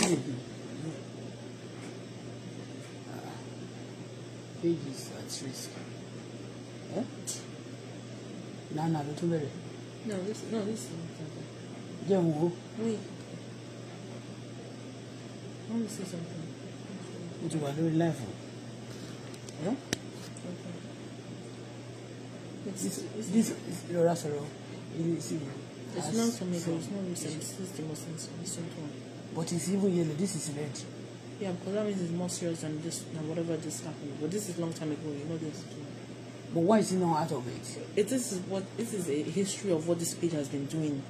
kíni ah, pages at risk eh? nana ló tún bẹ̀rẹ̀. no this no this is not something. jẹ́ n wo. wait I want to see something. o ti wà lórí láìfù. Eh? this lọ́ra sọ̀rọ̀ ilé ìsìn. it's not for me but it's not recent this is the most recent one but it's even yellow this is red. yeah because that means it's more serious than this than whatever just happened but this is long time ago you know this but why is he not out of it. it is what this is a history of what this page has been doing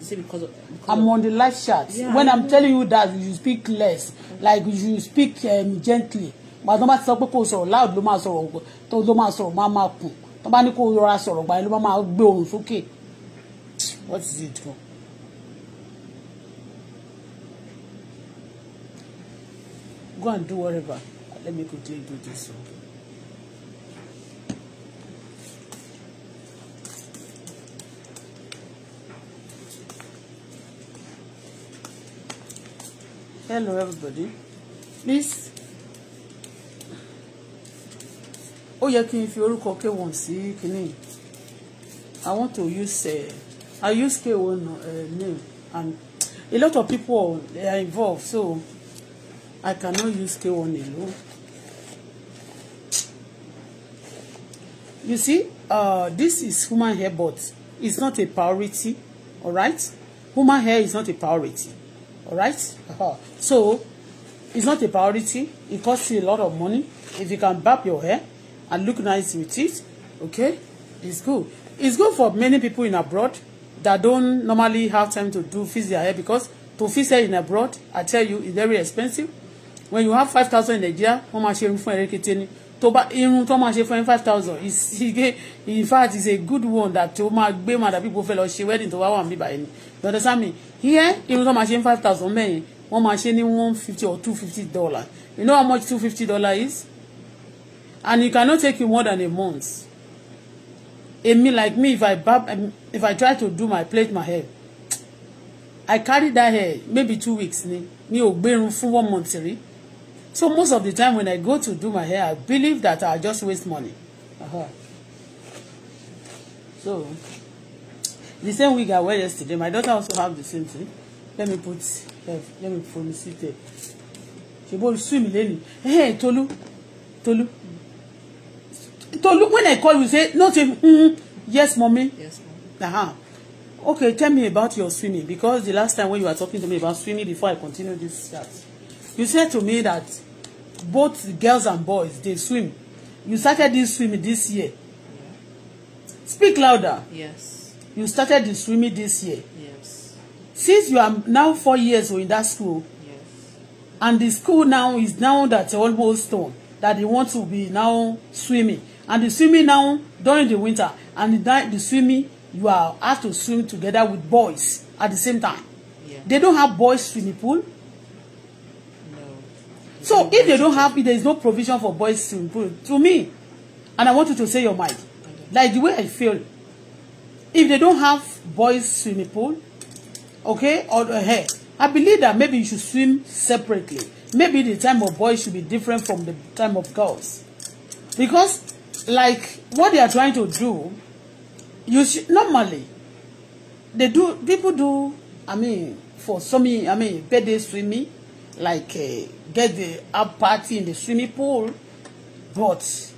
you see because of because I'm on the live chat yeah, when I I'm know. telling you that you speak less okay. like you speak um, gently But no matter how pé kò sọ̀rọ̀ loud no matter sọ̀rọ̀ tó ló máa sọ̀rọ̀ máa máa kù tó bá ní kó rọra sọ̀rọ̀ gbà ló máa gbé ohùn sókè what is it gan. Go and do whatever. Let me quickly do this. Hello, everybody. Please. Oh yeah, can n fi orúkọ K1 sí kínní. I want to use uh, I use K1 uh, eh, name and a lot of people are involved so. I cannot use K1 alone. You see, uh, this is human hair, but it's not a priority, all right? Human hair is not a priority, all right? Uh-huh. So, it's not a priority. It costs you a lot of money. If you can barb your hair and look nice with it, okay, it's good. It's good for many people in abroad that don't normally have time to do fix their hair because to fix hair in abroad, I tell you, it's very expensive when you have five thousand in Nigeria wọ́n máa ṣe irun fún ẹ̀rẹ́kẹ́tẹ́ ni tó bá irun tó máa ṣe fún five thousand in fact it's a good one that tó máa gbé màdà people fẹ́ lọ ṣe wedding tó bá wà níbà yẹn ni you understand me here irun tó máa ṣe five thousand mẹ́yìn wọ́n máa ṣe ní one fifty or two fifty dollar you know how much two fifty dollar is and you cannot take you more than a month A me like me if I barb if I try to do my plate, my hair I carry that hair maybe two weeks ni mi ò gbérun fún one month rí So most of the time when I go to do my hair, I believe that I just waste money. Uh-huh. So the same wig I wear yesterday, my daughter also have the same thing. Let me put, let me put see there. She won't swim, lady. Hey, Tolu, Tolu, Tolu. When I call you, say nothing. Mm-hmm. Yes, mommy. Yes, mommy. Uh-huh. Okay, tell me about your swimming because the last time when you were talking to me about swimming before I continue this chat, you said to me that both girls and boys dey swim you started this swimming this year speak louder yes you started the swimming this year yes since you are now four years old in that school yes and the school now is now that almost done that they want to be now swimming and the swimming now during the winter and the, the swimming you are have to swim together with boys at the same time yeah. they don't have boys swimming pool So if they don't have it, there is no provision for boys swimming pool. To me, and I want you to say your mind. Like the way I feel, if they don't have boys swimming pool, okay, or uh, hey, I believe that maybe you should swim separately. Maybe the time of boys should be different from the time of girls. Because, like, what they are trying to do, you should, normally, they do, people do, I mean, for some, I mean, bed day swimming, like uh, get the up party in the swimming pool but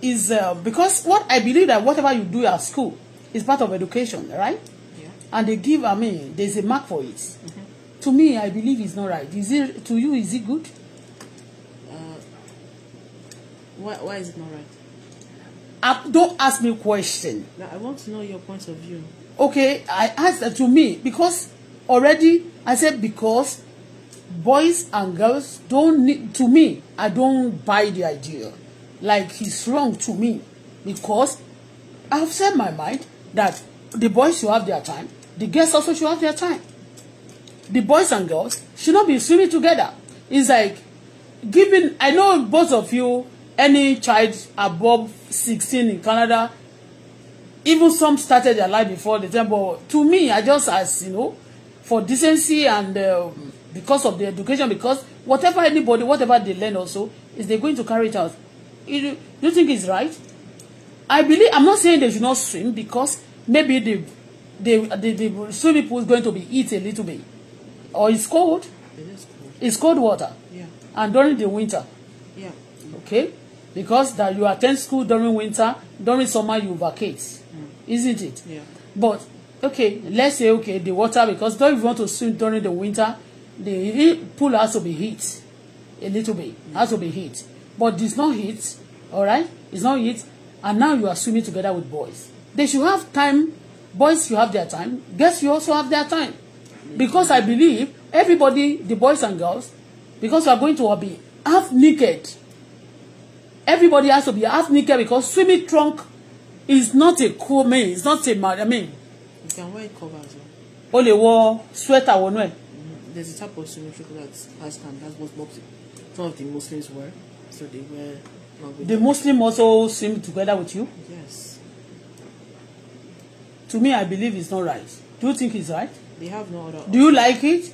is uh, because what I believe that whatever you do at school is part of education right yeah. and they give I mean there's a mark for it mm-hmm. to me I believe it's not right is it to you is it good uh, why, why is it not right I, uh, don't ask me a question no, I want to know your point of view okay I asked that to me because already I said because boys and girls don't need to me i don't buy the idea like it's wrong to me because i've said my mind that the boys should have their time the girls also should have their time the boys and girls should not be swimming together it's like giving i know both of you any child above 16 in canada even some started their life before the time but to me i just as you know for decency and um, because of the education because whatever anybody whatever they learn also is they going to carry it out you, you think it's right I believe I'm not saying they should not swim because maybe the the the, the swimming pool is going to be eat a little bit or it's cold it is cold it's cold water yeah and during the winter yeah okay because that you attend school during winter during summer you vacate mm. isn't it yeah but okay let's say okay the water because don't you want to swim during the winter the pool has to be heat a little bit has to be heat but it's not heat all right it's not heat and now you are swimming together with boys they should have time boys you have their time girls you also have their time because I believe everybody the boys and girls because we are going to be half naked everybody has to be half naked because swimming trunk is not a cool man. it's not a man. I mean. you can wear covers. Only as sweater wọnú ẹ there's a type of symmetrical that Pakistan. That's what some of the Muslims were. So they were. The Muslim also seem together with you. Yes. To me, I believe it's not right. Do you think it's right? They have no other. Option. Do you like it?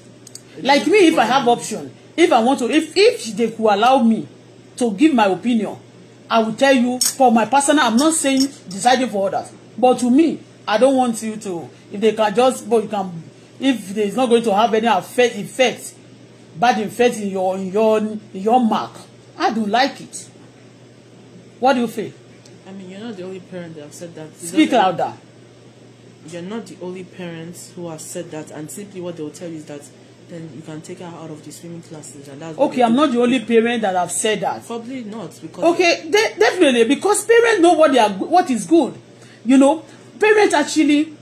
They like me, if I have option, if I want to, if if they could allow me to give my opinion, I will tell you for my personal. I'm not saying deciding for others, but to me, I don't want you to. If they can just, but you can if there is not going to have any effect, effect bad effect in your in your in your mark I do like it what do you feel. I mean you're not the only parent that have said that. Is speak that louder. You're not the only parents who have said that and simply what they will tell you is that then you can take her out of the swimming classes and that's okay i'm not the only parent that have said that probably not because okay de definitely because parents know what they are what is good you know parents actually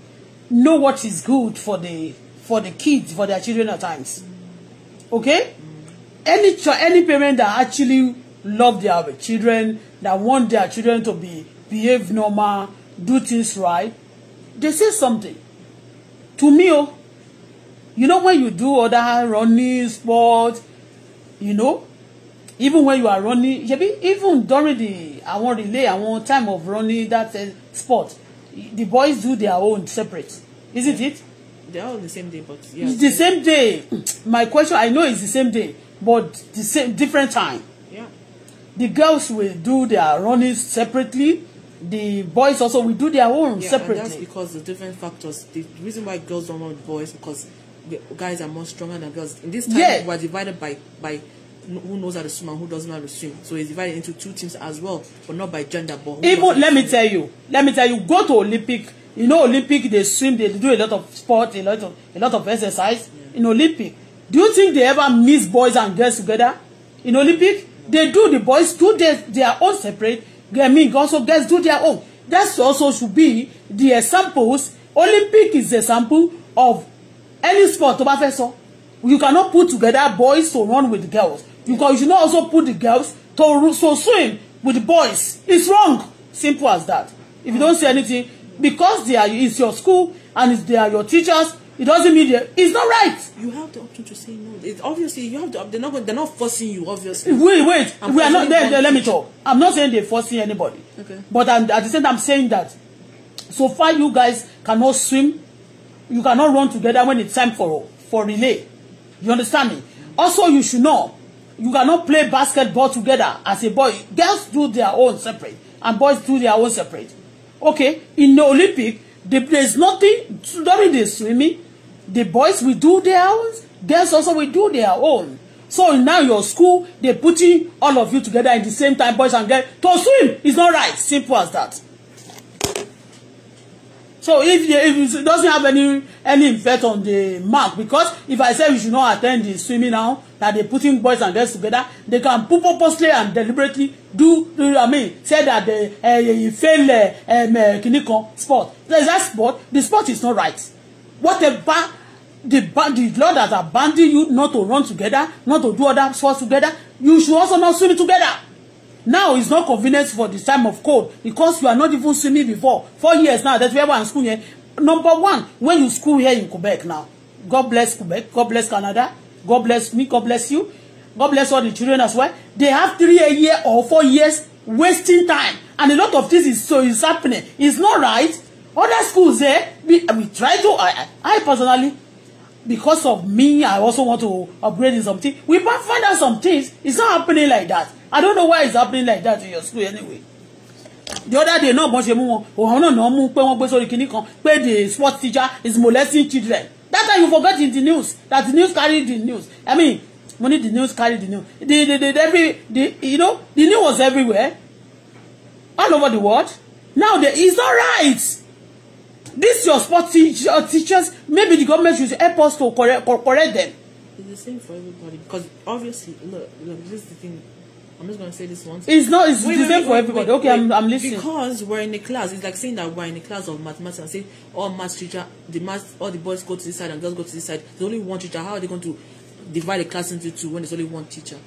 know what is good for the for the kids, for their children at times. Okay? Any any parent that actually love their children, that want their children to be behave normal, do things right, they say something. To me, oh, you know when you do other running sports, you know, even when you are running, maybe even during the I want relay, I want time of running that uh, sport, the boys do their own separate, isn't it? they're all the same day, but yeah. It's the same day. My question, I know it's the same day, but the same different time. Yeah. The girls will do their running separately. The boys also will do their own yeah, separately. And that's because the different factors. The reason why girls don't run with boys because the guys are more stronger than girls. In this time, yeah. we're divided by by who knows how to swim and who doesn't know how to swim. So it's divided into two teams as well, but not by gender. But even let me swim. tell you, let me tell you, go to Olympic you know Olympic they swim they do a lot of sport a lot of a lot of exercise yeah. in Olympic do you think they ever mix boys and girls together in Olympic they do the boys do their, their own separate I mean also girls do their own that's also should be the examples Olympic is the example of any sport tó bá fẹ́ sọ you cannot put together boys to run with girls because you should not also put the girls to so swim with boys it's wrong simple as that if you don't see anything because they are it's your school and it's, they are your teachers it doesn't mean they, it's not right. you have the option to say no It obviously you have the they're not they're not forcing you obviously. wait wait I'm we are not there, there let me talk I'm not saying they're forcing anybody okay but I'm, at the same I'm saying that so far you guys cannot swim you cannot run together when it's time for for relay you understand me also you should know you cannot play basketball together as a boy girls do their own separate and boys do their own separate okay in the Olympic the, there's nothing during the swimming the boys will do their own girls also will do their own so now your school they putting all of you together in the same time boys and girls to swim is not right simple as that so if if it doesn't have any any effect on the mark because if I say we should not attend the swimming now that they putting boys and girls together they can purposely and deliberately do I mean say that they uh, eh, fail um, uh, kini kan sport there is that sport the sport is not right What about the the law that are banding you not to run together not to do other sports together you should also not swim together now it's not convenient for the time of cold because you are not even swimming before four years now that we ever in school here number one when you school here in Quebec now God bless Quebec God bless Canada God bless me God bless you God bless all the children as well. They have three a year or four years wasting time. And a lot of this is so is happening. It's not right. Other schools there, eh, we, we try to, I, I personally, because of me, I also want to upgrade in something. We can find out some things. It's not happening like that. I don't know why it's happening like that in your school anyway. The other day, no, bọ́n ṣe mú wọn, òun náà náà mú pé wọ́n the sports teacher is molesting children. That time you forget in the news that the news carried the news. I mean, Money the news carry the news the the the every the you know the news was everywhere all over the world now there is all right this your sport teach, your teachers maybe the government should help us to correct correct them. it's the same for everybody because obviously look look this is the thing I'm just going to say this once. It's not. It's wait, the wait, same wait, for everybody. Wait, okay, wait, I'm, I'm listening. Because we're in a class, it's like saying that we're in a class of mathematics and say, all math teacher, the math, all the boys go to this side and girls go to this side." There's only one teacher. How are they going to divide a class into two when there's only one teacher.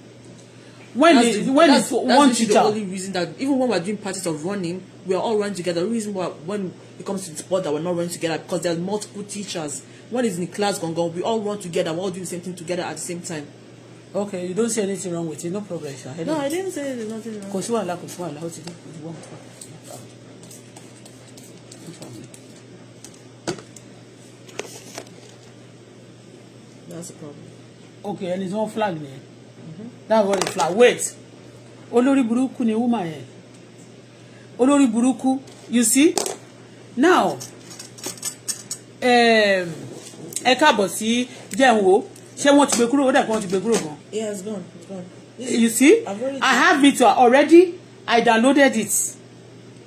When that's the, the, when that's, that's one teacher. the only reason that even when we're doing parties of running, we are all running together. The reason why when it comes to the sport that we're not running together because there are multiple teachers. When it's in the class gone gone, we all run together. We all do the same thing together at the same time. Okay, you don't see anything wrong with it. No problem, sir. no, I didn't say there's nothing wrong. Kò sí wàhálà, kò sí wàhálà, ó ti dé, kò sí That's the problem okay and tí wọ́n flag nìyẹn That was the flag wait Olori Buruku ni woman yẹn olórí burúkú you see now um, káàbọ̀ sí jẹun wo ṣé wọ́n ti gbé kúrò ó dà kí wọ́n ti gbé kúrò gan. he has gone he gone. This you see i have it already i downloaded it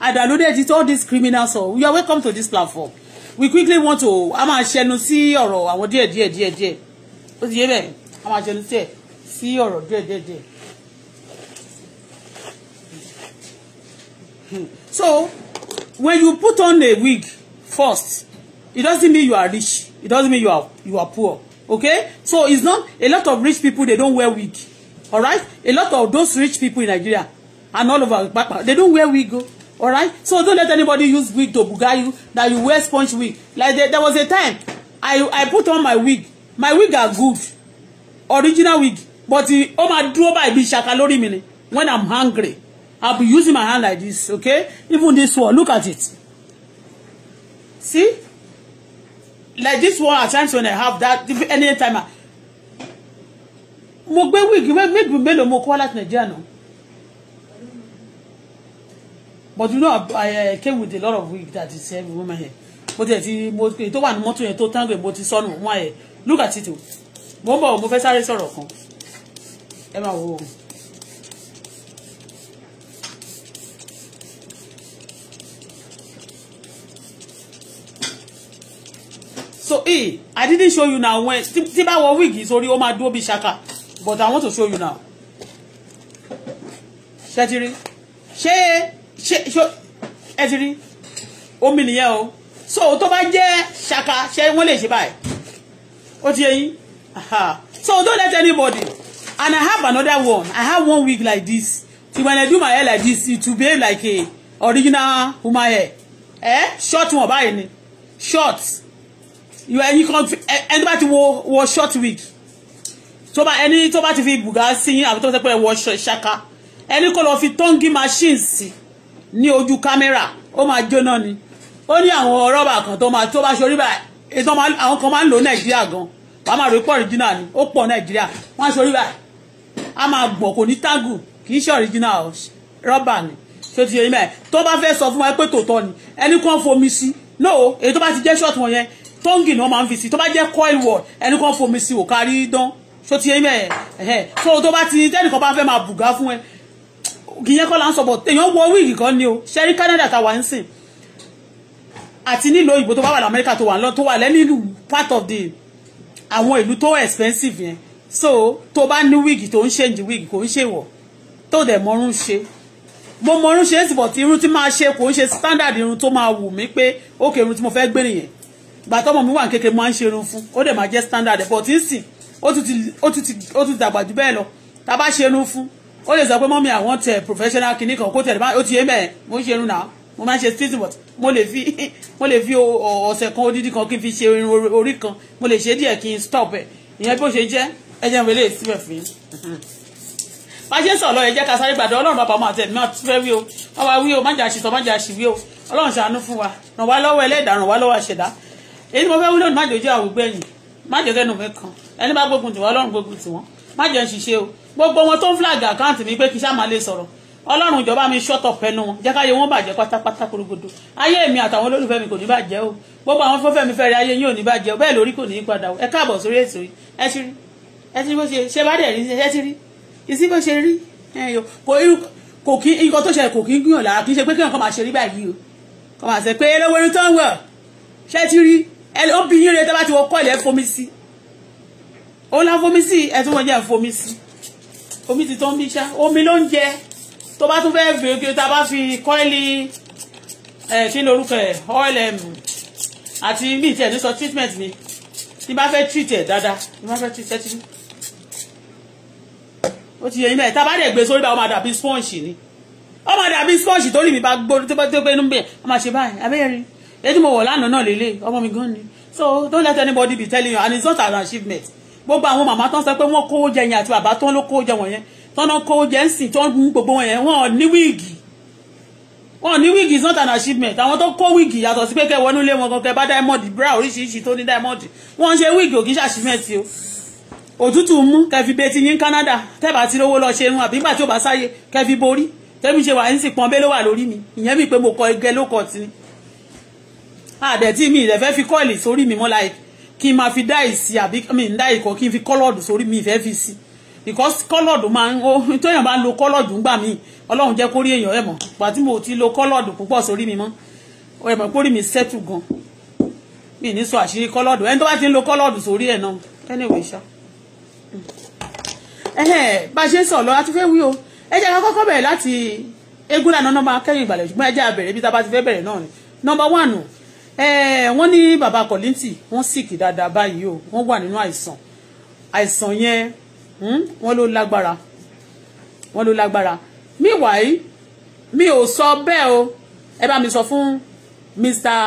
i downloaded it all these criminals so you are welcome to this platform we quickly want to I'm a máa ṣẹnu sí ọ̀rọ̀ dear, dear, dear. díẹ̀ díẹ̀ ó ti wọ́n máa ṣe ní tiẹ̀ sí ọ̀rọ̀ díẹ̀díẹ̀díẹ̀. So when you put on a wig first it doesn't mean you are rich it doesn't mean you are you are poor okay so it's not a lot of rich people they don't wear wig all right a lot of those rich people in Nigeria and all over they don't wear wig o oh, all right so don't let anybody use wig to buga you that you wear sponge wig like there, there was a time I I put on my wig my wig are good original wig but ó máa dúró báyìí bí ṣaka lórí mi ni when i'm hungry i'll be using my hand like this okay even this one look at it see like this one at times when i have that any time i mo gbé wig méjì mélòó mo kọ́ láti nàìjíríà náà but you know i, I came with a lot of wig that is every woman here mo tẹ̀ ti mo tó wà ní mọ́tò yẹn tó tango mo ti sọnù wọ́n ẹ̀ look at it o mo ń mo fẹ́ sáré sọ̀rọ̀ kan ẹ máa wo so eh i didn't show you now when tí bá wọ wig sórí ó máa dúró bí ṣaka but i want to show you now ṣe ti rí ṣe ṣe ẹ ti omi nìyẹn o so tó bá jẹ́ ṣaka ṣe wọ́n lè ṣe báyìí ó ti yẹ yín Uh-huh. so don't let anybody and I have another one I have one wig like this till when I do my hair like this it will behave like a original woman hair eh short one buy any? short you ẹyin eh, kan eh, ẹni bá ti wọ short wig tó bá any. tó bá ti fi Buga. sí àbí tó to ti pẹ́ wọ shaka. Any color lọ fi tongi machine sí ní ojú kámẹ́rà ó máa jóná ni ó ní àwọn rọ́bà kan tó máa tó bá ṣorí báyìí ètò àwọn kan máa ń lò gan wàá máa rò pọ̀ original ni ó pọ̀ nàìjíríà wọ́n á sori báyìí a máa gbọ̀ kò ní tágù kì í ṣe original rọ́bà ni tó ti yẹ yín báyìí tó bá fẹ́ sọ fún wa pé tòótọ́ ni ẹni kan fomi sí no èyí tó bá ti jẹ́ short wọn yẹn tongue ni wọ́n máa ń fi sí tó bá jẹ́ coil word ẹni kan fomi sí ò kárí dán tó ti yẹ yín báyìí ẹ̀hẹ́ so tó bá ti tẹ́nìkan bá fẹ́ máa bùgá fún ẹ kìyẹn kọ́ là ń sọ̀bọ̀ èèyàn wọ wíìgì kan ni o ṣẹ́rí Canada ta wà ń sìn àti nílò ìbò tó bá wà ní Amẹ́ríkà tó wà lẹ́nu part of the àwọn ìlú tó expensive yẹn so tó bá ní wíìgì tó ń ṣèǹjì wíìgì kò ń ṣèwọ̀ tó dẹ̀ mọ́rún ṣe mo mọ̀rún ṣe sì bọ̀ tí irun tí máa ṣe kò ń ṣe standard irun tó máa wù mí pé ókè irun tí mo fẹ́ gbé nìyẹn gbà tọ́mọ mi wà ní kékeré máa ń ṣe irun fún ó dẹ̀ máa jẹ́ standard but ń sìn ó tún ti dàgbà jù bẹ́ẹ̀ lọ tá a bá ṣe irun fún ó lè sọ pé mọ́mí àwọn eh, tẹ̀ professional kìnnìkan kó tẹ̀lé ó ti yé mẹ́ẹ̀ mo ń ṣe irun náà mo máa ń ṣe stitching but mo lè fi mo lè fi ọ̀sẹ̀ kan odidi kan kí n fi ṣe irun orí kan mo lè ṣe díẹ̀ kí n stop ẹ̀ ìyẹn bó ṣe jẹ́ ẹ jẹ́ mi lè síbẹ̀ fún yín. má ṣe sọ̀rọ̀ ẹ jẹ́ ká sáré gbàdọ̀ ọlọ́run bàbá ọmọ àti ẹ̀mí náà fẹ́ wí o wọ́n wá wí o má jà ṣìṣọ́ má jà ṣì wí o ọlọ́run ṣàánú fún wa ràn wá lọ́wọ́ ẹlẹ́dàá ràn wá lọ́wọ́ àṣẹ̀dá èyí mo fẹ́ wí lónìí má jòjú àwùgbẹ́yìn má jòkẹ́nu mi kan ẹni bá gbógun tiwọn ọlọ́run gbógun tiwọn má jẹ́ ṣiṣẹ́ o gbogbo wọn tó ń flag àkáǹtì mi pé kí sáà má lè sọ̀rọ̀ ọlọ́run ìjọba mi ṣọ́tọ̀ pẹ́nu wọn jẹ́ káyé wọn bàjẹ́ pátápátá korogodo ayé mi àtàwọn olólùfẹ́ mi kò ní bàjẹ́ o gbogbo àwọn fọ́fẹ́ mi fẹ́rẹ̀ ayé yín ò ní bàjẹ́ o bẹ́ẹ̀ lórí kò ní í padà o ẹ káàbọ̀ sórí èso yìí ẹ ti rí ẹ ti rí bó ṣe ṣe bá dẹ̀ rí ẹ ti rí ìsí bó ṣe rí kò irú kò kí nǹkan tó ṣẹlẹ̀ kò kí ń gbìyàn lára kì í ṣe pé kí nǹkan máa o kò omi ti tó bí ṣá omi ló ń jẹ tó bá tún fẹ́ fi tá a bá fi kọ́ìlì ẹ̀ kí lorúkọ ẹ̀ oil àti míì tí ẹ̀ ní sọ treatment mi tí bá fẹ́ treat ẹ̀ dáadáa tí bá fẹ́ treat ẹ̀ tí ó ti yẹ yín mẹ́ẹ̀ tá a bá dẹ̀ gbé sórí bá ó máa dàbí sponge ni ó máa dàbí sponge tó lè mi bá gbó tó bá tó pé inú bẹ́ẹ̀ ó máa ṣe báyìí abẹ́rẹ́ èyí tí mo wọ̀ lánàá náà lélẹ̀ ọmọ mi gan ni so don't let anybody be telling you and it's not an achievement gbogbo àwọn màmá tán sọ pé wọ́n kówó jẹ yẹn àti bàbá tán ló kówó jẹ wọ̀nyẹn tọ́nà kó jẹ́ ń sìn tó ń mú gbogbo wọn yẹn wọn ní wíìgì wọn ní wíìgì is not an achievement àwọn tó kó wíìgì yàtọ̀ sí pé kẹ́ wọnú ilé wọn kan kẹ́ bá diamond bra oríṣiríṣi tó ní diamond wọ́n ń ṣe wíìgì òkì ṣàṣìmẹ́ǹt o òtútù mú kẹfì bẹẹ ti yín Canada tẹ́bà tí lówó lọ ṣe irun àbí nígbà tí ò bá sáyé kẹfì borí tẹ́mi ṣe wà ń sìn pọ́nbé ló wà lórí mi ìyẹn mi pé mo kọ igẹ ló kọ tí ni àdẹ̀tí mi ìdẹ̀ fẹ́ fi kọ́ọ̀lì sórí mi mọ́ láì kí n máa fi dá ìsì àbí mi ń dá ìkọ́ kí n fi kọ́lọ́ọ̀dù sórí mi ìfẹ́ fi sí i because coloured máa ń ó tóyàn bá ń lo coloured ńgbà míì ọlọ́run jẹ́ kórí èèyàn ẹ̀ mọ̀ ìgbà tí mo ti lo coloured púpọ̀ sórí mi mọ́ ẹ̀ mọ̀ kórì mi settle gan mi ní sọ àṣírí coloured ẹni tó bá ti ń lo coloured sórí ẹ̀ náà anyway ṣá. bá a ṣe ń sọ lọ a ti fẹ́ wí o ẹ jẹ́ ká kọ́kọ́ bẹ̀rẹ̀ láti eégún lànà nọ́mbà kẹ́yìn ìgbàlẹ̀ ṣùgbọ́n ẹ jẹ́ àbẹ̀rẹ̀ bí tá a bá ti fẹ́ bẹ̀rẹ̀ náà ni nọ́mbà one wọ́n ní bàbá kọ̀lìntì wọ́n sìkì dáadáa báyìí o wọ́n wà nínú Hmm? wọ́n ló lágbára wọ́n ló lágbára meanwhile mi ò sọ bẹ́ẹ̀ o ẹ bá mi sọ fún Mr.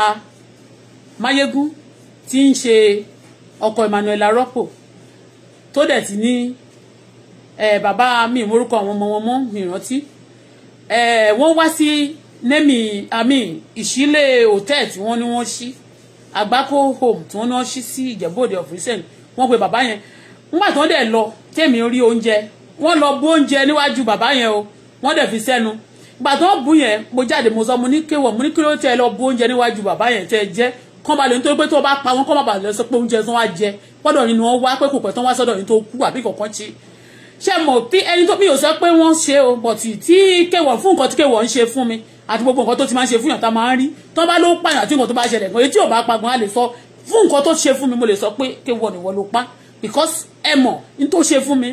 Mayegun tí ń ṣe ọkọ Emmanuel arọ́pò tó dẹ̀ ti ní bàbá mi ìmúrúkọ àwọn ọmọ wọn mọ́ mi rántí wọ́n wá sí nẹ́mì àmì ìṣílẹ̀ hòtẹ́ẹ̀ tí wọ́n ní wọ́n ṣí àgbákò home tí wọ́n ní wọ́n ṣí sí Ìjẹ̀bú Òde of recent wọ́n pe bàbá yẹn nígbà tí wọ́n dẹ̀ lọ tèmi orí oúnjẹ wọ́n lọ bú oúnjẹ níwájú bàbá yẹn o wọ́n dẹ̀ fi sẹ́nu ìgbà tó bú yẹn mo jáde mo sọ mo ní kéwọ̀ mo ní kí ló tẹ lọ bú oúnjẹ níwájú bàbá yẹn tẹ jẹ́ kán balẹ̀ nítorí pé tó bá pa wọn kán bàbá lọ sọ pé oúnjẹ tán wá jẹ gbọ́dọ̀ nínú wọn wá pé kò pẹ́ tán wá sọ́dọ̀ ní tó kú àbí kọ̀ọ̀kan ṣe ṣe mọ̀ tí ẹni tó mi ò sọ pé wọ́n ṣe o but tí kéwọ̀ fún nǹkan tí kéwọ̀ ń ṣe fún mi àti gbogbo nǹkan tó ti máa ń ṣe fún yàn tá máa ń rí tán bá ló pààyàn àti nǹkan tó bá ṣẹlẹ̀ gan etí ò bá pa gan á lè sọ fún nǹkan tó ṣe fún mi mo lè sọ pé kéwọ̀ nìwọ ló pa because ẹ mọ̀ n tó ṣe fún mi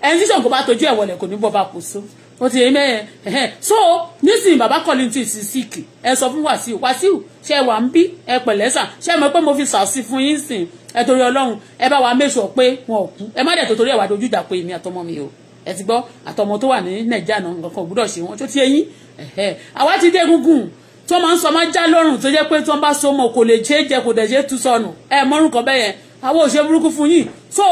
ẹni tí ṣàǹkó bá tọ́jú ẹ̀ wọlé kò ní bọ́ bá kò so ó ti yẹ mẹ́yẹn ẹ̀hẹ́n so nísìnyí bàbá kọ́lí ti sì síkì ẹ sọ fún wàsíù wàsíù ṣe wà ń bí ẹ pẹ̀lẹ́ sà ṣe mọ̀ pé mo fi sàásì fún yín sìn ẹ torí ọlọ́run ẹ bá wa méṣọ pé wọn ò kú ẹ má dẹ̀ tó torí ẹ̀ dojú ìjà pé èmi àtọmọ mi o ẹ ti gbọ́ àtọmọ tó wà ní nàìjíríà náà nǹkan kan ò gbúdọ̀ ṣe wọn tó ti eyín ẹ̀hẹ́ àwa ti dé egungun tó máa ń sọ máa já lọ́rùn tó jẹ́ pé tó ń bá so mọ̀ kò lè ṣe é kò dẹ̀ ṣe tú sọnù ẹ mọ́rùn kan bẹ́yẹn àwọn òṣèré burúkú fún yín so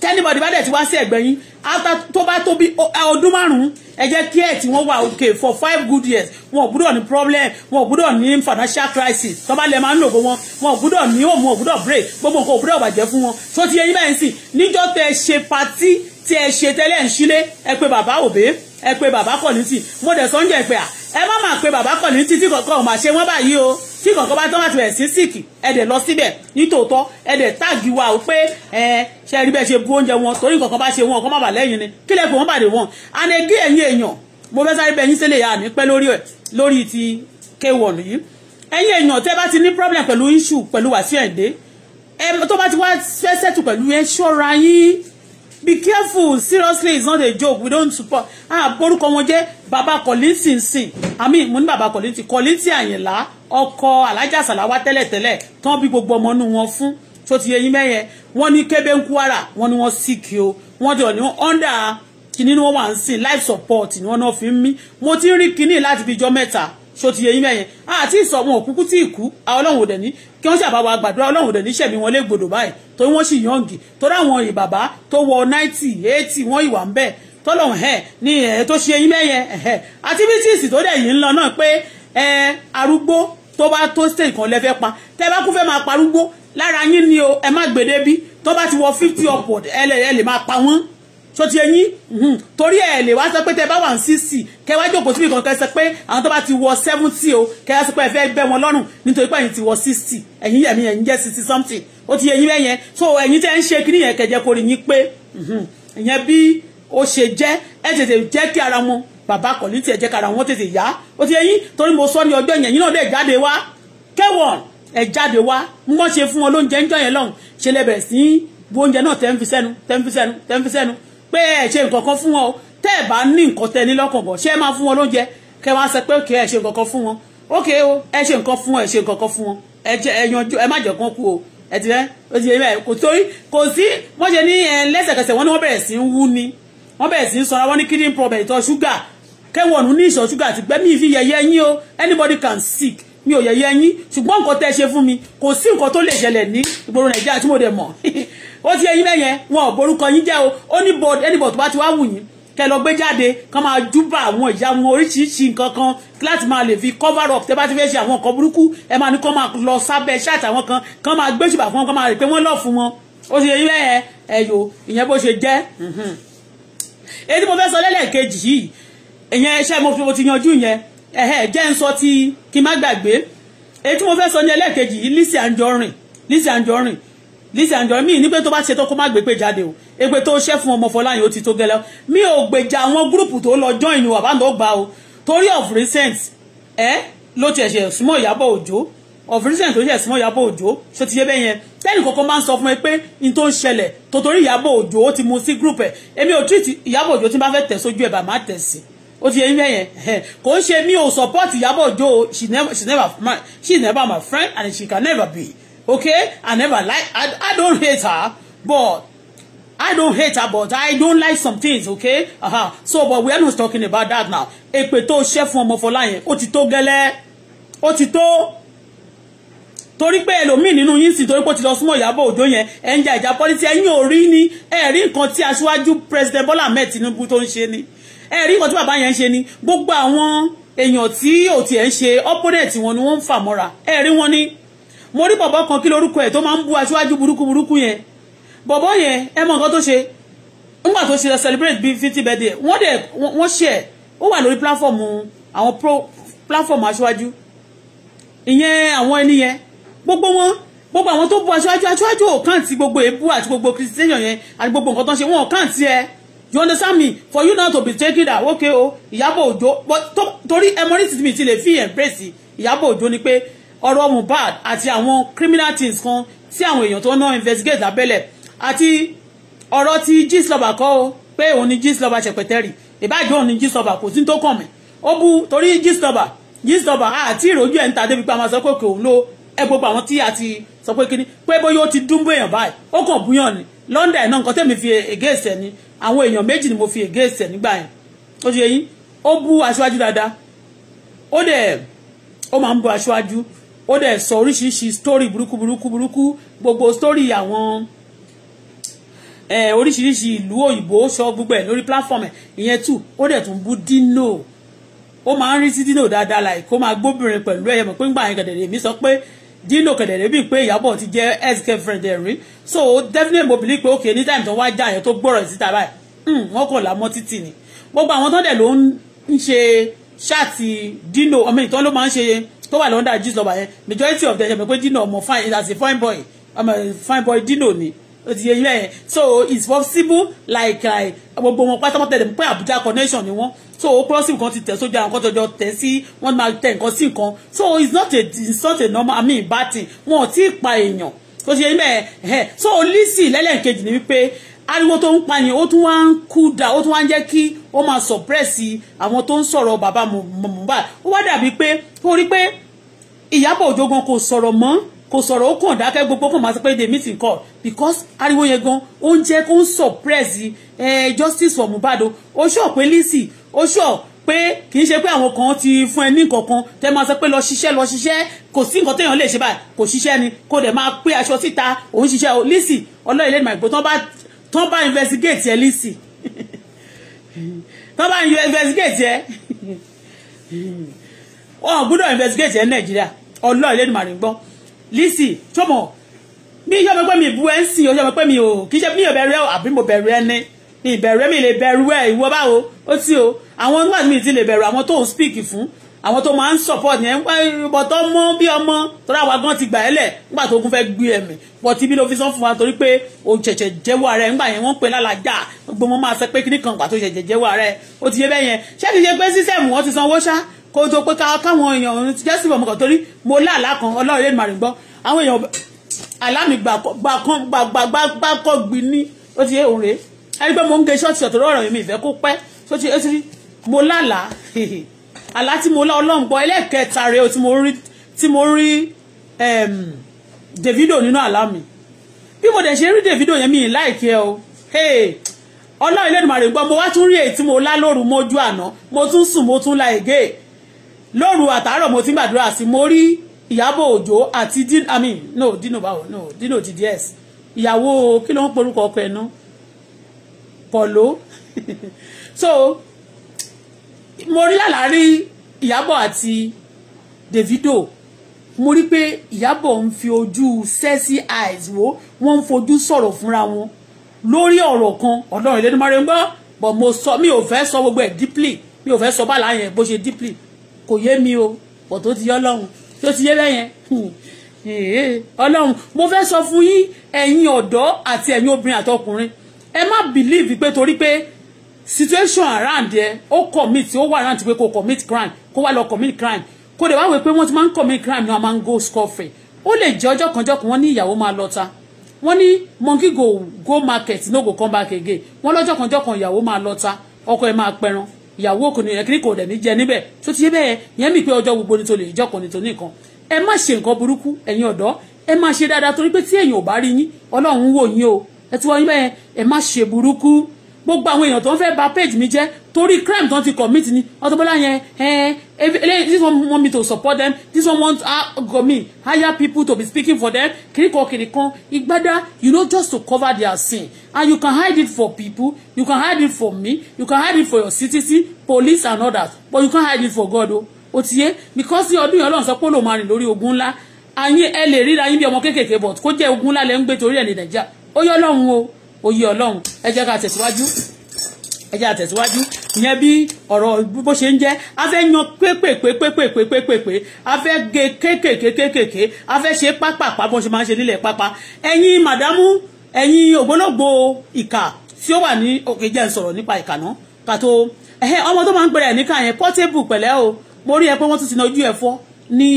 tẹ́nibọ̀dì bá dẹ̀ ti wá sí ẹ̀gbẹ́ yín after tó bá tó bí ọdún márùn-ún ẹ jẹ́ kí ẹ̀ tí wọ́n wà okay for five good years wọn ò gbúdọ̀ ní problem wọn ò gbúdọ̀ ní financial crisis tó bá lè máa ń lògbó wọn wọn ò gbúdọ̀ ní òun ò break gbogbo nǹkan ò gbúdọ̀ bàjẹ́ fún wọn tó ti yẹ yín báyìí sìn níjọ́ tẹ ṣe patí tí ẹ ṣe tẹ́lẹ̀ ń sílé ẹ pé bàbá òbí ẹ pé bàbá kọ̀ ní tì mo dẹ̀ sọ́njẹ́ pé à ẹ má máa pé bàbá kọ̀ ní títí kọ̀ọ̀kan ò máa ṣe wọ́n báyìí o tí kankan bá tán bá ti bẹ̀rẹ̀ sí síìkì ẹ̀dẹ̀ lọ síbẹ̀ nítòótọ́ ẹ̀dẹ̀ táàgì wa ò pé ẹ ṣe rí bẹ́ẹ̀ ṣe bu oúnjẹ wọn torí kankan bá ṣe wọn ọkọ má bà lẹ́yìn ni kí lẹ́kọ̀ọ́ wọn bàdé wọn anegi ẹ̀yin èèyàn mo fẹ́ sáré bẹ́ẹ̀ yín sílẹ̀ yà ní pẹ́ lórí ẹ̀ lórí ti k1 yìí ẹ̀yin èèyàn tẹ́ bá ti ní problem pẹ̀lú issue pẹ̀lú wàsíù ẹ̀dẹ́ tó bá ti wá fẹ́ sẹ́tù pẹ̀lú ẹ̀ ṣọ́ra yín be careful seriously it's not a joke we don't support ah borúkọ wọn jẹ́ baba kọlíntì nsìn àmì mo ní baba kọlíntì kọlíntì àyìnlá ọkọ alájà sàláwá tẹ́lẹ̀tẹ́lẹ̀ tán bí gbogbo ọmọ inú wọn fún tó ti yẹyin mẹ́yẹn wọ́n ní kébé ń kwara wọ́n ní wọ́n síkì o wọ́n ti wọ̀ ní ọ́ndà ni wọ́n wà ń life support ni wọ́n no fi ń mí mo ti ń rí kìíní láti bíjọ́ mẹ́ta so ti yẹyin mẹ́yẹn àti ah, ìsọ̀mù òkúkú tí ìkú àwọn ọlọ́run ò dẹ̀ ní kí wọ́n ṣàbá wa gbàdúrà ọlọ́run dẹ̀ níṣẹ́ mi wọn lè gbòdò báyìí torí wọ́n sì yọ̀ǹgì torí àwọn ìrìn bàbá tó wọ náìtì éètì wọ́n ìwà ń bẹ̀ tọ́lọ́hún ẹ̀ ní ẹ̀ tó ṣe eyín mẹ́yẹ ẹ̀hẹ̀ activities tó dẹ̀ yìí ń lọ náà pé ẹ arúgbó tó bá tó stay kan lẹ́fẹ́ pa tẹ́ bá kú fẹ́ máa parúgbó lára yín ni o ẹ má gbèdébí tó bá ti wọ fifty upward ẹ lè máa pa wọ́n So ti ẹyin mhm. torí ẹ lè wá sọ pé tẹ bá wà ní sísì kẹ wá jókòó síbi kan kẹ sọ pé àwọn tó bá ti wọ seventy o kẹ wá sọ pé ẹ fẹ́ bẹ́ wọn lọ́rùn nítorí pé ẹ̀yin ti wọ sixty ẹ̀yin ẹ̀mí ẹ̀yin jẹ́ sixty something ó ti ẹyin bẹ́yẹn so ẹ̀yin tẹ́ ń ṣe kí nìyẹn kẹjẹ kò rí yín pé mhm, ìyẹn bí ó ṣe jẹ́ ẹ tètè jẹ́ kí ara wọn bàbá kọ̀lí tiẹ̀ jẹ́ kára wọn tètè yá ó ti ẹyin torí mo sọ ní ọjọ́ yẹn yín náà lè jáde wá kẹwọn ẹ jáde wá ń wọ́n ṣe fún wọn lóúnjẹ ń jọ yẹn lọ́hùn ṣe lẹ́bẹ̀ẹ́ sí bó oúnjẹ náà tẹ́ ń fi sẹ́nu tẹ́ ń fi sẹ́nu tẹ́ ń pé ẹ ṣe nǹkan kan fún wọn o tẹ́ ẹ bá ní nǹkan tẹ́ ní lọ́kàn bọ̀ ṣé ẹ máa fún wọn lóúnjẹ kẹ́ wá sọ pé òkè ẹ ṣe nǹkan kan fún wọn òkè o ẹ ṣe nǹkan fún wọn ẹ ṣe nǹkan kan fún wọn ẹ jẹ ẹ yanjú ẹ má jẹ kán kú o ẹ ti rẹ ó ti rẹ kò torí kò sí wọ́n ṣe ní lẹ́sẹ̀kẹsẹ̀ wọ́n ní wọ́n bẹ̀rẹ̀ sí ń wú ni wọ́n bẹ̀rẹ̀ sí ń sọra wọ́n ní kidney problem ìtọ̀ ṣúgà kẹwọ̀nù ní ìṣọ̀ ṣúgà àti gbẹ́mí ìfi yẹyẹ yín o anybody can sick mi ò yẹyẹ yín ṣùgbọ́n nǹkan tẹ́ ṣe fún mi kò sí nǹkan tó lè ṣẹlẹ̀ ní ìgboro nàìjíríà tí mo dẹ̀ mọ̀ ó ti ẹyin bẹ́yẹn wọn ò borúkọ yín jẹ́ o ó ní bọ ẹnìbọ̀ tó bá ti wá wù yín kẹ lọ gbé jáde kán máa júbà àwọn ìyá wọn oríṣiríṣi nǹkan kan láti máa lè fi cover up tẹ bá ti fẹ́ ṣe àwọn nǹkan burúkú ẹ máa ní kán máa lọ sábẹ́ ṣáàtì àwọn kan kán máa gbé ṣùgbọ́n fún kán máa rè pé wọ́n lọ fún wọn ó ti ẹyin bẹ́yẹn ẹ̀yọ ìyẹn bó ṣe jẹ́ mhm. èyí tí mo fẹ́ sọ lẹ́lẹ́kejì yìí ìyẹn iṣẹ́ mo ti yanjú yẹn ẹ̀hẹ́ jẹ́ ń sọ ti kí n má gbàgbé èyí tí mo fẹ́ sọ ní ẹlẹ́ẹ̀kejì yìí Lizzy Anjorin Lizzy Anjorin Lizzy Anjorin ní pé tó bá ṣe tó kó má gbépè jáde o èpè tó ṣẹ́ fún ọmọ Fọláyìn ó ti tó gẹ́lẹ́ mi ò gbèjà àwọn gúrùpù tó lọ join ni wàbá ló gba o torí of recent Eh. ló ti ẹ̀ṣẹ̀ súnmọ́ Ìyábọ̀ Òjó of recent tó ṣe súnmọ́ Ìyábọ̀ Òjó ṣó ti yé bẹ́ẹ̀ yẹn tẹ́nì kankan máa ń sọ fún mi pé n tó ń ṣẹlẹ̀ tó torí ti mu sí group ẹ̀ èmi ò treat Ìyábọ̀ Òjó tí n bá fẹ́ tẹ̀ sójú ẹ̀ bà má tẹ̀ sí ó ti yé yín bẹ́ẹ̀ yẹn kò mi ò support yabo Òjó she never she never my she never my friend and she can never be okay i never like i, I don't hate her but I don't hate her, but I don't like some things, okay? Uh-huh. So, but we are not talking about that now. Èpè tó ṣe fún ọmọ Fọláyẹn, ó ti tó gẹ́lẹ́, ó ti tó. Torí pé ẹlòmíì nínú yín sì torí pé ó ti lọ súnmọ́ Ìyábọ̀ Òjó yẹn, ẹ̀ ìjà pọ́lítì, ẹ̀yìn ò rí ni, ẹ̀ rí nǹkan tí aṣíwájú President bola Ahmed Tinubu tó ń ṣe ni. Ẹ̀ rí nǹkan tí bàbá yẹn ń ṣe ni. Gbogbo àwọn èèyàn tí òtí ẹ̀ ń ṣe opponent wọn ni wọ́n ń fà mọ́ra. Ẹ̀ wọn ni mo rí bọ̀bọ̀ kan kí lorúkọ ẹ̀ tó máa ń bú buruku burúkú burúkú yẹn bọ̀bọ̀ yẹn ẹ mọ nǹkan tó ṣe nígbà tó celebrate bíi fifty birthday wọ́n dẹ̀ wọ́n ṣe ẹ̀ ó wà platform àwọn pro platform aṣíwájú ìyẹn àwọn ẹni yẹn gbogbo wọn gbogbo àwọn tó bú aṣíwájú aṣíwájú ò kàn tí gbogbo ebu àti gbogbo christian yẹn àti gbogbo nǹkan tó ń ṣe wọn ò kàn you understand me for you not to be taking that okay o Ìyábọ̀ but torí emory ti mi ti lè fi embrace Ìyábọ̀ Òjó ni pe ọ̀rọ̀ Mohbad àti àwọn criminal things kan tí àwọn èèyàn tó ná investigate lábẹ́lẹ̀ àti ọ̀rọ̀ ti gíslọ́bà kọ́ o pé òun ni gíslọ́bà ṣẹ̀pẹ̀tẹ́rì ìbáàjọ́ òun ni gíslọ́bà kò sí tó kàn mí ó bu torí gíslọ́bà gíslọ́bà àti ìròjú ẹ̀ ń ta débi pé a máa sọ pé kò ń lo ẹ gbogbo àwọn tí a ti sọ pé kíní pé bóyá ó ti dúnbó èèyàn báyìí ó kàn búyàn ni London náà nǹkan tẹ̀mí fi against ẹ̀ ni àwọn èèyàn méjì ni mo fi against ẹ̀ nígbà yẹn ó ṣe yín ó bu aṣáájú dáadáa ó dẹ̀ ó máa ń bu aṣáájú ó dẹ̀ sọ oríṣiríṣi story burúkú burúkú burúkú gbogbo story àwọn oríṣiríṣi ìlú òyìnbó sọ gbogbo ẹ̀ lórí platform ẹ̀ ìyẹn tù ó dẹ̀ tún bú dino ó máa ń rí sí dino dáadáa láì kó máa gbóbìnrin pẹ̀lú ẹ̀yẹ mọ̀ pé ńgbà yẹn kẹ̀dẹ̀rẹ̀ mi sọ pé dino kẹ̀dẹ̀rẹ̀ bíi pé ìyàbọ̀ ti jẹ́ ex girlfriend ẹ̀ rí so definitely mo believe pé ok ní time tó wá já yẹn tó gbọ́rọ̀ síta báyìí hmm, wọ́n kò lámọ́ títì ni gbogbo àwọn tó dẹ̀ ló ń ṣe ṣáàtì dino ọmọ ìtọ́ ló máa ń ṣe tó wà lọ́ndà gist lọ́ba yẹn majority of them ṣe mọ̀ pé dino ọmọ fine as a fine boy ọmọ fine boy dino ni o ti yẹ yín so it's possible like gbogbo wọn pátápátá ẹ̀ pé Abuja connection ni wọ́n so o crossing kan ti tẹ̀ sójú àwọn kọ́tọ́jọ́ tẹ̀ sí wọ́n máa tẹ̀ nǹkan sí nǹkan so it's not a it's not a normal i mean bad thing wọn ò tí ì pa èèyàn o ti yẹ yín ẹ̀ so lisi lẹ́lẹ́kejì ni wípé ariwo tó ń pa yẹn ó tún wá ń kú dà ó tún wá ń jẹ́ kí ó máa suppress àwọn tó ń sọ̀rọ̀ bàbá Mohbad ó wá dàbí pé ó rí pé Ìyábọ̀ Òjó gan kò sọ̀rọ̀ mọ́ kò sọ̀rọ̀ ó kàn dákẹ́ gbogbo kàn máa sọ pé the meeting call because ariwo yẹn gan ó ń jẹ́ kó ń suppress eh, justice for Mohbad ó sọ pé Lizzy ó sọ pé kì í ṣe pé àwọn kan ti fún ẹ ní kankan tẹ máa sọ pé lọ ṣiṣẹ́ lọ ṣiṣẹ́ kò sí nǹkan téèyàn lè ṣe báyìí kò ṣiṣẹ́ ni kò dẹ̀ máa pé aṣọ síta òun ṣiṣẹ́ o Lizzy ọlọ́run ilé ìmọ̀ ìgbó tán bá investigate ẹ Lizzy tán bá investigate ẹ wọn ò gbúdọ̀ investigate ẹ Nàìjíríà ọlọ́ ìlẹ́dùnmarè ń gbọ́ lisi tọmọ mi yọ mẹpẹ mi bu ẹ ń sìn o yọ mẹpẹ mi o kì í ṣe mi ò bẹ̀rù ẹ o àbí mo bẹ̀rù ẹ ní mi bẹ̀rù ẹ mi lè bẹ̀rù ẹ ìwọ báwo ó ti o àwọn nígbà tí mi ti lè bẹ̀rù àwọn tó ń speak fún àwọn tó máa ń support yẹn bọ̀ tó mọ́ bí ọmọ tọ́lá wa gan ti gbà ẹ́ lẹ̀ nígbà tó kún fẹ́ gbé ẹ̀mí pọ̀ tí bí ló fi sán fún wa torí pé o ṣẹ̀ṣẹ̀ jẹ́wọ́ rẹ̀ nígbà yẹn wọ́n ń pè lálàjà gbogbo wọn máa sọ pé kíní kan pàtó ṣẹ̀ṣẹ̀ jẹ́wọ́ rẹ̀ ó ti yé bẹ́ẹ̀ yẹn ṣé kìí ṣe pé sísẹ̀mù wọn ti sanwó ṣá kó tó pé káwọn èèyàn ọ̀run ti jẹ́ sí ìbọ̀mọ̀kàn torí mo láàlá kan ọlọ́run lè máa rìn gbọ́ àwọn èèyàn àlá mi gbàgbàgbàgbàgbàgbàgbàgbà gbì ní ó ti yé òun rèé ẹni pé mo ń ge ṣọ́ọ̀tì ọ̀tọ̀ ọ̀rọ̀ mi ìfẹ́ kó pẹ́ tó ti rí mo láàlá àlá tí mo lá ọlọ́run gbọ́ ẹlẹ́ẹ̀kẹta rèé o tí mo rí Davido nínú àlá mi bí mo dẹ̀ ṣe rí Davido yẹn mi ì láìkí ẹ o ọlọ́run lẹ́nu màrè gbọ́ mo wá tún rí èyí tí mo lá lóru mọ́jú àná mo tún sùn mo tún la ègé lóru àtàárọ̀ mo ti ń gbàdúrà sí mo rí ìyábọ̀ òjò àti dino i mean no dino báwo no dino gds ìyàwó kí ló ń porúkọ ọkọ ẹ̀ náà pọ̀ló so mo rí lálàárí ìyábọ̀ àti davido mo rí pé ìyábọ̀ ń fi ojú sexy eyes wo wọ́n ń fojú sọ̀rọ̀ fúnra wọn lórí ọ̀rọ̀ kan ọ̀dọ́ ìlẹ́nu márùn-ún gbọ́ but mo sọ mi ò fẹ́ sọ gbogbo ẹ̀ deeply mi ò fẹ́ sọ bá láyẹn bó ṣe deeply kò yé mi o pọ̀ tó ti yọ ọlọ́run tó ti yé bẹ́yẹn ọlọ́run mo fẹ́ sọ fún yín ẹ̀yin ọ̀dọ́ àti ẹ̀yin obìnrin àtọkùnrin ẹ má believe pé torí pé situation around ẹ ó commit ó wà around pé kò commit crime kó wá lọ commit crime kó dẹ̀ wá wò pé wọ́n ti máa ń commit crime náà máa ń go score free ó lè jẹ́ ọjọ́ kan jọ́kùn wọ́n ní ìyàwó máa lọ ta wọ́n ní monkey go go market no go come back again wọ́n lọ́jọ́ kan jọ́kùn ìyàwó máa lọ ta ọkọ ẹ̀ máa pẹran ìyàwó òkò nìyẹn kiri kò dẹ̀ ní jẹ níbẹ̀ tó ti yé bẹ́ẹ̀ yẹn mi pé ọjọ́ gbogbo ni tó lè jọ́kọ̀ ni tó ní nǹkan ẹ má ṣe nǹkan burúkú ẹ̀yin ọ̀dọ́ ẹ má ṣe dáadáa torí pé tí èèyàn ò bá rí yín ọlọ́run wò yín o ẹ ti wọ́n yín bẹ́ẹ̀ ẹ má ṣe burúkú gbogbo àwọn èèyàn tó ń fẹ́ bà page mi jẹ́ torí crime tó ń ti commit ni Auto Bola yẹn ẹ ẹ this one want me to support them this one want ah, go me hire people to be speaking for them kìnìkan kìnìkan ìgbádá you know just to cover their sin and you can hide it for people you can hide it for me you can hide it for your citizen police and others but you can't hide it for God o o ti yé because ọdún yẹn Ọlọ́run sọ pé olóòmọ àrìn lórí ogun ńlá àyín ẹ lè ríra yín bí ọmọ kéékèèké but kó jẹ́ ogun ńlá lẹ́ ń gbé torí ẹ̀ ní Nàìjíríà ó yọ Ọlọ́run o oyè ọlọ́run ẹ jẹ́ ká tẹ̀síwájú ẹ jẹ́ ká tẹ̀síwájú ìyẹn bí ọ̀rọ̀ bó ṣe ń jẹ́ a fẹ́ yan pépèpépépépépépépé a fẹ́ ge kékèkékékéké a fẹ́ ṣe pápápá bó ṣe máa ń ṣe nílẹ̀ pápá ẹ̀yin màdámù ẹ̀yin ògbólógbò ìkà tí ó wà ní òkè jẹ́ ń sọ̀rọ̀ nípa ìkà náà kàtó ẹ̀hẹ́ ọmọ tó máa ń pẹ̀rẹ̀ níkà yẹn pọ́tébù pẹ̀lẹ́ o mo rí ẹ pé wọ́n tún ti na ojú ẹ̀ ní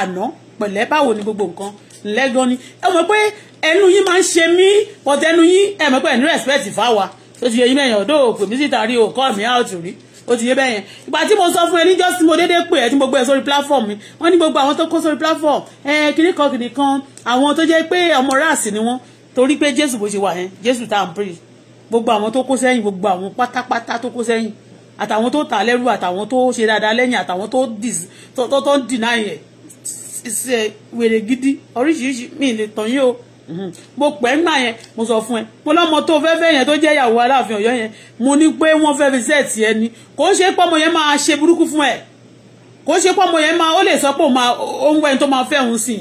àná pẹ̀lẹ́ báwo ni gbogbo nǹkan lẹ́gàn ni ẹ mọ̀ pé ẹnu yín máa ń ṣe mí but ẹnu yín ẹ mọ̀ pé ẹnu respect fáwa tó ti yẹ yín mẹ́yàn ọ̀dọ́ òpè mí síta rí o call me out rí ó ti yé bẹ́ẹ̀ yẹn ìgbà tí mo sọ fún ẹ ní just mo déédéé pè ẹ́ tí mo gbé ẹ sórí platform mi wọ́n ní gbogbo àwọn tó kó sórí platform ẹ kiri kan kiri kan àwọn tó jẹ́ pé ọmọ ráàsì ni wọ́n torí pé jésù bó ṣe wà yẹn jésù tá à ń pray gbogbo àwọn tó kó sẹ́yìn gbogbo àwọn pátápátá tó kó sẹ́yìn àtàwọn tó tà lẹ́rù àtàwọn tó ṣe dáadáa lẹ́yìn àtàwọn tó tó tó dìnnà yẹn wèrè gidi oríṣiríṣi mi ì lè tàn yín mo pẹ́ ńgbà yẹn mo sọ fún ẹ mo lọ́mọ tó fẹ́ fẹ́ yẹn tó jẹ́ ìyàwó aláàfin ọ̀yọ́ yẹn mo ní pé wọ́n fẹ́ fi sẹ́ẹ̀tì ẹ kò ń ṣe pé ọmọ yẹn máa ṣe burúkú fún ẹ kò ń ṣe pé ọmọ yẹn máa ó lè sọ pé òun wẹ́n tó máa fẹ́ òun sì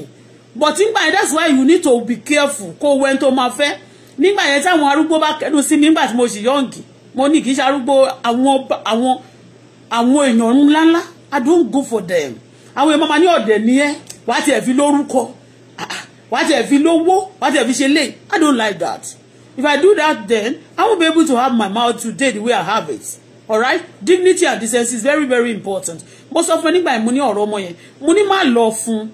but ńgbà yẹn that's why you need to be careful kó wẹ́n tó máa fẹ́ nígbà yẹn táwọn arúgbó bá kẹnu sí mi nígbà tí mo sì yọ̀ǹgì àwọn èèyàn ńláńlá I don't for them àwọn èèyàn máa ní ọ̀dẹ̀ ní ẹ wàá tiẹ̀ fi lórúkọ wàá tẹ̀ fi lówó wàá tẹ̀ fi ṣe lé I don't like that if I do that then I won't be able to have my mouth today the way I have it All right? dignity and decency is very very important mo sọ fún ẹ nígbà yẹn mo ní ọ̀rọ̀ ọmọ yẹn mo ní má lọ fún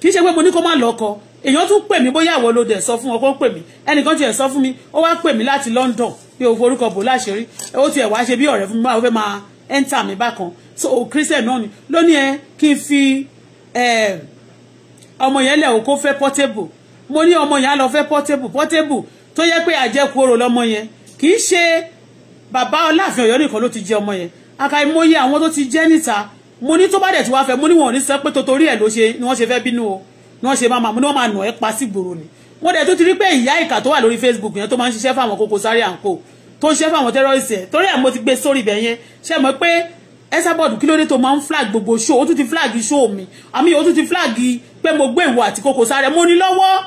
kì í ṣe pé mo ní kó má lọ kọ èèyàn tún pè mí bóyá ìwọ ló dẹ̀ sọ fún ọkọ pè mí ẹnìkan tiẹ̀ sọ fún mi ó wá pè mí láti London pé o forúkọ bò láṣẹrí ó tiẹ̀ wá ṣe bí ọ̀rẹ́ fún mi báwo fẹ́ máa ẹ́ńtà mi bákan so christian náà ni lónìí ẹ kí n fi eh, ọmọ yẹn lẹ̀ òun kó fẹ́ portable mo ní ọmọ yẹn á lọ fẹ́ portable portable tó yẹ pé àjẹkù orò lọmọ yẹn kì í ṣe bàbá Aláàfin Ọ̀yọ́ nìkan ló ti jẹ ọmọ yẹn àkàìmọye àwọn tó ti jẹ níta mo ní tó bá dẹ̀ tí wàá fẹ́ mo ní wọn ò ní sọ pé torí ẹ̀ ló ṣe ni wọ́n ṣe fẹ́ bínú o ni wọ́n ṣe máa mọ̀ ni wọ́n máa nà ẹ́ pa sí gbòòrò ni wọ́n dẹ̀ tó ti rí pé ìyá ìkà tó wà lórí Facebook yẹn tó máa ń ṣiṣẹ́ fáwọn Koko Zaria àǹkó tó ń ṣiṣẹ́ fáwọn terrorist ẹ̀ torí ẹ̀ mo ti gbé sórí ibẹ̀ yẹn ṣe mọ̀ pé Esabod kí ló dé tó máa ń flag gbogbo show ó tún ti flag show mi àmì ó tún ti flag pé mo gbé ìwọ àti Koko Zaria mo ní lọ́wọ́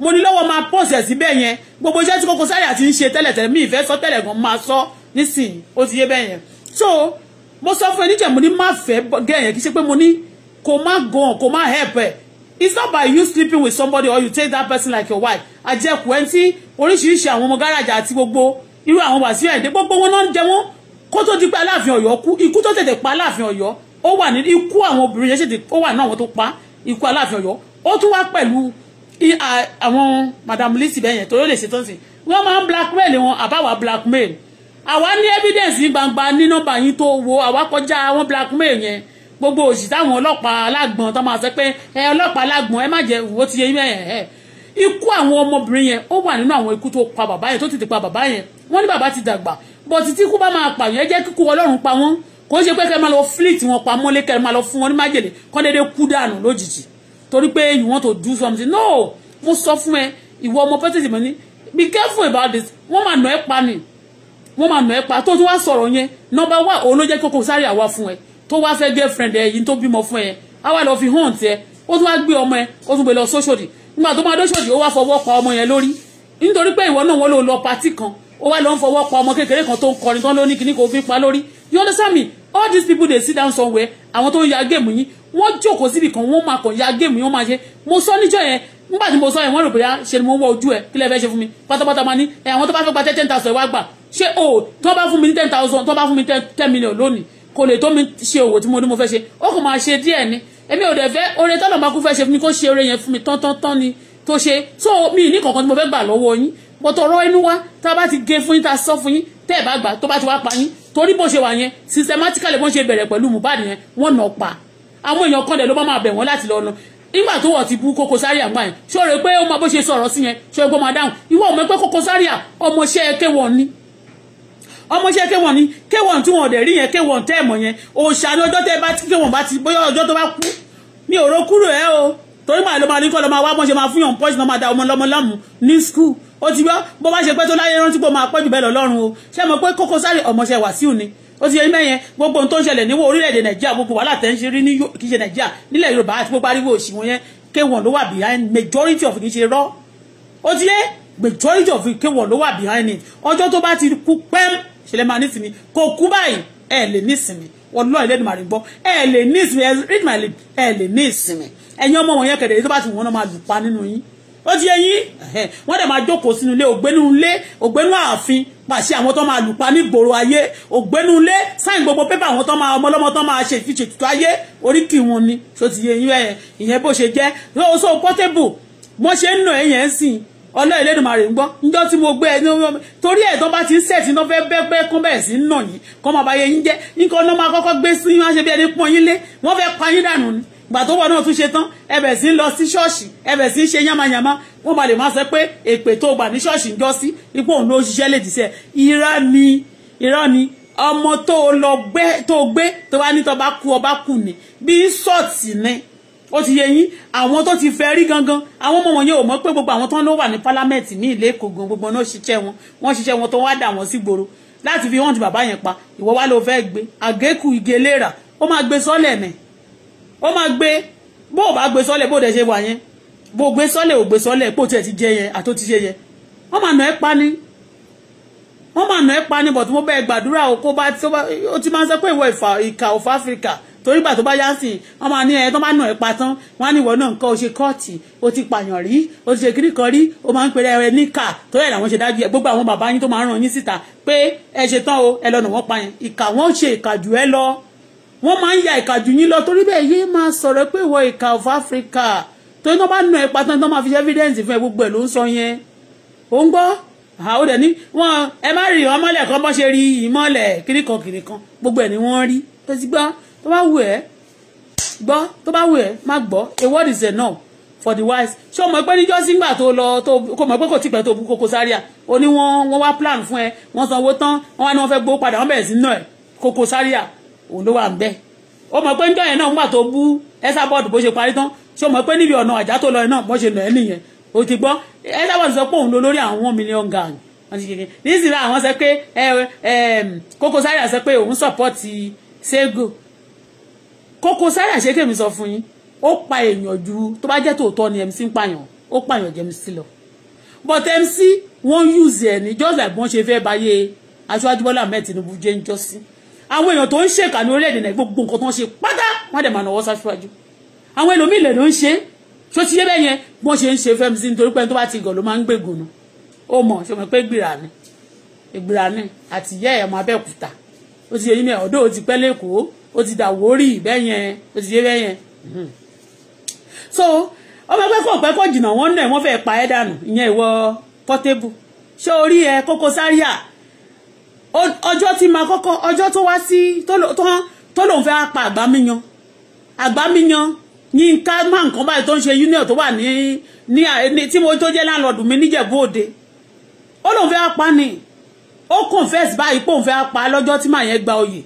mo ní lọ́wọ́ máa pọ̀sẹ̀ síbẹ̀ yẹn gbogbo iṣẹ́ tí Koko Zaria ti ń ṣe tẹ́lẹ̀tẹ́lẹ̀ mi ìfẹ́ sọ tẹ́lẹ̀ gan máa sọ nísìnyí ó ti yé bẹ́ẹ̀ yẹn so mo sọ fún ẹnìjẹ́ mo ní má fẹ́ gẹ̀ yẹn kì í ṣe pé mo ní kò má gan kò má help ẹ̀ it's not by you sleeping with somebody or you take that person like your wife àjẹkù ẹ̀ ń tí oríṣiríṣi àwọn ọmọ gáràjà àti gbogbo irú àwọn wàsíù ẹ̀ dé gbogbo wọn náà ń wọn kó tó di pé aláàfin Ọ̀yọ́ kú ikú tó tètè pa aláàfin Ọ̀yọ́ ó wà ní ikú àwọn obìnrin yẹn ṣètè ó wà ní àwọn tó pa ikú aláàfin Ọ̀yọ́ ó tún wá pẹ̀lú àwọn madam lisi bẹyẹn tó yóò lè ṣe tó ń sìn wọ́n máa ń blackmail wọn àbáwá blackmail àwa ní evidence ní gbangba ní nọ́mbà yín tó wo àwa kọjá àwọn blackmail yẹn gbogbo òsì táwọn ọlọ́pàá alágbọ̀n tó máa sọ pé ẹ ọlọ́pàá alágbọ̀n ẹ má jẹ òwò ti yẹ yẹn ẹ ikú àwọn ọmọbìnrin yẹn ó wà nínú àwọn ikú tó pa bàbá yẹn tó tètè pa bàbá yẹn wọ́n ní bàbá ti dàgbà bọ̀tí tí kú bá máa pààyàn ẹ jẹ́ kíkú ọlọ́run pa wọ́n kò ṣe pé kẹ́ máa lọ fleet wọn pa mọ́lé kẹ́ máa lọ fún wọn ní májèlé kọ́ dédé kú dànù lójijì torí pé you want to do something no mo sọ fún ẹ ìwọ ọmọ pẹ́tẹ́tì mọ́ ni be careful about this wọ́n máa nà ẹ́ pa ni wọ́n máa nà ẹ́ pa tó tún wá sọ̀rọ̀ yẹn nọmba wá òun ló jẹ́ kókó sáré àwa fún ẹ tó wá fẹ́ girlfriend ẹ yìí tó bímọ fún ẹ àwa lọ fi hàn tiẹ ó tún wá gbé ọmọ ẹ ó tún gbé lọ sóṣòdì nígbà tó máa dóṣòdì ó wá fọwọ́ pa ọmọ yẹn lórí nítorí pé ìwọ náà wọ́n lò lọ patí kan ó wá lọ ń fọwọ́ pa ọmọ kékeré kan tó ń kọrin tán lóní kíní kò fi pa lórí you understand me all these people dey sit down somewhere àwọn tó ń ya géèmù yín wọ́n jókòó síbì kan wọ́n máa kàn ya géèmù yín wọ́n máa ṣe mo sọ níjọ́ yẹn nígbà tí mo sọ yẹn wọ́n rò bóyá ah, ṣe ni mo ń wọ ojú ẹ̀ kí lẹ fẹ́ ṣe fún mi pátápátá máa ní ẹ̀ eh, àwọn tó bá fẹ́ gba ten thousand ẹ̀ wá gbà ṣé o oh, tó bá fún mi ní ten thousand tó bá fún mi ten million lónìí kò lè tó mi ṣe òwò tí mo ní mo fẹ́ ṣe ó kò máa ṣe díẹ̀ ni èmi ò dẹ̀ fẹ́ oore tọ́lọ̀ máa kú fẹ́ ṣe fún mi kó ṣe oore yẹn fún mi tán tán tán ni tó ṣe so mi ní kankan tí mo fẹ́ gbà lọ́wọ́ yín bọ́tọ̀ ọ̀rọ̀ ẹnu wa tá a bá ti gé fún yín tá a sọ fún yín tẹ́ ẹ̀ bá gbà tó bá ti wá pa yín torí bó ṣe wà yẹn systematically bó ṣe bẹ̀rẹ̀ pẹ̀lú Mohbad yẹn wọ́n nà pa àwọn èèyàn kan dẹ̀ ló máa bẹ̀ wọ́n láti lọ lọ nígbà tó wọ̀ ti bu Koko Zaria àgbà yẹn ṣó rẹ pé ó máa bó ṣe sọ̀rọ̀ sí yẹn o ẹgbọ́n máa dáhùn ìwọ ọmọ pé Koko Zaria ọmọọṣẹ́ kéwọ̀n ni ọmọọṣẹ́ kéwọ̀n ni kéwọ̀n tí wọn dẹ̀ rí yẹn kéwọ̀n tẹ́ ẹ̀mọ̀ yẹn òòṣà ọjọ́ tẹ́ bá ti kéwọ̀n bá ti bóyá ọjọ́ tó bá kú mi ò ro kúrò ẹ o torí màá ló máa ní kọ́ lọ́ máa wá bọ́n ṣe máa fún yàn pọ́ṣì náà máa da ọmọ lọ́mọ láàmú ní skul ó ti gbọ́ bó bá ṣe pẹ́ tó láyé rántí pé ó máa pẹ́ jù bẹ́ẹ̀ lọ lọ́run o ṣé mo pé Koko Zaria ọmọọṣẹ́ si ni ó ti yẹ ibẹ̀ yẹn gbogbo ohun tó ń ṣẹlẹ̀ níwọ̀ orílẹ̀-èdè Nàìjíríà gbogbo wàhálà tẹ̀ ń ṣe rí ní kì í ṣe Nàìjíríà nílẹ̀ Yorùbá àti gbogbo ariwo òṣì wọn yẹn kéwọn ló wà behind majority of kì í ṣe rọ́ ti yẹ majority of kéwọn ló wà behind it ọjọ́ tó bá ti kú pẹ́m ṣẹlẹ̀ máa nísìnyí kò kú báyìí ẹ̀ lè nísìnyí ọlọ́ ìlẹ́nu màrí gbọ́ ẹ lè ní ìsinmi ẹ read my lip ẹ lè ní ìsinmi ẹ̀yin ọmọ wọn yẹn kẹ̀dẹ̀ tó bá ti wọn náà máa lù pa nínú yín ó ti yẹ yín wọ́n dẹ̀ máa jókòó sínú ilé ògbénú ilé ògbénú ààfin pàṣẹ àwọn tó máa lùpa ní ìgboro ayé ògbénú ilé sáìn gbogbo pépà àwọn tó máa ọmọlọ́mọ tó máa ṣe ìfiṣe tuntun ayé oríkì wọn ni tó ti yẹ yín ìyẹn bó ṣe jẹ́ so portable wọ́n ṣe ń nà ẹ̀yẹ̀ ń sìn ọlọ́ ìlédùnmarè ń gbọ́ níjọ́ tí mo gbé ẹni torí ẹ̀ tó bá ti ń sẹ̀tì náà fẹ́ bẹ́ẹ̀ bẹ́ẹ̀ kán bẹ̀rẹ̀ sí ń nà yín kán máa bá yẹ yín jẹ́ nǹkan náà máa kọ́kọ́ gbé sí yín ṣe bí ẹni pọ́n yín lé wọ́n fẹ́ pa yín dànù ni gbà tó wà náà tún ṣe tán ẹbẹ̀ sí ń lọ sí ṣọ́ọ̀ṣì ẹbẹ̀ sí ń ṣe yánmayànmá wọ́n bá lè máa sọ pé èpè tó gbà ní ṣọ́ọ̀ṣì ń jọ sí ipò òun ló ṣiṣẹ́ lè dìṣẹ́ irọ́ ni irọ́ ni ọmọ tó lọ gbé tó gbé tó bá ní tó bá kú ọba kù ni bí sọ́ọ̀tì ni ó ti yẹ yín àwọn tó ti fẹ́ rí gangan àwọn ọmọ wọ̀nyẹn ò mọ̀ pé gbogbo àwọn tó ń lọ wà ní pálámẹ́ǹtì ní ilé èkó gan gbogbo náà ṣiṣẹ́ wọn wọ́n ṣiṣẹ́ wọn tó wá dà wọ́n sí gboro láti fi wọ́n ti bàbá yẹn pa ìwọ wá ló fẹ́ gbé àgékù ìgéléra ó máa gbé sọ́lẹ̀ mẹ́ẹ̀ ó máa gbé bó o bá gbé sọ́lẹ̀ bó o dẹ̀ ṣe wà yẹn bó o gbé sọ́lẹ̀ ò gbé sọ́lẹ̀ pò tiẹ̀ ti jẹ yẹn àtó ti ṣe yẹn wọ́n máa nà ẹ́ pa ni wọ́n máa nà ẹ́ pa ni bọ̀tú mo bẹ́ẹ̀ gbàdúrà o kó bá ó ti máa ń sọ pé ìwọ ìkà of Africa torí ìgbà tó bá yá sí wọn máa ní ẹ tó bá nà ẹ pa tán wọn á ní ìwọ náà nǹkan o ṣe kóòtì o ti pààyàn rí o ti ṣe kiri kan rí o máa ń pèrè ẹ níkà tó yẹ làwọn ṣe dájú ẹ gbogbo àwọn bàbá yín tó máa ń ràn yín síta pé ẹ ṣe tán o ẹ lọ nà wọn pa yẹn ìkà wọn ṣe ìkà jù ẹ lọ wọ́n máa ń ya ìkà jù yín lọ torí bẹ́ẹ̀ yé máa sọ̀rọ̀ pé ìwọ ìkà of Africa torí wọ́n bá nà ẹ́ pátán tó máa fi evidence fún ẹ gbogbo ẹ̀ ló ń sọ yẹn ó ń gbọ́ àwọn ọdẹ ní wọn ẹ má rí ìwọ́n mọ́lẹ̀ kan bọ́ ṣe rí ìmọ́lẹ̀ kíríkan kíríkan gbogbo ẹ̀ ni wọ́n rí tó ti gbọ́ tó bá wù ẹ́ gbọ́ tó bá wù ẹ́ má gbọ́ a word is enough for the wise ṣé o mọ̀ pé níjọ́ sígbà tó lọ tó kò mọ̀ pé kò tí pẹ́ tó bu Koko Zaria o ní wọ́n wọ́n wá plan fún ẹ wọ́n sanwó tán wọ́n wá ní wọ́n fẹ́ gbowó padà wọ́n bẹ̀rẹ̀ sí náà Koko Zaria òun ló wà ń bẹ́ẹ̀ ó mọ̀ pé ń jọyìn náà ń wà tó bú Esabod bó ṣe parí tán ṣé o mọ̀ pé níbi ọ̀nà àjá tó lọ yẹn náà bó ṣe lọ ẹ́ nìyẹn o ti gbọ́ Esabod sọ pé òun ló lórí àwọn million gang wọ́n ti kékeré nísìnyí àwọn sọ pé Koko Zaria sọ pé òun sọ̀pọ̀tì Sego Koko Zaria ṣe kémi sọ fún yín ó pa èèyàn ju tó bá jẹ́ tòótọ́ ni MC ń pààyàn ó pààyàn jẹ́ MC lọ but MC wọ́n use ẹ̀ ní just like wọ́n ṣe fẹ́ báyé aṣọ àjùbọ́lá mẹ́tìnúbù jẹ́ ń jọ́sí àwọn èèyàn tó ń ṣèkà ní orílẹ̀-èdè náà gbogbo nǹkan tó ń ṣe pátá wọ́n dẹ̀ máa nà wọ́n sáṣíwájú àwọn ẹlòmíì lè ló ń ṣe tó ti yé bẹ́ẹ̀ yẹn wọ́n ṣe ń ṣe fẹ́mi sí nítorí pé tó bá ti gàn ló máa ń gbègùn nù ó mọ̀ ṣe mọ̀ pé gbìrà ni ìgbìrà ni àti ìyá ẹ̀ ọmọ Abẹ́òkúta ó ti yé yín mẹ́ ọ̀dọ́ ó ti pẹ́ lẹ́kọ̀ọ́ ó ti dà wórì bẹ́ẹ̀ yẹn ó ti yé bẹ́ẹ̀ yẹn hmm. so ọmọ ẹgbẹ́ kọ̀ pẹ́ kọ̀ jìnnà wọ́n náà wọ́n fẹ́ pa ẹ́ dànù ìyẹn ìwọ Portable ṣé orí ẹ Koko Zaria ọjọ́ tí máa kọ́kọ́ ọjọ́ tó wá sí tó lòun fẹ́ pa àgbámíyan àgbámíyan yínká máa nǹkan báyìí tó ń ṣe union tó wà ní ní tí mo tó jẹ́ láńlọ́ọ̀dù mi níjẹ̀bú òde ó lòun fẹ́ pa ni ó confess báyìí pé òun fẹ́ pa lọ́jọ́ tí màá yẹn gba oyè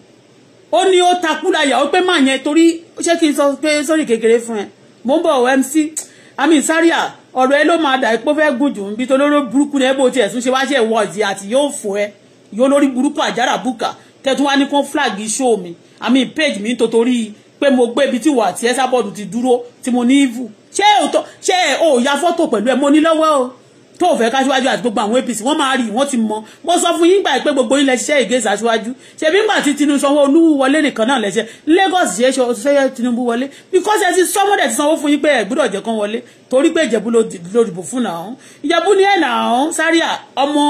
ó ní ó takúláyà ó pé màá yẹn torí ṣé kí n sọ pé sórí kékeré fún ẹ mo ń bọ̀ mc amin sáríà ọ̀rọ̀ ẹ ló máa dà pé ó fẹ́ gùn jù ń bí tó lóró burúkú ní ẹ bó tiẹ̀ tún ṣe wáṣẹ́ ìwọ́ọ̀dì àti yóò fò ẹ́ ìyó lórí burúkú àjàrà bùkà tẹ́tún wá ní kán flag show mi àmì page mi nítorí pé mo gbé ibi tí wà tí ẹ́sà bọ́ọ̀dù ti dúró tí mo ní ìvù ṣé òótọ́ ṣé ò ya fọ́tò pẹ̀lú ẹ mo ní lọ́wọ́ o tó ò fẹ́ káṣíwájú àti gbogbo àwọn APC wọ́n máa rí wọ́n ti mọ mo sọ fún yín gbà pé gbogbo ilẹ̀ ṣiṣẹ́ ìgé ṣaṣíwájú ṣèbí ńgbà tí Tinubu Sanwó-Olú wọlé nìkan náà lẹ́sẹ̀ Lagos ṣe é ṣe Tinubu wọlé because ẹ ti sọmọdẹ ti sanwó fún yín pé ẹ gbọ́dọ̀ jẹ́ kán wọlé torí pé Ìjẹ̀bú ló dìbò fún nàá Ìjẹ̀bú ni ẹ̀ nàá Zaria ọmọ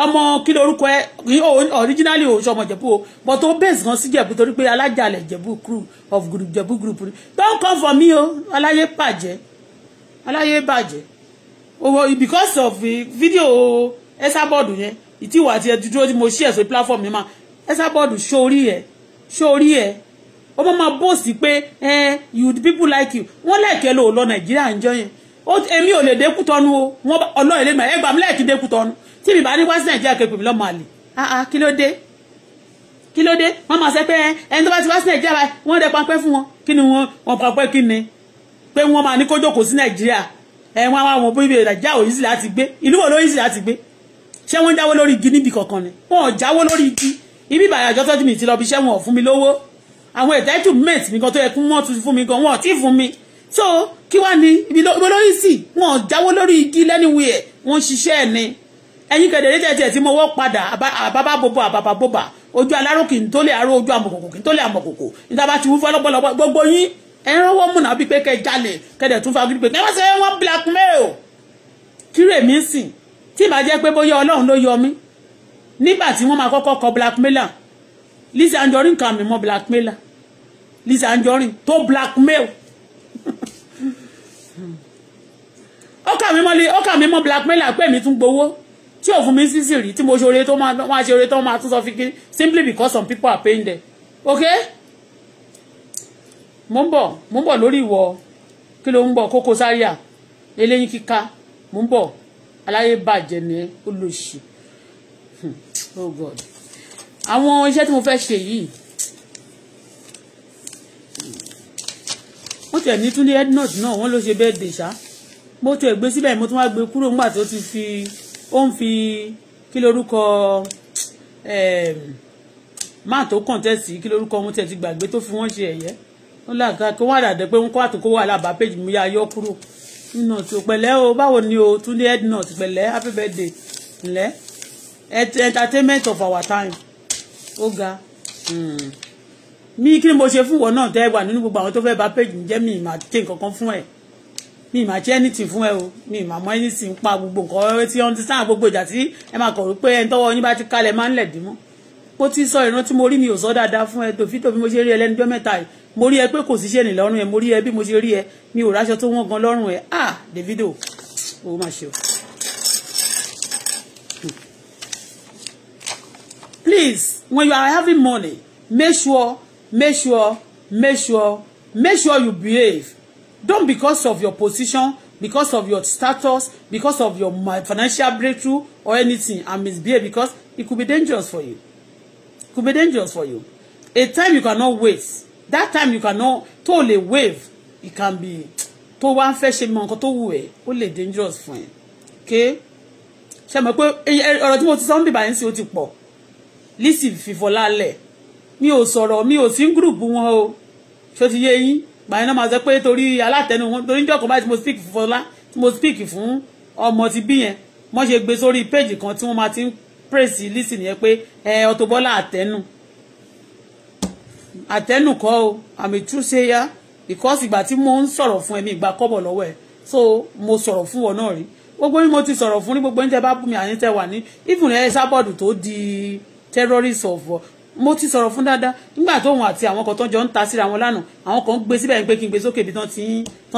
ọmọ kí lorúkọ ẹ originally o ṣọmọ jẹ̀bú o but ó bẹ̀sì kan sí jẹ̀bú torí pé alájàlẹ̀ jẹ̀bú crew of group jẹ̀bú group don come for me o aláyé bàjẹ́ aláyé bàjẹ́ owó because of fídíò ẹsàbọ̀dù yẹn ìtìwà àti ẹdúdúró tí mo ṣí ẹ̀sọ́ platform mi máa ẹsàbọ̀dù ṣórí ẹ̀ ṣórí ẹ̀ ó máa máa bóòsì pé you people like you wọ́n lẹ́ẹ̀kẹ́ lò lọ nàìjíríà ń jọ yẹn èmi ò lè dékùtọ́nu o wọ́n ọlọ́ọ̀lẹ́mọ̀ ẹgbàá mi lẹ́ẹ̀kí dékùtọ́nu tí mi bá ní wá sí nàìjíríà kẹ́pẹ́ mi lọ́mọ àlè ah, ah kí ló dé kí ló dé wọ́n máa sẹ́ pé ẹni tó bá ti wá sí nàìjíríà báyìí wọ́n dẹ pampẹ́ fún wọn kí ni wọ́n pampẹ́ kí ni pé wọ́n máa ní kó jókòó sí nàìjíríà ẹ̀ wọ́n àwọn ọmọ bíbí ìrajà ò yìí sì láti gbé ìlú wo ló yìí sì láti gbé ṣé wọ́n jáwọ́ lórí igi níbi kankan ni wọ́n ò jáwọ́ lórí igi ibi ìbàdàjọ́ tọ́jú mi ti lọ bí iṣẹ́ wọn ò mi lówó àwọn entitlement mi kan tó yẹ kí wọ́n tún fún mi gan wọn ò fún mi so kí wá ní ibi lórí sí wọn ò jáwọ́ lórí igi lẹ́niwẹ̀ẹ́ wọ́n ṣiṣẹ́ ẹ̀ ni ẹ̀yin kẹ̀dẹ̀ létí ẹ̀tí ẹ̀tí mo wọ́ padà àbábá bobo àbábá boba ojú aláró kì í tó lè aró ojú amọ̀kòkò kì í tó lè amọ̀kòkò ìdábà ti wú fọlọ́pọ̀lọpọ̀ gbogbo yín ẹran wọ́n múnà bíi pé kẹ́ jalè kẹ́dẹ̀ tún fa gbígbé kẹ́wọ́n ṣe wọ́n blackmail o kíre mi sìn tí ìbá jẹ́ pé bóyá ọlọ́run ló yọ mí nígbà tí wọ́n máa kọ́kọ́ kọ blackmailer Lizzy Anjorin kan mi mọ́ blackmailer Lizzy Anjorin tó blackmail ó kà mí mọ́ blackmailer pé mi tún gbowó tí ò fún mi sísì rí tí mo ṣe oore tó máa ṣe oore tó máa tún sọ fi kí simply because some people are paying them okay mo ń bọ̀ mo ń bọ̀ lórí ìwọ kí ló ń bọ̀ Koko Zaria eléyín kíká mo ń bọ̀ aláyé bàjẹ́ ni olóṣì hmm. oh god àwọn iṣẹ́ tí mo fẹ́ ṣe yìí wọ́n tẹ̀ ní Túndé ednod náà wọ́n ló ṣe bẹ́ẹ̀ dè ṣá mo tẹ̀ gbé síbẹ̀ mo tún wá gbé kúrò nígbà tó ti fi ó ń fi kí lorúkọ ehm, máà tó kọ̀ǹtẹ́sì kí lorúkọ ohun tẹ̀ ti gbàgbé tó fi wọ́n ṣe ẹ̀yẹ́ ó láǹkà kó wà dàdé pé wọ́n kó àtòkó wà lábà péjì mú yá yọ kúrò nínú tí o pẹ̀lẹ́ o báwo ni o túndé ednut pẹ̀lẹ́ happy birthday ǹlẹ́ entertainment of our time ó ga hmm. mi kí ni mo ṣe fún ìwọ náà tẹ́ wà nínú gbogbo àwọn tó fẹ́ bá péjì ń jẹ́ mi ìmọ̀ àti nǹkan kan fún ẹ̀ mi ì máa anything fún ẹ o mi ì máa mọ anything pa gbogbo nǹkan tí wọ́n ti sáà gbogbo ìjà tí ẹ máa kọ̀ wípé ẹni tọ́wọ́ yín bá ti kalẹ̀ máa ń lẹ̀ dín mọ́ ó ti sọ ìran tí mo rí mi ò sọ dáadáa fún ẹ tòfí tòfí mo ṣe rí ẹ lẹ́nujọ́ mẹ́ta yìí mo rí ẹ pé kò sí ṣe nì lọ́rùn ẹ mo rí ẹ bí mo ṣe rí ẹ mi ò ráṣọ tó wọ́n gan lọ́rùn ẹ ah Davido ó mà ṣe o. Please, when you are having money, make sure, make sure, make sure, make sure you behave. Don't because of your position, because of your status, because of your financial breakthrough or anything and misbehave because it could be dangerous for you. It could be dangerous for you. A time you cannot waste. That time you cannot totally wave. It can be tó wá ń fẹ́ ṣe mọ nǹkan dangerous fún ẹ. Okay? Ṣé mọ̀ pé ọ̀rọ̀ tí mo ti sọ ń bìbà yín sí ó ti pọ̀. Lísì fìfọ́lálẹ̀. Mi ò sọ̀rọ̀ mi ò sí gúrùpù wọn o. Ṣé ti yé yín? gbàyẹn náà máa sọ pé torí alátẹnu wọn torí níjọ́ kan báyìí tí mo speak fún Fọlá tí mo speak fún ọmọ ti bí yẹn wọ́n ṣe gbé sórí péjì kan tí wọ́n máa ti ń praise listen yẹn pé ẹ Auto Bola àtẹnu àtẹnu kọ́ o àmì túnṣeyá because ìgbà tí mo ń sọ̀rọ̀ fún ẹ̀mí ìgbà kọ́bọ̀ lọ́wọ́ ẹ̀ so mo sọ̀rọ̀ fún wọn náà rí gbogbo yín mo ti sọ̀rọ̀ fún ní gbogbo oúnjẹ bá bù mí àyíntẹ́ wà ní even ẹ̀ sábọ̀dù tó di terrorist of mo ti sọ̀rọ̀ fún dáadáa nígbà tóun àti àwọn kan tó jọ ń ta síra wọn lánàá àwọn kan gbé síbẹ̀ pé kí n gbé sókè bí tán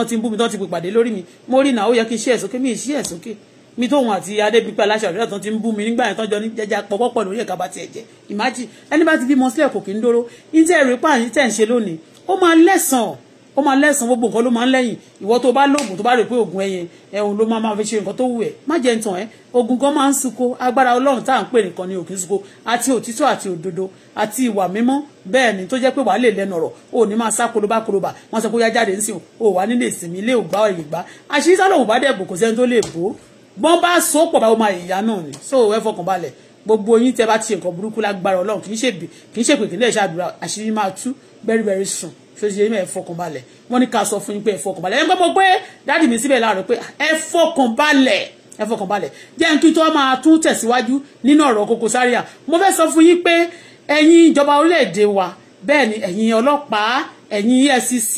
ti ń bú mi tán ti pè pàdé lórí mi mo rí náà ó yẹ kí n ṣí ẹ̀ sókè mi ì ṣí ẹ̀ sókè mi tóun àti adébípé aláṣà òṣèlú tán ti ń bú mi nígbà yẹn tán jọ ní jẹjẹ pọpọpọ lórí ẹ̀ka bá tiẹ̀ jẹ ìmájì ẹni bá ti bímọ sílẹ̀ kò kí ń dóró ní tẹ́ ẹ̀rí pààyàn tẹ́ ń ṣe lónìí ó máa lẹ́sàn gbogbo nǹkan ló máa ń lẹ́yìn ìwọ tó bá lóògùn tó bá rò pé oògùn ẹyẹ ẹ̀hún ló máa máa fi ṣe nǹkan tó wù ẹ́ má jẹ́ ntàn ẹ́ oògùn gan máa ń sunko agbára ọlọ́run tá à ń pè nìkan ni òkè sunko àti òtítọ́ àti òdodo àti ìwà mímọ́ bẹ́ẹ̀ ni tó jẹ́ pé wàá lè lẹ́nu ọ̀rọ̀ o ò ní máa sá kolobá kolobá wọ́n sọ pé ó yá jáde ńsìn o wà nílé ìsinmi ilé ògbà ìgbà àṣírí sálòmù bá dẹ̀bù kò sẹ́ni tó so pọ̀ bá ó so ẹ fọkàn balẹ̀ gbogbo yín tẹ bá ti ṣe nǹkan burúkú lágbára ọlọ́run kì í ṣe pé kì í ṣe pé kì í lè ṣàdúrà àṣírí máa tú bẹ́rìbẹ́rì sùn ṣé ṣe mẹ́ ẹ fọkànbalẹ̀ wọ́n ní ká sọ fún yín pé ẹ fọkànbalẹ̀ ẹ gbọ́mọ pé dáàdì mi síbẹ̀ láàárọ̀ pé ẹ fọkànbalẹ̀ ẹ fọkànbalẹ̀ jẹ́ kí tó máa tún tẹ̀síwájú nínú ọ̀rọ̀ Koko Zaria mo fẹ́ sọ fún yín pé ẹ̀yin ìjọba orílẹ̀-èdè wa bẹ́ẹ̀ ni ẹ̀yin ọlọ́pàá ẹ̀yin EFCC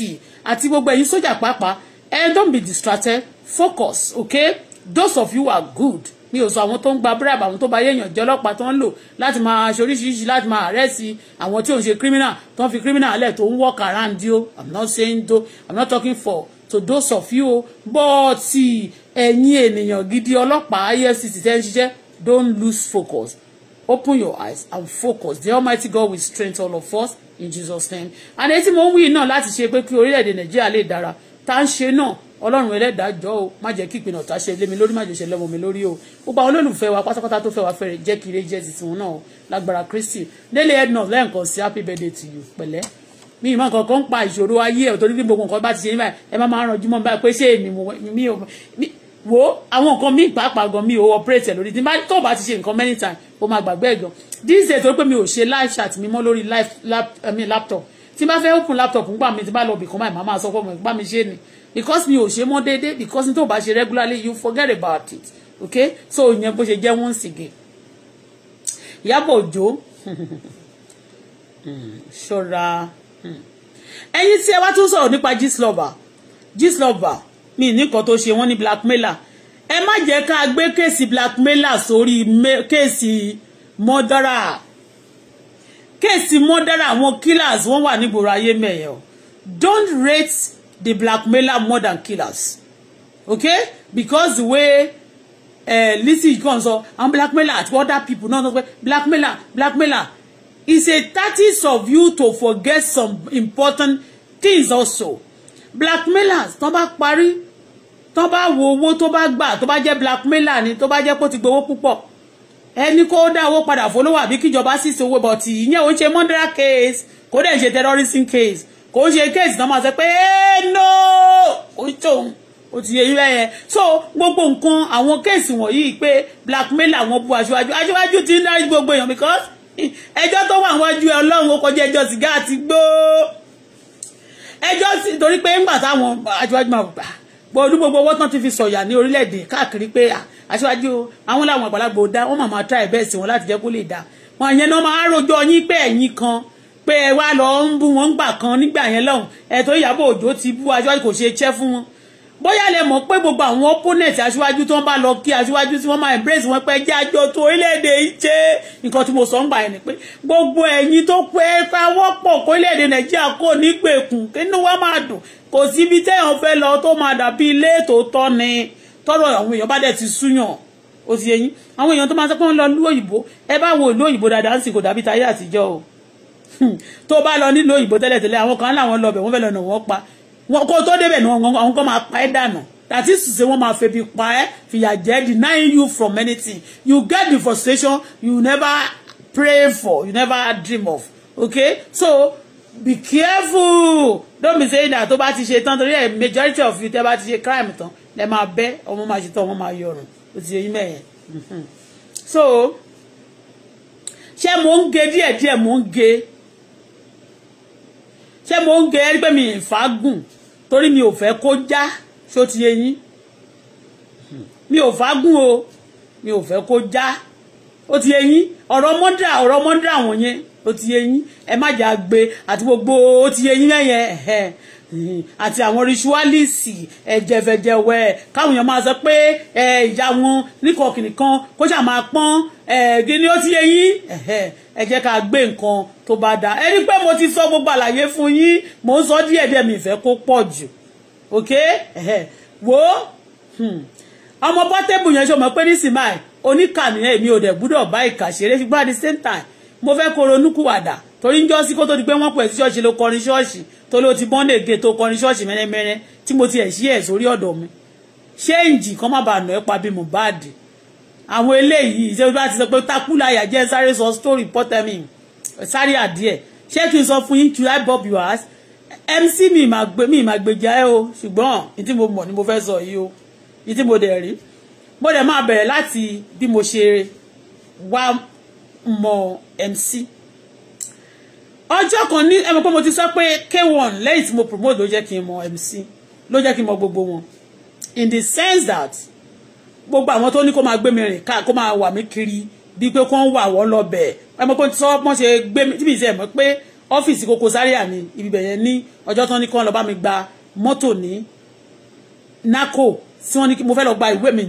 àti gbogbo ẹ̀yin sójà pàápàá and don't be distracted focus okay those of you are good mi ò sọ àwọn tó ń gba bribe àwọn tó bá yéèyàn jẹ́ ọlọ́pàá tó ń lò láti máa ṣe oríṣiríṣi láti máa àrẹ́sì àwọn tí ò ṣe criminal tó ń fi criminal alẹ̀ tó ń walk around you i'm not saying to i'm not talking for to those of you but ẹ̀yin ènìyàn gidi ọlọ́pàá efcc tẹ́ ń ṣiṣẹ́ don't lose focus open your eyes and focus the almighty god will strength all of us in jesus name and etí mo ń wí náà láti ṣe pé kí orílẹ̀-èdè nàìjíríà lè dára tá ń ṣe náà ọlọ́run ẹlẹ́dàá jọ o má jẹ́ kí ìpinnu ọ̀tá ṣe lé mi lórí má jẹ́ ṣe lọ́mọ mi lórí o gbogbo àwọn olólùfẹ́ wa pátápátá tó fẹ́ wa fẹ́rẹ̀ jẹ́ kí ire jẹ́ ti tiwọn náà lágbára Kristi délé ednov lẹ́ǹkan sí happy birthday to you pẹ̀lẹ́ mi ìmọ̀ kankan ń pa ìṣòro ayé ẹ̀ torí bí gbogbo nǹkan bá ti ṣe ní báyìí ẹ má máa ranjú mọ́ báyìí pé ṣé èmi mi ò wo àwọn nǹkan míì pàápàá gan mi ò operate lórí tí tó bá ti ṣe nǹkan many times ó máa gbàgbé ẹ̀gàn this day torí pé mi ò ṣe live chat mi mọ́ lórí live laptop tí n bá fẹ́ open laptop ń gbà mí tí n bá lọ bìkan báyìí màá máa sọ fún mi gbà mí ṣé ni because mi ò ṣe mọ́ déédéé because nítorí bá ṣe regularly you forget about it okay so ìyẹn bó ṣe jẹ́ once again Ìyábọ̀ Òjó hmm, ṣọ́ra hmm. ẹ̀yin tí ẹ wá tún sọ̀rọ̀ nípa Gistlover Gistlover mi nìkan tó ṣe wọ́n ní blackmailer ẹ má jẹ́ ká gbé kéèsì blackmailer sórí kéèsì mọ́dọ́rà kéèsì mọ́dọ́rà àwọn killers wọ́n wà nígboro ayé mẹ́yẹ̀ o don't rate the blackmailer more than killers okay because the way uh, eh, Lizzy kan sọ and blackmailer to other people no no pe blackmailer blackmailer It's a tactics of you to forget some important things also blackmailers tó bá parí tó bá wo owó tó bá gbà tó blackmailer ni tó bá jẹ́ kó ti Any púpọ̀ ẹni kó dá owó padà fọlọ́wọ́ àbí kíjọba sì ṣe owó bọ̀tì a ò ń murder case kó dẹ̀ ń a terrorism case kò ń ṣe kéèsì náà máa sọ pé eh, no ó ń tóun ó ti yẹ yín bẹ́ẹ̀ so gbogbo nǹkan àwọn kéèsì wọ̀nyí pé blackmail àwọn bu aṣíwájú aṣíwájú ti ń dárí gbogbo èèyàn because ẹjọ́ tó wà wájú ẹ ọlọ́run ó kọjá ẹjọ́ sìgá àti gbó ẹjọ́ sì torí pé ńgbà táwọn aṣíwájú máa gbà gbọ́dún gbogbo owó tán ti fi sọ̀yà ní orílẹ̀-èdè káàkiri pé ah, aṣíwájú àwọn làwọn àgbàlagbà ò dá wọ́n máa máa try best wọn láti jẹ́ kó lè dá wọn àyẹn náà máa rojọ́ yín pé ẹ̀yin kan pé ẹ wá lọ ń bú wọn gbà kan nígbà yẹn lọ́hùn ẹ tó Ìyábọ̀ Òjó ti bú aṣáájú kò ṣe iṣẹ́ fún wọn bóyá lè mọ̀ pé gbogbo àwọn opponent aṣíwájú tó ń bá lọ kí aṣíwájú tí wọ́n máa embrace wọn pé jẹ́ àjọ tó orílẹ̀ yìí ṣe nǹkan tí mo sọ ń gbà yẹn ni pé gbogbo ẹ̀yin tó pé táwọ́pọ̀ kó orílẹ̀ nàìjíríà kò ní gbèkùn kínú wa máa dùn kò síbi téèyàn fẹ́ lọ tó máa dàbí ilé tòótọ́ ni tọ́rọ̀ àwọn èèyàn bá dẹ̀ ti súyàn ó ti àwọn èèyàn tó máa sọ pé wọ́n lọ lú òyìnbó ẹ bá wo ìlú òyìnbó dáadáa ń sìn dàbí tayé àtijọ́ o Hmm. tó bá lọ nílò òyìnbó tẹ́lẹ̀tẹ́lẹ̀ àwọn kan láwọn lọ bẹ̀ wọ́n fẹ́ lọ́nà wọ́n pa wọn kó tó débẹ̀ ni àwọn kan máa pa ẹ́ dànù that is to máa febi pa ẹ́ fìyà jẹ denying you from anything you get the frustration you never pray for you never dream of okay so be careful don't be saying that tó bá ti ṣe tán torí ẹ majority of you tẹ́ bá ti ṣe crime tán lẹ máa bẹ́ ọmọ máa ṣe tán ọmọ máa yọrùn ó ti yẹyìn mẹ́yẹn hmm. so ṣé mò ń ge díẹ̀díẹ̀ mò ń ge ṣé mo ń gẹ ẹ́ pé mi ìfàgùn torí mi ò fẹ́ kó já ṣó ti yé mi ò fàgùn o mi ò fẹ́ kó já ó ti yé yín ọ̀rọ̀ mọ́dà ọ̀rọ̀ mọ́dà wọ̀nyẹn ó ti yé ẹ má jà gbé àti gbogbo ó ti yé yín lẹ́yìn àti àwọn ritualisi ẹ̀jẹ̀fẹ̀jẹ̀wẹ̀ káwọn èèyàn máa sọ pé ìyá wọn níkọ̀ọ̀kì nìkan kó ṣáà máa pọ́n gíní ó ti yé yín ẹ jẹ́ ká gbé nǹkan tó bá dáa ẹ rí pé mo ti sọ gbogbo àlàyé fún yín mò ń sọ díẹ̀ díẹ̀ mi ìfẹ́ kó pọ̀ jù ok wo hmm. ọmọ Portable yẹn ṣe mọ̀ pé nísìnyí báyìí oníkàmì náà èmi ò dẹ̀ gbúdọ̀ bá ìkà ṣeré fi gbá the same time mo fẹ́ kó ronúkúwàdà torí ń jọ́sí kó tó di pé wọ́n pẹ̀ sí ṣọ́ọ̀ṣì ló kọrin ṣọ́ọ̀ṣì Tolo ló ti bọ́ndé gé tó kọrin ṣọ́ọ̀ṣì mẹ́rẹ́mẹ́rẹ́ tí mo ti ẹ̀ ṣí ẹ̀ sórí ọ̀dọ̀ mi ṣéǹjì kan má bàa nà ẹ́ pa bí Mohbad àwọn eléyìí ṣé bá ti sọ pé takúláyà jẹ́ sáré sọ story pọ́tẹ́mì sáré àdíẹ̀ ṣé kí n sọ fún yín should I bob your ass MC mi ìmà gbèjà ẹ o ṣùgbọ́n ìtí mo mọ̀ ni mo fẹ́ sọ yìí o ìtí mo dẹ̀ rí mo dẹ̀ máa bẹ̀rẹ̀ láti bí mo ṣe wá mọ̀ MC ọjọ́ kan ní ẹ mọ̀ pé mo ti sọ pé k1 lẹ́yìn tí mo promote ló jẹ́ kí n mọ MC ló jẹ́ kí n mọ gbogbo wọn in the sense that gbogbo àwọn tó ní kó máa gbé mi rìn ká kó máa wà mí kiri bíi pé kó ń wà wọ́n lọ bẹ̀ ẹ mọ̀ pé sọ wọ́n ṣe gbé mi tíbi ìṣe mọ̀ pé ọ́fíìsì Koko Zaria ni ibi bẹ̀yẹn ní ọjọ́ tán ní kán lọ bá mi gba mọ́tò ní NACO tí wọ́n ní mo fẹ́ lọ gba ìwé mi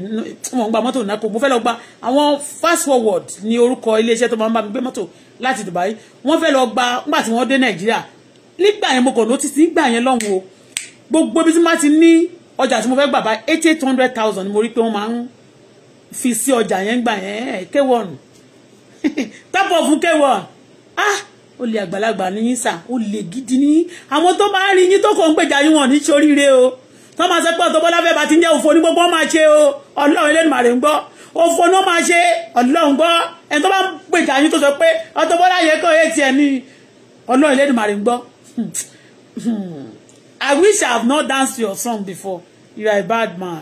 wọ́n gba mọ́tò náà kò mo fẹ́ lọ gba àwọn fast forward ní orúkọ iléeṣẹ́ tó máa ń bá mi gbé mọ́tò láti Dubai wọ́n fẹ́ lọ gba nígbà tí wọ́n dé Nàìjíríà nígbà yẹn mo kàn lótì sí nígbà yẹn lọ́hùn o gbogbo ibi tí wọ́n ti ní ọjà tí mo fẹ́ gbà bá eight eight hundred thousand ni mo rí pé wọ́n máa ń fi sí ọjà yẹn gbà yẹn kéwọ̀n top of kéwọ̀n ah olè àgbàlagbà ní yín sà olè gidi ní àwọn tó máa ń rí yín tó kàn ń gbèjà yín wọn ní ṣoríire o tó máa sọ pé Auto fẹ́ bá ti ń jẹ́ òfò ní gbogbo wọn máa o ọlọ́run Elédùmarè ń gbọ́ òfò náà máa ṣe ọlọ́run gbọ́ ẹni tó bá ń gbèjà yín tó sọ pé Auto Bola yẹ kọ́ ètì ẹ̀ ní ọlọ́run Elédùmarè ń gbọ́ hmm. Hmm. I wish I have not danced your song before you are a bad man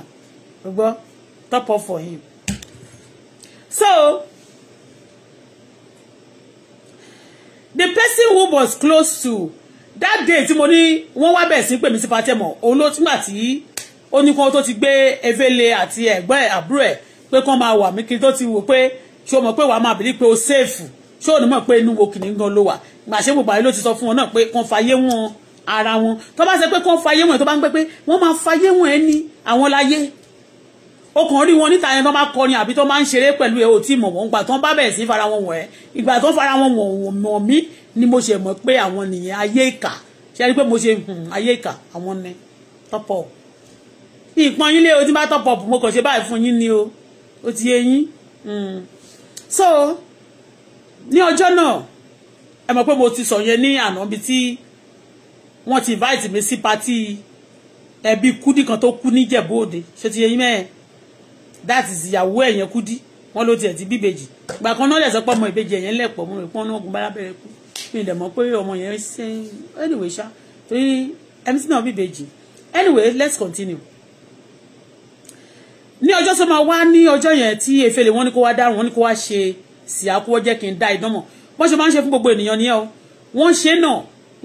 gbọ́ top up for him so the person who was close to that day tí mo ní wọ́n wá bẹ̀ sí pè mí sí patẹ́mọ̀ òun ló túmọ̀ tí ó ní kan tó ti gbé efele àti ẹ̀gbọ́n ẹ̀ àbúrò ẹ̀ pé kán máa wà mí kiri tó ti wò pé ṣé o mọ̀ pé wàá máa bìlí pé o ṣèèfù ṣé o ní mọ̀ pé inú wo kìnìún gan ló wà ìgbà ṣé gbogbo àyè ló ti sọ fún wọn náà pé kán fayé wọn ara wọn tó bá ṣe pé kán fayé wọn tó bá ń pẹ́ pé wọ́n máa fayé wọn ẹni àwọn láyé ó rí wọn níta yẹn tó máa kọrin àbí tó máa ń ṣeré pẹ̀lú ẹ̀ ò tí mọ̀ wọ́n ìgbà tó ń bá bẹ̀rẹ̀ sí fara wọn wọ̀ ẹ́ ìgbà tó fara wọn mọ̀ mí ni mo ṣe mọ̀ pé àwọn nìyẹn ayé ìkà ṣe rí pé mo ṣe hmm, ayé ìkà àwọn ni tọ́pọ̀ ìpọn yín lé o tí bá tọ́pọ̀ mo kàn ṣe báyìí fún yín ni o ó ti yé yín hmm. so ní ọjọ́ náà ẹ mọ̀ pé mo ti sọ yẹn ní àná bíi tí wọ́n ti invite mi sí pati ẹbí kúdì kan tó kú níjẹ̀bú òde ṣe ti yé yín mẹ́ẹ̀ that is ìyàwó ẹ̀yẹn Kudi wọ́n ló tiẹ̀ ti bíbejì gbà kan náà lẹ̀sọ́ pọ̀ ọmọ ìbejì ẹ̀yẹn lẹ̀pọ̀ mú rẹ̀ pọ́n náà gun bálábẹ́rẹ́ kú mi dẹ̀ mọ̀ pé ọmọ yẹn ṣe anyway ṣá torí MC náà bíbejì anyway let's continue. ní ọjọ́ tó máa wá ní ọjọ́ yẹn tí efele wọn ní kó wá dárùn wọn ní kó wá ṣe sì àkúwọ́ jẹ́ kí n dá idán mọ̀ wọ́n ṣe máa ń ṣe fún gbogbo ènìyàn ní ẹ o wọ́n ṣe náà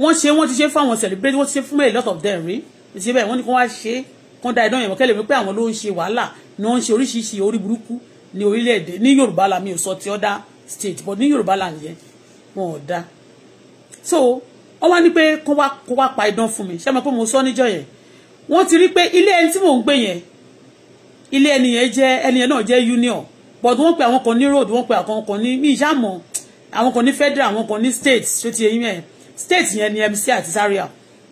wọ́n ṣe wọ́n ti ṣe fún àwọn celebrate wọ́n ti ṣe fún a lot of them rí ìṣe bẹ́ẹ̀ wọ́n ní kó wá ṣe é kán dá idán yẹn mọ́ kẹ́lẹ̀ mi pé àwọn ló ń ṣe wàhálà ni wọ́n ń ṣe oríṣiríṣi orí burúkú ní orílẹ̀-èdè ní yorùbá la mi ò sọ ti ọ́dá state but ní yorùbá la yẹn wọn ò dá so wọ́n wá ní pé kán wá kán wá pa idán fún mi ṣé mo pé mo sọ níjọ́ yẹn wọ́n ti rí pé ilé ẹni tí mò ń gbé yẹn ilé ẹni yẹn jẹ́ ẹni yẹn náà jẹ́ union but wọ́n pe àwọn kan ní road wọ́n pe àwọn kan ní mi ìṣàmọ̀ àwọn kan ní federal àwọn kan ní state ṣó ti yẹ yín yẹn state yẹn ni MC àti Zaria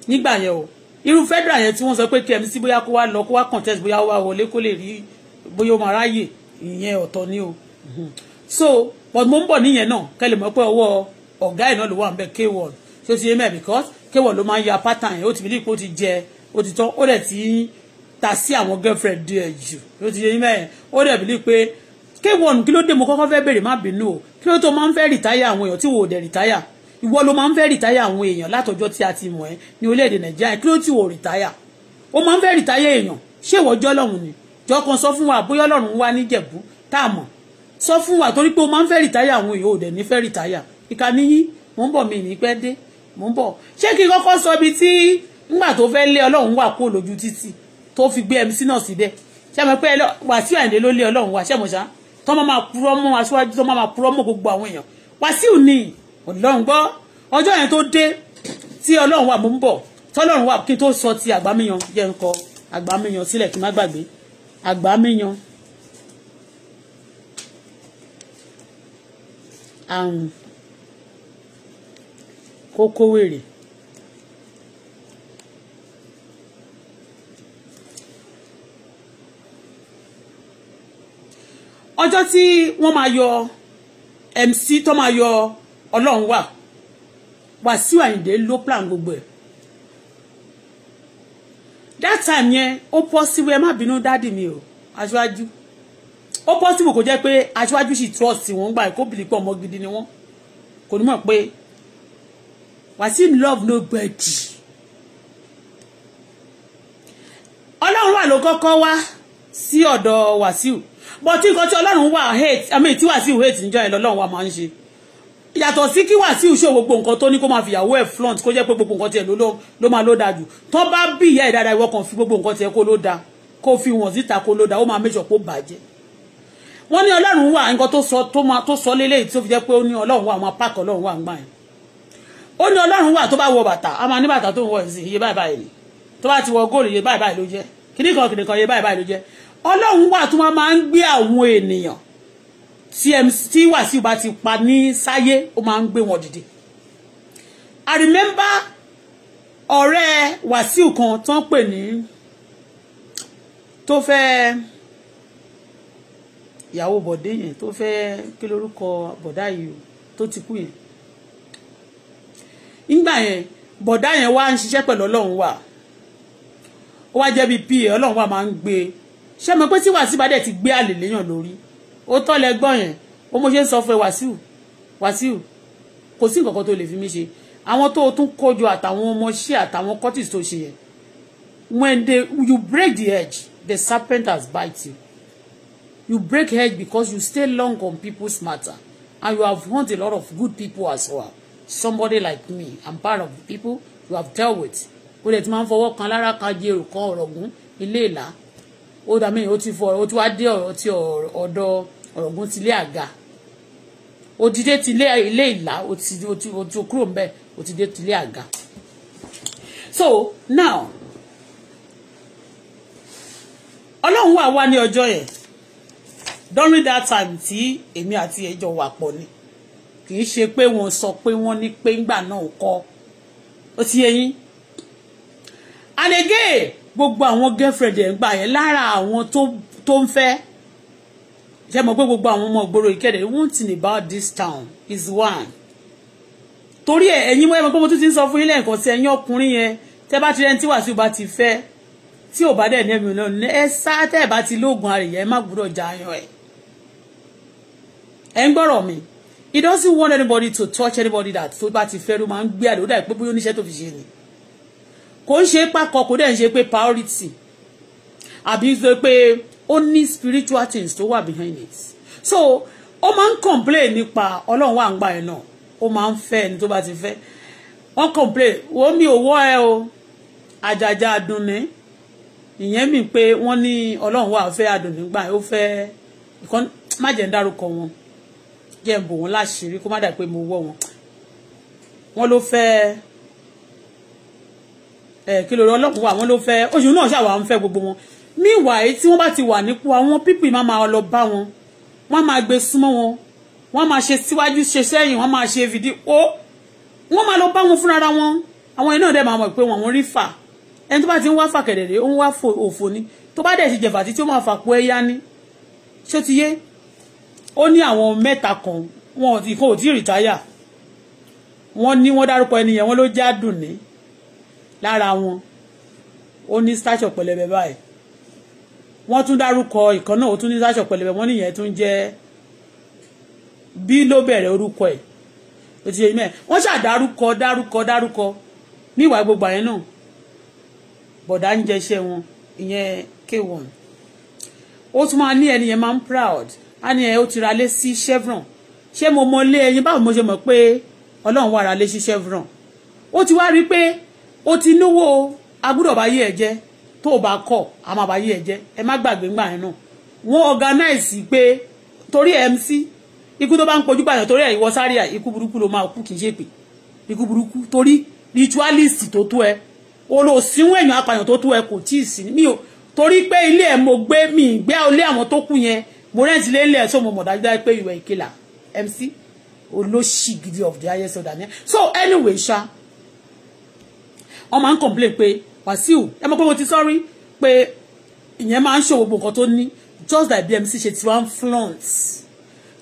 nígbà yẹn o irú federal yẹn tí wọ́n sọ pé kí bóyá kó wá lọ kó wá contest bóyá wá wọlé kó lè rí bóyá ó máa ráyè ìyẹn ọ̀tọ̀ ni o mhm. so but mo ń bọ̀ níyẹn náà kẹ́lẹ̀ mọ́ pé ọwọ́ ọ̀gá ẹ̀ náà ló wà ń bẹ k1 so ti yé mẹ́ because k1 ló máa ń ya pattern yẹn ó ti believe pé ti jẹ ó ti tán ó dẹ̀ ti ń ta sí àwọn girlfriend díẹ̀ jù ó ti yé mẹ́ ó dẹ̀ believe pé k1 kí ló dé mo kọ́kọ́ fẹ́ bèrè má bínú o kí ló tó máa ń fẹ́ rìtáyà àwọn èèyàn tí wò ó dẹ̀ rìtáyà ìwọ ló máa ń fẹ́ rìtáyà àwọn èèyàn látọjọ́ tí a ti mọ̀ ẹ́ ní orílẹ̀-èdè nàìjíríà kí ló ti wò rìtáyà ó máa ń fẹ́ rìtáyà èèyàn ṣé ìwọ ni jọ́ sọ fún wa bóyá ọlọ́run wá níjẹ̀bú tá a mọ̀ sọ fún wa torí pé ó máa ń fẹ́ rìtáyà àwọn èèyàn ò dẹ̀ ní fẹ́ rìtáyà ìka níyí mò ń bọ̀ mi ní pẹ́ dé mò ń bọ̀ ṣé kí kọ́kọ́ sọ ibi tí ńgbà tó fẹ́ lé ọlọ́run wà kó lójú títì tó fi gbé mc náà síbẹ̀ ṣé mo pé wàsíù àyìnlé ló lé ọlọ́run wà ṣé mo ṣá tọ́ máa máa purọ́ mọ́ aṣáájú tọ́ máa máa purọ́ mọ́ gbogbo àwọn èèyàn wàsíù nìyí ọlọ́run gbọ́ ọjọ́ yẹn tó dé tí ọlọ́run wà mò ń bọ̀ tọ́lọ́run wà kí n tó sọ ti àgbámíyan yẹ ń kọ àgbámíyan sílẹ̀ kí n má gbàgbé àgbámíyan àrùn kókówèrè ọjọ́ tí wọ́n máa yọ MC tó máa yọ ọlọ́run wà Wàsíù Àyìndé ló plan gbogbo ẹ̀ that time yẹn ó possible ẹ má bínú dádì mi o aṣáájú ó possible kò jẹ́ pé aṣáájú sì trust wọn gbà kó bìlì pọ̀ ọmọ gidi ni wọ́n kò ní mọ̀ pé Wàsíù love nobody ọlọ́run wà ló kọ́kọ́ wá sí ọ̀dọ̀ Wàsíù but nǹkan tí ọlọ́run wà hate i mean tí Wàsíù hate níjọ́ yẹn lọ́lọ́run wà máa ń ṣe yàtọ̀ sí kí Wàsíù ṣe gbogbo nǹkan tó ní kó máa fìyàwó ẹ̀ flaunt kó jẹ́ pé gbogbo nǹkan tiẹ̀ ló máa ló dáa jù tó bá bí ìyá ẹ̀ dáadáa ìwọ kan fi gbogbo nǹkan tiẹ̀ kó ló dáa kó fi wọ̀n síta kó ló dáa ó máa méjọ kó bàjẹ́ wọ́n ní ọlọ́run wà nǹkan tó sọ tó máa tó sọ lélẹ́yìí tó fi jẹ́ pé ó ní ọlọ́run wà máa pààkì ọlọ́run wà ń gbà yẹn ó ní ọlọ́run wà tó bá wọ bàtà a máa ní bàtà tó ń wọ tí Wàsíù bá ti pa ní sáyé ó máa ń gbé wọn dìde I remember ọ̀rẹ́ Wàsíù kan tó ń pè ní tó fẹ́ ìyàwó bọ̀dé yẹn tó fẹ́ kí lórúkọ bọ̀dá yìí tó ti kú yẹn nígbà yẹn bọ̀dá yẹn wá ń ṣiṣẹ́ pẹ̀lú ọlọ́run wà ó wá jẹ́ pa ọlọ́run wà máa ń gbé ṣé mo pé tí Wàsíù bá dẹ̀ ti gbé àlè léyàn lórí ó tọ́ lẹ gbọ́ yẹn ó mo ṣe ń sọ fún ẹ Wàsíù Wàsíù kò sí nǹkan kan tó lè fi mí ṣe àwọn tó o tún kójọ àtàwọn ọmọ ṣí àtàwọn cortis tó ṣe yẹn when they you break the edge the serpent has bite you you break edge because you stay long on people's matter and you have hunt a lot of good people as well somebody like me i'm part of the people you have dealt with o lè ti máa ń fọwọ́ kan lára kan di èrò kan ọ̀rọ̀ gún ilé ìlà ó dàmí ó ti fọ ó ti wá dé ọ̀rọ̀ ti ọ̀dọ̀ ọ̀rọ̀gún ti ilé àga òdìdé ti ilé ilé ìlà òtí kúrò ń bẹ òdìdé ti ilé àga so now ọlọ́run wà wá ní ọjọ́ yẹn during that time tí èmi àti ẹjọ́ wà pọ̀ ni kì í ṣe pé wọ́n sọ pé wọ́n ní pé ńgbà náà kọ́ ó ti yẹ yín and again gbogbo àwọn girlfriend ẹ̀ ń gbà yẹn lára àwọn tó ń fẹ́ ṣe mọ̀ pé gbogbo àwọn ọmọ ìgboro ìkéde one thing about this town is one torí ẹ ẹ̀yin mọ̀ pé mo tún ti ń sọ fún yín lẹ́ẹ̀kan sí ẹ̀yin ọkùnrin yẹn tẹ́ bá ti rẹ́ni tí Wàsíù bá ti fẹ́ tí ò bá dẹ̀ ní ẹ̀mí ọlọ́run ẹ sá tẹ́ ẹ bá ti lóògùn àrèyẹ ẹ má gbúdọ̀ já yan ẹ̀ ẹ ń gbọ́rọ̀ mi he doesn't want anybody to touch anybody that tó bá ti fẹ́ ló máa ń gbé àdó dà pé bóyá oníṣẹ́ tó fi ṣe ni kò ń ṣe pákọ kò dẹ̀ ń ṣe pé priority àbí ń sọ pé ó ní spiritual things tó wà behind it so ó máa ń complain nípa ọlọ́run wà ń gbà ẹ̀ náà ó máa ń fẹ́ ẹni tó bá ti fẹ́ wọ́n complain wo mi ò wọ́ ẹ o àjàjà àdùnní ìyẹn mi pé wọ́n ní ọlọ́run wà fẹ́ àdùnní gbà ó fẹ́ ìkan má jẹ́ ń dárúkọ wọn jẹ́ ń bò wọ́n láṣìírí kó má dà pé mo wọ́ wọn wọ́n ló fẹ́ ẹ̀ kí lóore ọlọ́run wà wọ́n ló fẹ́ oṣù náà ṣàwà ń fẹ́ gbogbo wọn meanwhile tí wọ́n bá ti wà nípò àwọn people máa máa lọ bá wọn wọ́n máa gbé súnmọ́ wọn wọ́n máa ṣe síwájú ṣe sẹ́yìn wọ́n máa ṣe fìdí ó wọ́n máa lọ bá wọn fúnra wọn àwọn iná dẹ̀ máa mọ̀ pé wọ́n rí fà ẹni tó bá ti ń wá fà kẹ̀dẹ̀dẹ̀ ó ń wá òfò ni tó bá dẹ̀ ti jẹ̀fà tí tí ó máa fà pọ̀ ẹ̀yá ni ṣó ti yé ó ní àwọn mẹ́ta kan wọn ò tí kò tí ì rìtáyà wọ́n ní wọ́n dárúkọ ẹnìyẹn wọ́n ló jádùn ní lára wọn ó ní stature pẹ̀lẹ́bẹ̀ báyìí wọ́n tún dárúkọ ìkan náà ó ní sáṣọ pẹ̀lẹ́bẹ̀ wọ́n nìyẹn tún jẹ́ bí ló bẹ̀rẹ̀ orúkọ ẹ̀ ó ti ṣe wọ́n ṣàdárúkọ dárúkọ dárúkọ ìwà gbogbo àyẹn bọ̀dá ń jẹṣẹ́ wọn ìyẹn k ó tún máa ní ẹni yẹn máa ń proud ní ẹ ó ti ra lé sí chevron ṣé mo mọ ẹyin báwo mo ṣe mọ̀ pé ọlọ́run tó o bá kọ̀ a máa bá yí ẹ má gbàgbé ńgbà yẹn náà wọ́n organize pé torí MC ikú tó bá ń pojú bàyàn torí ẹ̀ ìwọ sáré à ikú burúkú ló máa kú kì í ṣe pé ikú burúkú torí ritualist tó tó ẹ olóòsínwó èèyàn apàyàn tó tó ẹ kò tí ì sí mi ò torí pé ilé ẹ mo gbé mi ìgbé ilé àwọn tó kù yẹn mo rẹ́ǹtì lé ilé ẹ sọ mo pé ìwẹ̀ ìkẹlà MC olóṣì gidi of the highest order so anyway ṣá wọ́n máa ń complain pé Wàsíù ẹ mọ̀ pé mo ti sọ́rí pé ìyẹn máa ń ṣòwò gbogbo nǹkan tó ní just like BMC ṣe ti wọ́n flaunt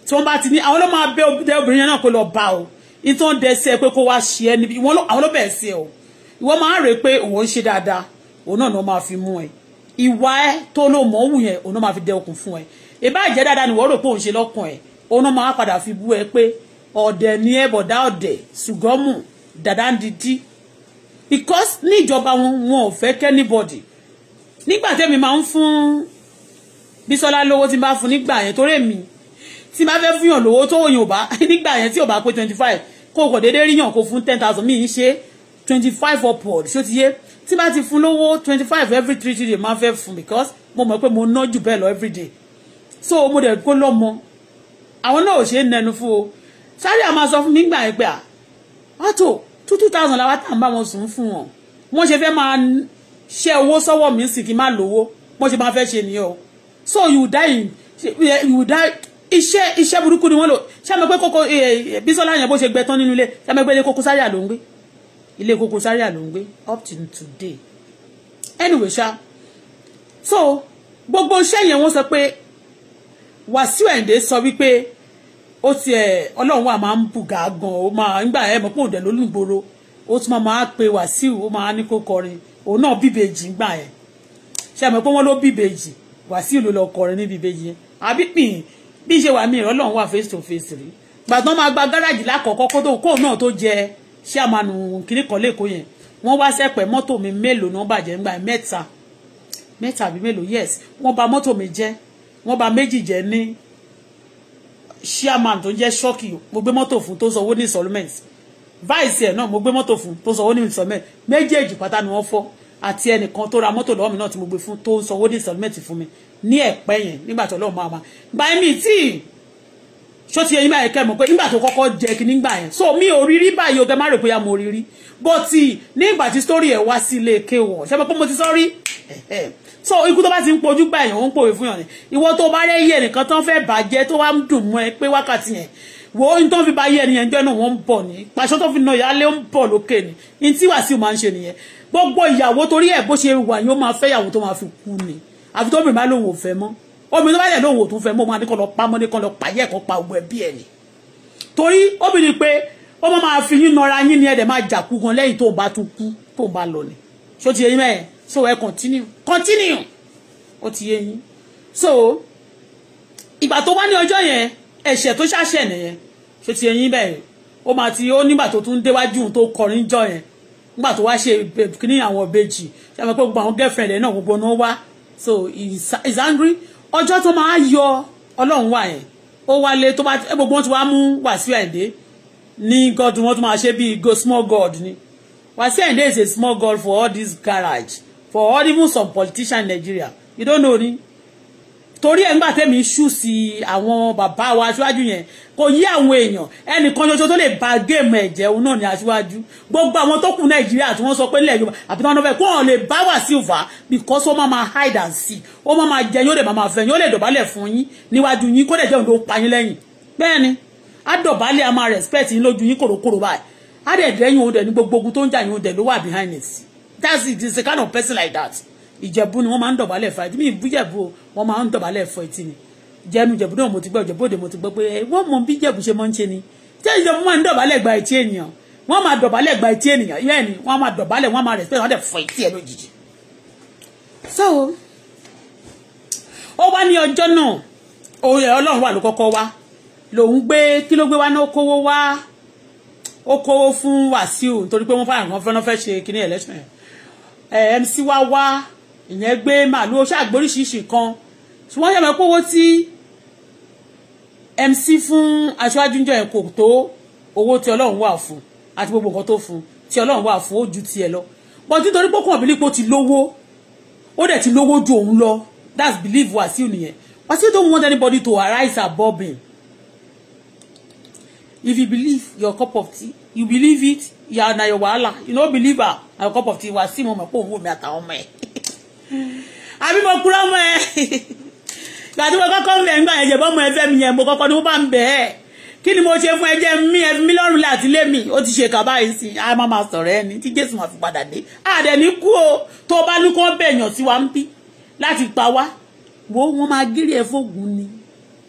tí wọ́n bá ti ní àwọn ló máa bẹ obìnrin yẹn náà pé lọ bá o ìtàn dẹ́sẹ̀ pé kó wá ṣe ẹ níbi àwọn ló bẹ̀rẹ̀ sí ẹ o ìwọ máa ń rè pé òun ń ṣe dáadáa òun náà ni wọ́n máa fi mú ẹ ìwà ẹ tó ló mọ̀ ọ́n wù yẹn òun náà máa fi dẹ okùn fún ẹ ìbá ìjẹ́ dáadáa ni wọ́n rò pé òun ṣe lọ́kàn ẹ òun náà máa padà fi bú ẹ pé ọ̀dẹ̀ ni ẹ bọ̀dá ọ̀dẹ̀ ṣùgọ́mù dàdá ń didí because ní ìjọba wọn wọn ò fẹ́ kẹ́nibọ̀dì nígbà tẹ́mi máa ń fún Bísọ́lá lówó tí n bá fún nígbà yẹn torí èmi tí n bá fẹ́ fún yàn lówó tó wòyàn ò bá nígbà yẹn tí ò bá pé twenty five kó o kò déédéé rí yàn kó fún ten thousand mi ń ṣe twenty five upward ṣó ti yé tí n bá ti fún lówó twenty five every three three day máa fẹ́ fún because mo mọ̀ pé mo ná jù bẹ́ẹ̀ lọ every day so mo dẹ̀ kó lọ́mọ àwọn náà ò ṣe é nẹnu fún o sáré àmà sọ fún mi gbà yẹn pé à wọ́n tó two two thousand làwọn tá à ń bá wọn sùn fún wọn wọ́n ṣe fẹ́ máa ṣe owó sọ́wọ́ mi sì kí n má lówó wọ́n ṣe máa fẹ́ ṣe nìyẹn o so you die you die iṣẹ́ iṣẹ́ burúkú ni wọ́n lò ṣàmì pé kókó bísọ́lá yẹn bó ṣe gbẹ tán nínú ilé ṣàmì pé ilé kókó sáyà ló ń gbé ilé kókó sáyà ló ń gbé up to today anyway ṣá so gbogbo iṣẹ́ yẹn wọ́n sọ pé Wàsíù Àyìndé sọ wípé ó ti ẹ̀ ọlọ́run wà máa ń bùgà gan ó máa ń gbà ẹ̀ mọ́ pé òun dẹ̀ ló lùgbòrò ó tún máa pe wàsíù ó máa ní kó kọrin òun náà bíbejì ń gbà ẹ̀ ṣe àmọ́ pé wọ́n ló bíbejì wàsíù ló lọ kọrin ní bíbejì yẹn àbí pìn bí ṣe wà mí ọlọ́run wà face to face rí gbàgbọ́n máa gba gáràjì lákọ̀ọ́kọ́ kó tó kóun náà tó jẹ ṣé àmànù kiri kan lẹ́kọ̀ọ́ yẹn wọ́n wá sẹ́pẹ̀ mọ́tò mi mélòó náà bàjẹ́ ńgbà mẹ́ta mẹ́ta àbí mélòó yes wọ́n bà mọ́tò mi jẹ́ wọ́n ba méjì jẹ́ ní chairman tó jẹ́ ṣọ́ọ̀kì mo gbé mọ́tò fún tó sanwó ní installment vice ẹ̀ náà mo gbé mọ́tò fún tó sanwó ní installment méjèèjì pátá ni wọ́n fọ́ àti ẹnìkan tó ra mọ́tò lọ́wọ́ mi náà tí mo gbé fún tó sanwó ní installment fún mi ní ẹ̀pẹ́ yẹn nígbà tó lọ́wọ́ máa ma gba ẹ̀mí tí ṣó ti yẹn báyìí kẹ́mọ̀ pé nígbà tó kọ́kọ́ jẹ́ kí nígbà yẹn so mi ò rírí báyìí ọ̀gá má rò bóyá mo rírí bó ti nígbà tí story ẹ̀ wá sí ilé kéwọ̀ ṣé mo pé mo ti sọ rí so ikú tó bá ti ń pojú gbà èèyàn ó ń pòwe fún yàn ni ìwọ tó bá rẹ́ yẹ nìkan tán fẹ́ bàjẹ́ tó wá ń dùn mọ́ ẹ pé wákàtí yẹn wo ohun tó fi ba yẹ ẹnìyẹn jọ náà wọ́n ń bọ̀ ní pàṣẹ tó fi na ìyálé ń bọ̀ lókè ni ní tí Wàsíù máa ń ṣe nìyẹn gbogbo ìyàwó torí ẹ̀ bó ṣe wà yóò máa fẹ́ ìyàwó tó máa fi kú ni àfi tó bìnrin bá lóun ò fẹ́ mọ́ obìnrin tó bá yẹ lóun ò tún fẹ́ mọ́ máa ní kọ́ lọ pa mọ́ ní kọ́ lọ pàyẹ́ kọ́ pa ògbẹ́ bí ẹ̀ ni torí obìnrin pé ó máa fi yín nọra yín ni ẹ̀ dẹ̀ máa jà kú gan lẹ́yìn tó bá tún kú tó bá lọ ni ṣó ti yẹ yín so ẹ continue continue ó ti yé yín so ìgbà tó wá ní ọjọ́ yẹn ẹ̀ṣẹ̀ tó ṣàṣẹ̀ nìyẹn ṣe ti yẹn bẹ́ẹ̀ ó máa ti ó nígbà tó tún déwájú to kọrin jọ yẹn nígbà tó wá ṣe kíní àwọn ìbejì ṣe àmọ́ pé gbogbo àwọn girlfriend ẹ̀ náà gbogbo náà wá so is angry ọjọ́ tó máa yọ ọlọ́run wà yẹn ó wálé tó bá gbogbo wọn ti wá mú Wàsíù Àyìndé ní god wọn tún máa ṣe bíi go small god ni Wàsíù Àyìndé is a small god for all this garage for even some politician in Nigeria you don't know ni Tori ẹ̀ ńgbà tẹ́mi ṣú sí àwọn bàbá wa aṣáájú yẹn kò yí àwọn èèyàn ẹnìkan ṣoṣo tó lè ba géèmù ẹ̀jẹ̀ òun náà ní aṣáájú gbogbo àwọn tó kù nàìjíríà tí wọ́n sọ pé nílẹ̀ yorùbá àbí tí wọ́n fẹ́ kó hàn lè bá wà sílvà because ó máa ma hide and see ó máa ma jẹ yóò lè máa ma fẹ́ yóò lè dọ̀bálẹ̀ fún yín níwájú yín kó lè jẹun tó pa yín lẹ́yìn bẹ́ẹ̀ ni á dọ̀bálẹ̀ a máa respect yín lójú yín kòrókòrò báyìí á dẹ̀ dẹ́yìn òun dẹ̀ ní gbogbo ogun tó ń jà yín òun dẹ̀ ló wà behind it that's it it's a kind of person like that ìjẹ̀bú ni wọ́n máa ń dọ̀bálẹ̀ fún ẹtí mi ìbújẹ̀bú wọ́n máa ń dọ̀bálẹ̀ fún ẹtí ni jẹ́nu ìjẹ̀bú náà mo ti gbọ́ ìjẹ̀bú òde mo ti gbọ́ pé eh, wọ́n mọ bí ìjẹ̀bú ṣe máa ń ṣe ni tí ìjẹ̀bú máa ń dọ̀bálẹ̀ gba etí ènìyàn wọ́n máa dọ̀bálẹ̀ gba etí ènìyàn yẹ́n ni wọ́n máa dọ̀bálẹ̀ wọ́n máa respect wọ́n dẹ̀ fọ etí ẹ̀ lójijì. so ó wá ní ọjọ́ náà òye ọlọ́run wà ló kọ́kọ́ wá lòun gbé kí ló gbé wá náà ó kówó wá ó kówó fún Wàsíù nítorí pé wọ́n fà mc wá wá ìyẹn gbé màlúù ṣàgbóríṣiríṣi kan ṣùgbọ́n yẹ̀mọ̀ pé tí mc fún aṣáájú jẹ́ kò tó owó tí ọlọ́run wà fún àti gbogbo nǹkan tó fún tí ọlọ́run wà fún ó ju tiẹ̀ lọ but nítorí pé kùnà ti lówó ó dẹ̀ ti lówó ju òun lọ that's belief Wasiu nìyẹn Wasiu don't want anybody to arise above him if you believe your cup of tea you believe it ya na your wahala you no believe her na your cup of tea wa sí mo mọ̀ pé òun wò mí àtàwọn ọmọ ẹ̀ àbí mo e ọmọ mo kọ́kọ́ ń bẹ̀ ńgbà yẹn jẹ̀bọ́ ọmọ ẹ mi yẹn mo kọ́kọ́ ni mo bá ń bẹ̀ mo ṣe fún ẹjẹ́ mi e mi lọ́rùn lé le mi O ti ṣe kàbá yìí sí a máa sọ̀rọ̀ ẹni tí Jésù máa fi padà dé àdẹ̀ ní kú o tó o bá ní kó bẹ̀yàn sí wa ń bí láti pa wá wo wọ́n máa gírí ẹ fóògùn ni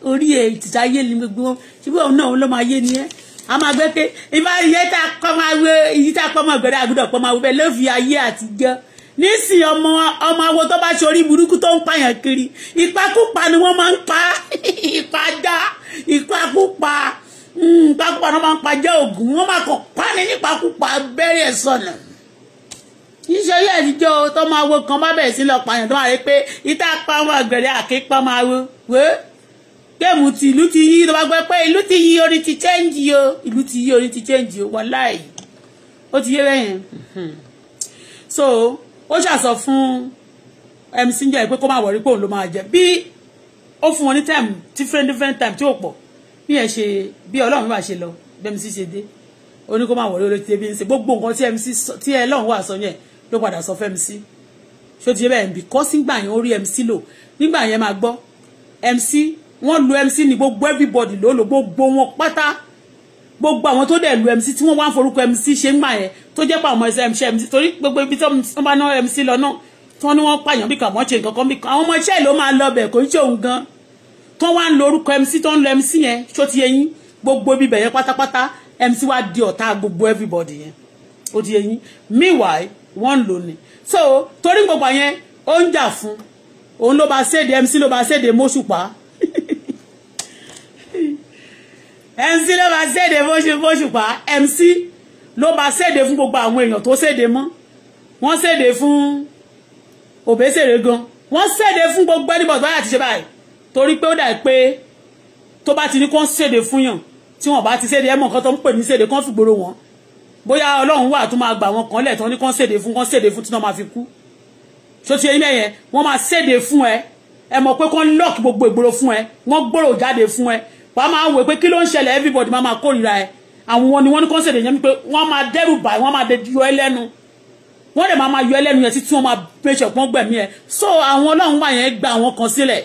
orí ẹ ìtìsáyé ni gbogbo ṣùgbọ́n òun náà ló máa yé ni ẹ́ a máa gbé pé ìmọ̀ iye tá a kọ́ máa wé iye tá a kọ́ máa gbẹ̀rẹ̀ àgùdọ̀ pọ̀ máa wú bẹ́ẹ̀ lófin ayé àtijọ́ nísìnyí ọmọ ọmọ awo tó bá ṣorí burúkú tó ń pààyàn kiri ìpakúpa ni wọ́n máa ń pa ìpadà ìpakúpa hmm, ìpakúpa ni wọ́n máa ń pa jẹ́ ògùn wọ́n máa kọ̀ pa ni nípakúpa abẹ́rẹ́ sọ̀nà níṣẹ́ ilé ìdíjọ́ tó máa wo kan bá bẹ̀rẹ̀ sí lọ pààyàn tó máa rí pé ìta pa àwọn àgbẹ̀rẹ̀ àkípa máa wo wé géèmù ti ìlú ti yí ló bá pé ìlú ti yí orin ti chẹ́ǹjì o ìlú ti yí orin ti chẹ́ǹjì o wàláì ó ti yé bẹ́yẹn hmm. so ó ṣàṣọ fún mc njẹ́ pé kó má wọrí pé òun ló máa jẹ bí ó fún wọn ní time different different time tí ò pọ̀ bí yẹn ṣe bí ọlọ́run mi bá ṣe lọ bí mc ṣe dé ó ní kó má wọrí olóòtú ebi ń ṣe gbogbo nǹkan tí mc tí ẹ lọ́run wà sọ yẹn ló padà sọ fún mc ṣó ti yé bẹ́yẹn because nígbà yẹn ó rí mc lò nígbà yẹn máa gbọ́ mc wọ́n lu MC ní gbogbo everybody lolo lò gbogbo wọn pátá gbogbo àwọn tó dẹ̀ lu MC tí wọ́n wá ń forúkọ MC ṣe ń gbà yẹn tó jẹ́ pé àwọn ẹsẹ̀ MC torí gbogbo ibi tí wọ́n bá ná MC lọ náà tí wọ́n ní wọ́n pààyàn bí kàwọn ṣe nǹkan kan bí àwọn ọmọ iṣẹ́ ló máa lọ bẹ̀ kò ń ṣe òun gan tó wá ń lo orúkọ MC tó ń lo MC yẹn ṣó ti yẹ gbogbo ibi bẹ̀yẹn pátápátá MC wá di ọ̀tá gbogbo everybody yẹn ó ti yẹ meanwhile wọ́n ń lò ní so torí gbogbo yẹn ó ń jà fún òun ló bá ṣèdè MC ló bá ṣèdè mọ́ṣùpá MC ló bá ṣèdè fóṣùpá MC ló bá ṣèdè fún gbogbo àwọn èèyàn tó ṣèdè mọ́ wọ́n ṣèdè fún òbẹ́sèrè gan wọ́n ṣèdè fún gbogbo ẹni bọ̀dọ̀ báyà ti ṣe báyìí torí pé ó dà pé tó bá ti ní kó ń ṣèdè fún yàn tí wọ́n bá ti ṣèdè ẹ̀mọ̀ kan tó ń pè ní ṣèdè kan fìgboro wọn bóyá ọlọ́run wà tó máa gbà wọn kan lẹ̀ tán ní kó ń ṣèdè fún kó ń ṣèdè fún tí wọ́n máa fi kú tó ti ẹyin mẹ́yẹn wọ́n máa ṣèdè fún ẹ ẹ mọ̀ pé kó ń lọ́ọ̀kì gbogbo ìgboro fún ẹ wọ́n gbòrò jáde fún ẹ wàá máa wò pé kí ló ń ṣẹlẹ̀ everybody máa máa kórìíra ẹ àwọn ni wọ́n ní kọ́ńsẹ̀dẹ̀ yẹn pé wọ́n máa dẹ́rù bà wọ́n máa yọ ẹ lẹ́nu wọ́n dẹ̀ máa máa yọ ẹ lẹ́nu yẹn títí wọ́n máa pèsè pọ́n gbẹ̀mí ẹ so àwọn ọlọ́run wà yẹn gba àwọn kan sílẹ̀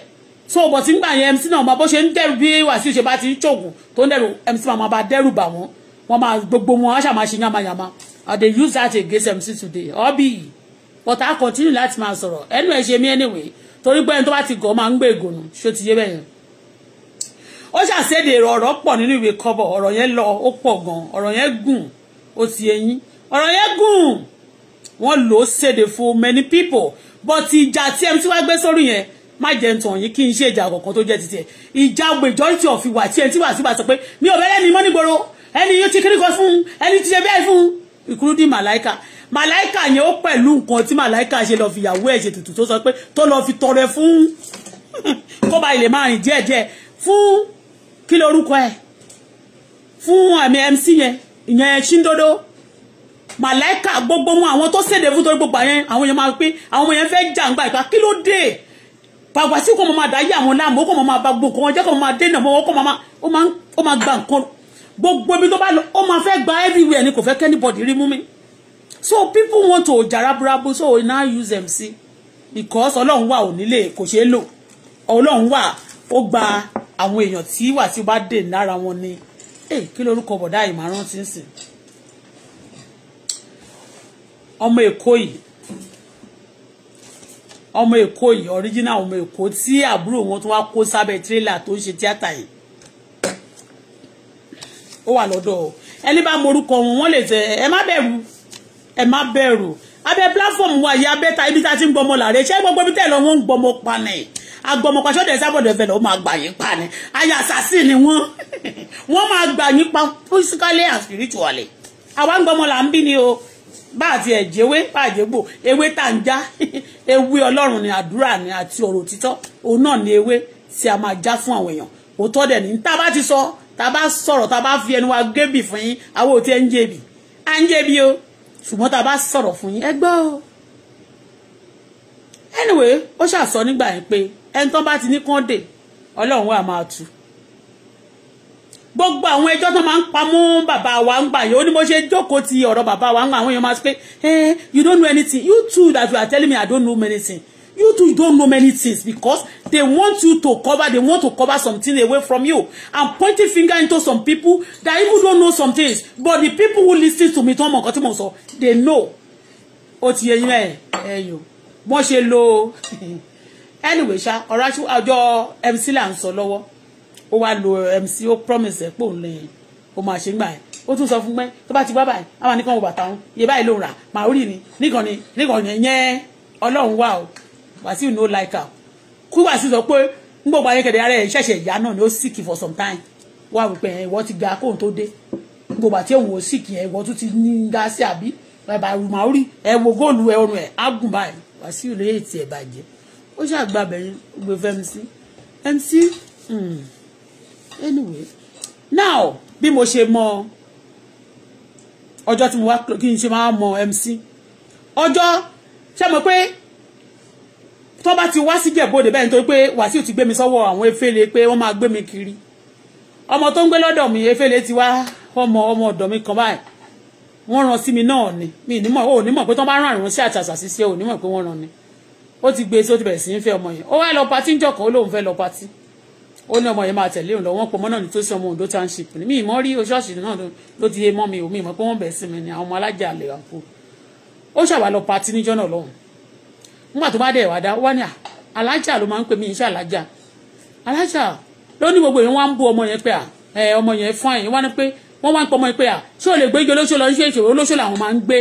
so bọ̀ tí ń gbà yẹn MC náà máa bó ṣe ń dẹ́rù bí Wàsíù ṣe bá ti ń ṣògùn tó ń dẹ́rù MC máa máa dẹ́rù bà wọ́n wọ́n máa gbogbo wọn aṣà máa ṣe yamayama and they use that against MC today Obi, but I continue láti máa sọ̀rọ̀ ẹnu ẹ̀ ṣe mí anyway torí pé ẹni tó bá ti gọ̀ máa ń gbé ègò nù ti yé bẹ́yẹn ó ṣàṣẹ́dẹ̀ ọ̀rọ̀ pọ̀ nínú ìwé kọ́bọ̀ ọ̀rọ̀ yẹn lọ ó pọ̀ gan ọ̀rọ̀ yẹn gùn ó ti eyín ọ̀rọ̀ yẹn gùn wọ́n lò ó ṣèdè fún many people but ìjà tí ẹni tí wàá gbé sórí yẹn má jẹ́ ń tàn yín kí n ṣe ìjà kọ̀ọ̀kan tó jẹ́ ti tiẹ̀ ìjà majority of ìwà tí ẹni tí wàá sí wàá sọ pé mi ò bẹ́rẹ̀ mi mọ́ nígboro ẹni yóò ti kiri kan fún ẹni ti ṣe bẹ́ẹ̀ fún including màláìka màláìka yẹn ó pẹ̀lú nǹkan tí màláìka ṣe lọ fi ìyàwó ẹ̀ ṣe tutù tó sọ pé tó lọ fi tọrẹ fún kó ba ilé máa rìn díẹ̀díẹ̀ fún kí lorúkọ ẹ̀ fún àmì mc yẹn ìyẹn ṣíndodo màláìka gbogbo wọn àwọn tó ṣèdè fún torí gbogbo yẹn àwọn yẹn máa pé àwọn ọmọ yẹn fẹ́ jàǹgbá ìgbà kí ló dé pàgbà sí kò mọ máa dáyé àwọn láàmú ó kò mọ máa ba gbogbo wọn jẹ́ kò mọ máa dènà mọ́ ó kò mọ máa ó máa gba nǹkan gbogbo ibi tó bá lọ ó máa fẹ́ gba everywhere ni kò fẹ́ kẹ́nìbọ̀dì rí mú mi so people want to jaraburabu so we now use mc because ọlọ́run wà ò nílé kò ṣeé lò ọlọ́run wà ó gba àwọn èèyàn tí wà tí ó bá dè lára wọn ni eh, kí lorúkọ bọ̀dá ìmọ̀ràn ti ń sìn ọmọ èkó yìí ọmọ èkó yìí original ọmọ èkó tí àbúrò wọn tó wá kó sábẹ́ tírélà tó ń ṣe tíátà yìí ó wà lọ́dọ̀ ẹni bá morúkọ wọn wọ́n lè tẹ ẹ má bẹ̀rù ẹ má bẹ̀rù abẹ́ platform wa yìí abẹ́ ta ibi tá a ti ń gbọmọ làárẹ̀ ṣé gbogbo ibi tẹ́ lọ ń gbọmọ panẹ̀ agbọmọpàṣọ dẹ̀ sábọ̀dọ̀ ẹ̀fẹ̀ náà ó máa gbà yín pa ni aya assassin ni wọ́n wọ́n máa gbà yín pa physically and spiritually àwa ń gbọmọ là ń bí ni o bá àti ẹ̀jẹ̀ ewé bá àjẹgbò ewé tá ń já ewé ọlọ́run ni àdúrà ni àti ọ̀rọ̀ òtítọ́ òun náà ni ewé tí a máa já fún àwọn èèyàn òótọ́ dẹ̀ ní tá a bá ti sọ tá a bá sọ̀rọ̀ tá a bá fi ẹnu wa gébì fún yín àwọn òtí ẹ̀ ń jẹ̀bi à ń jẹ̀bi o ṣùgbọ́n tá a bá sọ̀rọ̀ fún yín ẹ gbọ́ o anyway ó ṣàsọ nígbà yẹn pé ẹni tán bá ti ní kán dè ọlọ́run wà máa tu gbogbo àwọn ẹjọ́ tó máa ń pamọ́ bàbá wa ń gbà yẹn ó ní mo ṣe jókòó ti ọ̀rọ̀ bàbá wa ń gbà àwọn èèyàn máa sọ pé eh you don't know anything you too that you are telling me I don't know many things you too don't know many things because they want you to cover they want to cover something away from you and pointing finger into some people that even don't know some things but the people who listen to me tó mọ nǹkan tí mo sọ they know ó ti yẹ yín ẹ ẹ yòó wọ́n ṣe lo anyway ṣá ọ̀rọ̀ ọjọ́ mc là ń sọ lọ́wọ́ ó wá lo eh, mc ó promise ẹ̀ pò ń lẹ́yìn ó máa ṣe ń gbà yẹn ó tún sọ fún pé tó bá ti wá báyìí àwọn nìkan wò bàtà òun iye báyìí ló ń rà màórì ni nìkan ni nìkan yẹn yẹn ọlọ́run wà o wàsíù no like am kú wàsíù sọ pé ń gbọ́ báyẹn kẹ̀dẹ̀ ara ẹ̀ ṣẹ̀ṣẹ̀ ìyá náà ni ó sick for some time wà wípé ìwọ ti ga kóhun tó dé gbogbo àti òun ò sick yẹn ìwọ tún ti ní ga sí àbí bàbá màórì ẹ wo góòlù ẹ ọrùn ẹ á gùn báyìí wàsíù lè tì ẹ bàjẹ́ ó ṣàgbà bẹ̀yìn gbé fẹ́ mc mc mm. anyway now bí mo ṣe mọ ọjọ́ tí mo wá kí n ṣe máa mọ mc ọjọ́ ṣe mọ̀ pé tó bá ti wá sí jẹ̀bọ́dé bẹ́ẹ̀ nítorí pé wàsíù ti gbé mi sọ́wọ́ àwọn efele pé wọ́n máa gbé mi kiri ọmọ tó ń gbé lọ́dọ̀ mi efele ti wá ọmọ ọmọ ọ̀dọ̀ mi kan báyìí wọ́n rán sí mi náà ni mi ò ní mọ̀ pé tó bá rán àrùn sí àtàṣà sí sí ò ní mọ̀ pé wọ́n rán ni ó ti gbé sí ó ti bẹ̀rẹ̀ sí ń fẹ́ ọmọ yẹn ó wá lọ patí ń jọkọ̀ ó lóun fẹ́ lọ patí ó ní ọmọ yẹn máa tẹ̀lé òun lọ wọ́n pọ̀ mọ́ náà ní tó sí ọmọ Ondo township ní mi ìmọ̀ rí oṣooṣì náà ló ti yé mọ́ mi òun ìmọ̀ pé wọ́n bẹ̀rẹ̀ sí mi ní àwọn ọmọ alájà àlè àpò ó ṣàwà lọ patí níjọ́ náà lọ́hùn nígbà tó bá dẹ̀ wá dá wá ní alájà ló máa ń pè mí iṣẹ́ alájà alájà ló ní gbogbo èèyàn wá ń bú ọmọ yẹn pé à ọmọ yẹn fine wá ní pé wọ́n wá ń pọ̀ ọmọ yẹn pé à ṣé ò lè gbé igi olóṣó lọ ṣé ìṣòro olóṣó làwọn máa ń gbé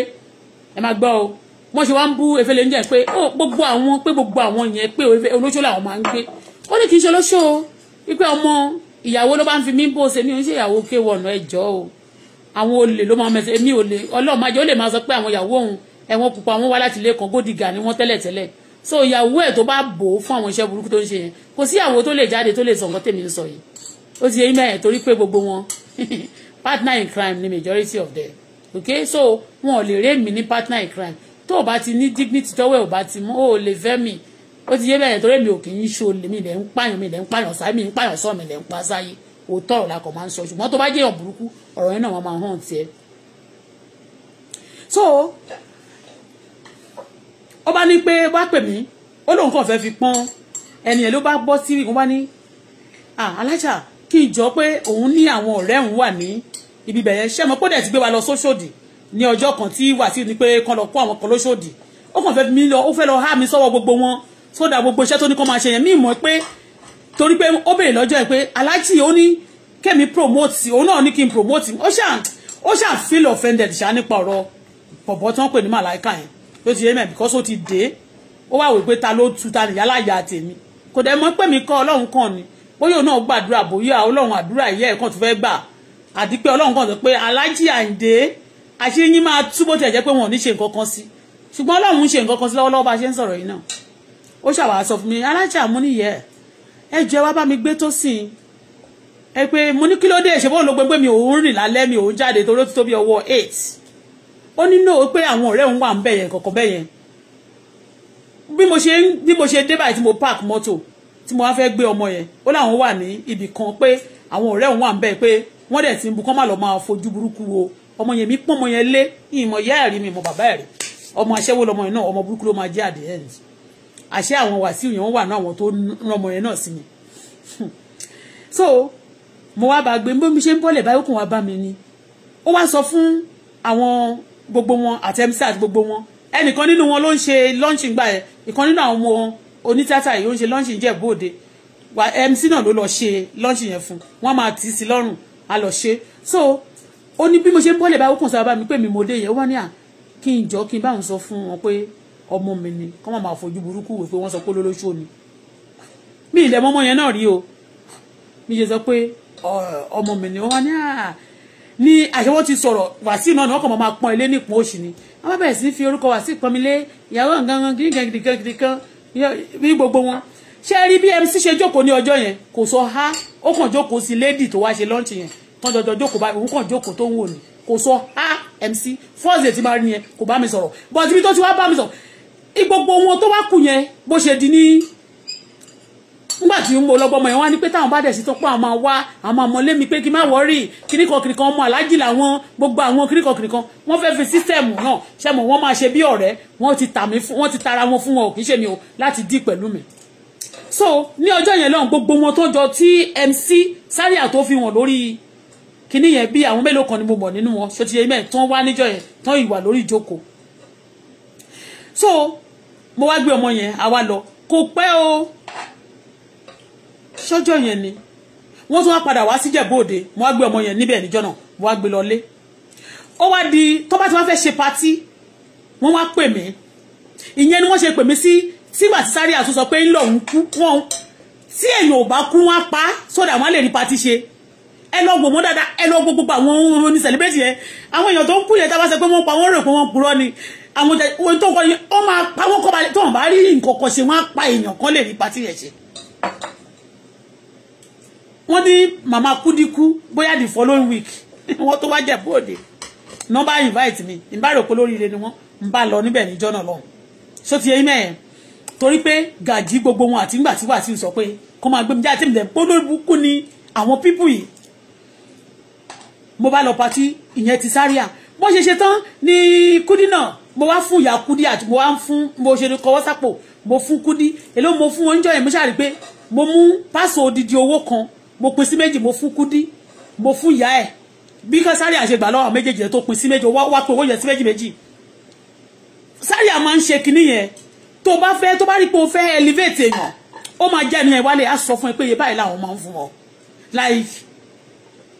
ẹ máa gbọ́ o wọ́n ṣe wá ń bú efele níjẹ́ pé ó oh, gbogbo àwọn pé gbogbo àwọn yẹn pé olóṣó làwọn máa ń gbé ó ní kì í ṣe olóṣó o ọmọ ìyàwó ló bá ń fi mí bó ṣe ní oníṣẹ́ ìyàwó kéwọ̀ ọ̀nà ẹ̀jọ́ o àwọn olè ló máa mẹsẹ̀ èmi olè ọlọ́ọ̀má jẹ́ ó lè máa sọ pé àwọn ìyàwó òun ẹ̀wọ̀n pupa wọn wá láti ilé kan gódìgà ni wọ́n tẹ́lẹ̀ tẹ́lẹ̀ so ìyàwó ẹ̀ tó bá bò ó fún àwọn iṣẹ́ burúkú tó ń ṣe yẹn kò sí ìyàwó tó lè jáde tó lè sọ nǹkan tèmi ń sọ yìí ó ti yẹ yín mẹ́rin torí pé gbogbo wọn partner in crime ni majority of them okay so wọn ò lè rí ní partner in crime tó o bá ti ní dignity tọ́wọ́ ẹ̀ ò bá ti mú o lè fẹ́ mi ó ti yé bẹ́ẹ̀ torí mi ò kì í ṣe olè mi lẹ̀ ń pààyàn mi lẹ̀ ń pààyàn sáyé mi ń pààyàn sọ́ọ̀ mi lẹ̀ ń pa sáyé òótọ́ ọ̀rọ̀ la kàn máa ń sọ ṣùgbọ́n tó bá jẹ́ èèyàn burúkú ọ̀rọ̀ yẹn náà wọ́n máa hàn tiẹ̀. so ó bá ní pé bá pè mí ó lóun kàn fẹ́ fi pọ́n ẹni yẹn ló bá bọ́ sí ìwọ̀n bá ní alájà kí n jọ pé òun ní àwọn ọ̀rẹ́ òun wà ní ibi bẹ̀yẹn ṣé mo pọ́dẹ̀ ti gbé wa lọ sóṣòdì ní ọjọ́ kan tí Wàsíù ní pé kán lọ kó àwọn kan lóṣòdì ó kàn fẹ́ mi lọ ó fẹ́ lọ há mi sọ́wọ́ gbogbo wọn sódà gbogbo iṣẹ́ tó ní kán máa ṣe yẹn mí mọ̀ pé torí pé ó béèrè lọ́jọ́ ẹ̀ pé aláàjì ó ní kẹ́mi promote òun náà ní kí n promote ó ṣáà ó ṣáà feel offended ṣáà nípa ọ̀rọ̀ bọ̀bọ̀ tán pè ní màláìka yẹn ló ti yé mẹ́ because ó ti dé ó wà wípé ta ló tu ta nìyá láyà tèmi kò dẹ̀ mọ́ pé mi kọ́ ọlọ́run kan ni bóyá òun náà gbàdúrà bóyá ọlọ́run àdúrà ìyá ẹ̀ kan tó fẹ́ gbà àdí pé ọlọ́run kan sọ pé aláàjì àǹdé àṣírí yín máa túbọ̀ tẹ̀ jẹ́ pé wọn ò ní ṣe nǹkan kan sí ṣùgbọ́n ọlọ́run ń ṣe nǹkan kan sí lọ́wọ́lọ́wọ́ bá ṣe ń sọ̀rọ̀ yìí náà ó ṣàwà sọ fún mi alájà mo níyẹ ẹ jẹ wá bá mi gbé tó sìn ẹ pé mo ní kí ló dé ìṣẹ́fọ́ ló gbẹ́gbẹ́ mi òun rìn lálẹ́ mi òun jáde torí ó ti tó bí ọwọ́ eight ó ní náà pé àwọn ọ̀rẹ́ òun wà ń bẹ̀yẹn kọ̀ọ̀kan bẹ̀yẹn bí mo ṣe bí mo ṣe dé báyìí tí mo park mọ́tò tí mo wá fẹ́ gbé ọmọ yẹn ó láwọn wà ní ibì kan pé àwọn ọ̀rẹ́ òun wà ń bẹ̀ pé wọ́n dẹ̀ ti ń bu kán má lọ máa fojú burúkú wo ọmọ yẹn mi pọ́n ọmọ yẹn lé ìmọ̀ ìyá ẹ̀rí mi ìmọ̀ bàbá ẹ̀rí ọmọ aṣẹ́wó lọmọ yẹn náà ọmọ burúkú ló máa jẹ́ àdé ẹ̀ àṣẹ àwọn wàsíù yẹn wọ́n wà náà àwọn tó rán ọmọ yẹn náà sí mi so mo wá bá gbé bí ṣe ń bọ́lẹ̀ báyìí ó kàn wá bá mi ni ó wá sọ fún àwọn gbogbo wọn àtẹ̀mísà àti gbogbo wọn ẹnìkan nínú wọn ló ń ṣe lọ́ǹṣì gbà ẹ̀ ìkan nínú àwọn ọmọ onítìátà yìí ó ń ṣe lọ́ǹṣì jẹ́ bóde wa mc náà ló lọ ṣe lọ́ǹṣì yẹn fún wọn máa tì í sí lọ́rùn a lọ ṣe so ó ní bí mo ṣe ń bọ́lẹ̀ báyìí ó kàn sọ bá mi pé mi mo dé yẹn ó wá ní à kí n jọ kí n báwọn sọ fún wọn pé ọmọ mi ni kọ́ máa fojú burúkú wò pé wọ́n sọ pé olólóṣó ni mi ìlẹ̀ mọ́mọ́ yẹn náà rí o mi ṣe sọ pé ọmọ mi ni wọ́n wá ní à ní àṣẹwọ́ ti sọ̀rọ̀ wàsíù náà ni wọ́n kàn máa pọ́n ilé nípò òṣì ni wọ́n bá bẹ̀rẹ̀ sí fi orúkọ wàsíù pọ́n mi lé ìyàwó nǹkan gidigan ní gbogbo wọn tán jókòó báyìí òun kàn jókòó tó ń wò ní kò sọ a mc first day ti máa rí yẹn kò bá mi sọ̀rọ̀ but ibi tó ti wá bá mi sọ̀rọ̀ gbogbo wọn tó wá kù yẹn bó ṣe di ní nígbà tí mo lọ gbọmọ yẹn wá ní pé táwọn bá dẹ̀ sí tó àwọn máa wá àwọn máa mọlé mi pé kí n má wọ́rì kíríkan kíríkan ọmọ aláàjì làwọn gbogbo àwọn kíríkan kíríkan wọ́n fẹ́ fi sísẹ̀mù náà ṣẹ́mu wọ́n máa ṣe bí ọ̀rẹ́ wọ́n ti tà mí fún ti tara wọn fún wọn ò kì í ṣe mi o láti dí pẹ̀lú mi. so ní ọjọ́ yẹn lọ́hùn gbogbo wọn tó jọ tí MC Zaria tó fi hàn lórí kíní yẹn bí àwọn mélòó kan ni mo mọ̀ nínú wọn ṣe ti yẹ mẹ́ẹ̀ tán wá níjọ́ yẹn tán ìwà lórí ìjókòó so mo wá gbé ọmọ yẹn àwa lọ kò pẹ́ o sọ́jọ́ yẹn ni wọ́n tún wá padà wá síjẹ̀bú òde mo wá gbé ọmọ yẹn níbẹ̀ níjọ́ náà mo wá gbé lọ lé ó wá di tó bá ti wá fẹ́ ṣe patí wọ́n wá pè mí ìyẹn ni wọ́n ṣe pè mí sí sígbà tí sáré àtúnṣọ pé ńlọ òun kú wọn tí èèyàn ò bá kú wọn pa sódà wọn lè rí patí ṣe ẹ lọ wò wọ́n dáadáa ẹ lọ wo gbogbo àwọn ohun oní celebrate yẹn àwọn èèyàn tó ń kú yẹn tá a bá sọ pé wọ́n pa wọ́n rò pé wọ́n purọ́ ni àwọn ohun tó ń kọ́ ni wọ́n máa pa wọ́n kọ́ balẹ̀ tó wọ́n bá rí nǹkan kan ṣe wọ́n á pa èèyàn kan lè rí patí yẹn ṣe. wọ́n ní màmá kúdíkú bóyá the following week wọ́n tó wá jẹ̀ bóde nọ́mbà invite mi n bá rò pé lóríire ni wọ́n n bá lọ níbẹ̀ níjọ́ náà lọ́hùn so ti eyín mẹ́yẹn torí pé gàjí gbogbo wọn àti ńgbà tí wàá ti sọ pé kó máa gbé mi jáde tí mi lẹ̀ polówó kú ni àwọn pípù yìí mo bá lọ patí ìyẹn ti Zaria bó ṣe ṣe tán ní Kudi náà mo wá fún ìyá Kudi àti mo wá fún mo ṣe kọwọ́ sápò mo fún Kudi èló mo fún oúnjẹ yẹn mo ṣàrí pé mo mú pásò odidi owó kan mo pín sí méjì mo fún Kudi mo fún ìyá ẹ̀ bí kan Zaria ṣe gbà lọ́wọ́ méjèèjì tó pín sí méjì wá wá pé owó yẹn sí méjì méjì Zaria máa ń ṣe kinní yẹn tó bá fẹ́ tó bá rí pé o fẹ́ elevate èèyàn ó máa jẹ́ ẹni yẹn wálé á sọ fún ẹ pé iye báyìí làwọn máa ń fún ọ like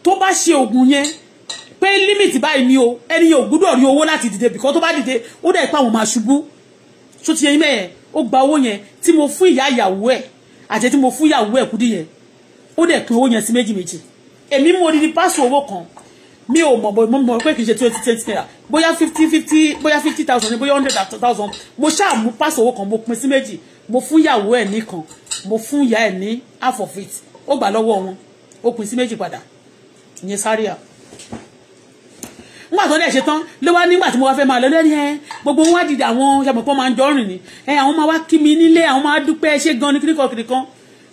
tó bá ṣe oògùn yẹn pé límìtì báyìí ni o ẹni yóò gbúdọ̀ rí owó láti dìde bìkọ́ tó bá dìde ó dẹ̀ pa àwọn máa ṣubú tó ti yẹn mẹ́ẹ̀ ó gba owó yẹn tí mo fún ìyá ìyàwó ẹ̀ àti tí mo fún ìyàwó ẹ̀ kúdí yẹn ó dẹ̀ pín owó yẹn sí méjì méjì èmi mo ní ní páṣọ owó kan mi ò mọ̀ bọ̀ mo mọ̀ pé kì í ṣe twenty twenty naira bóyá fifty fifty bóyá fifty thousand ni bóyá hundred thousand mo ṣáà mú páṣọ owó kan mo pín sí méjì mo fún ìyàwó ẹ̀ ní kan mo fún ìyá ẹ̀ ní half of it ó gbà lọ́wọ́ wọn ó pín sí méjì padà ìyẹn sáríà nígbà tó dẹ̀ ṣe tán ló wá nígbà tí mo wá fẹ́ máa lọ lẹ́ni ẹ gbogbo wọn dìde àwọn ṣàmùpọ̀ máa ń jọ rìn ni ẹ àwọn máa wá kí mi nílé àwọn máa dúpẹ́ ṣé gan ni kíríkọ kìrìkan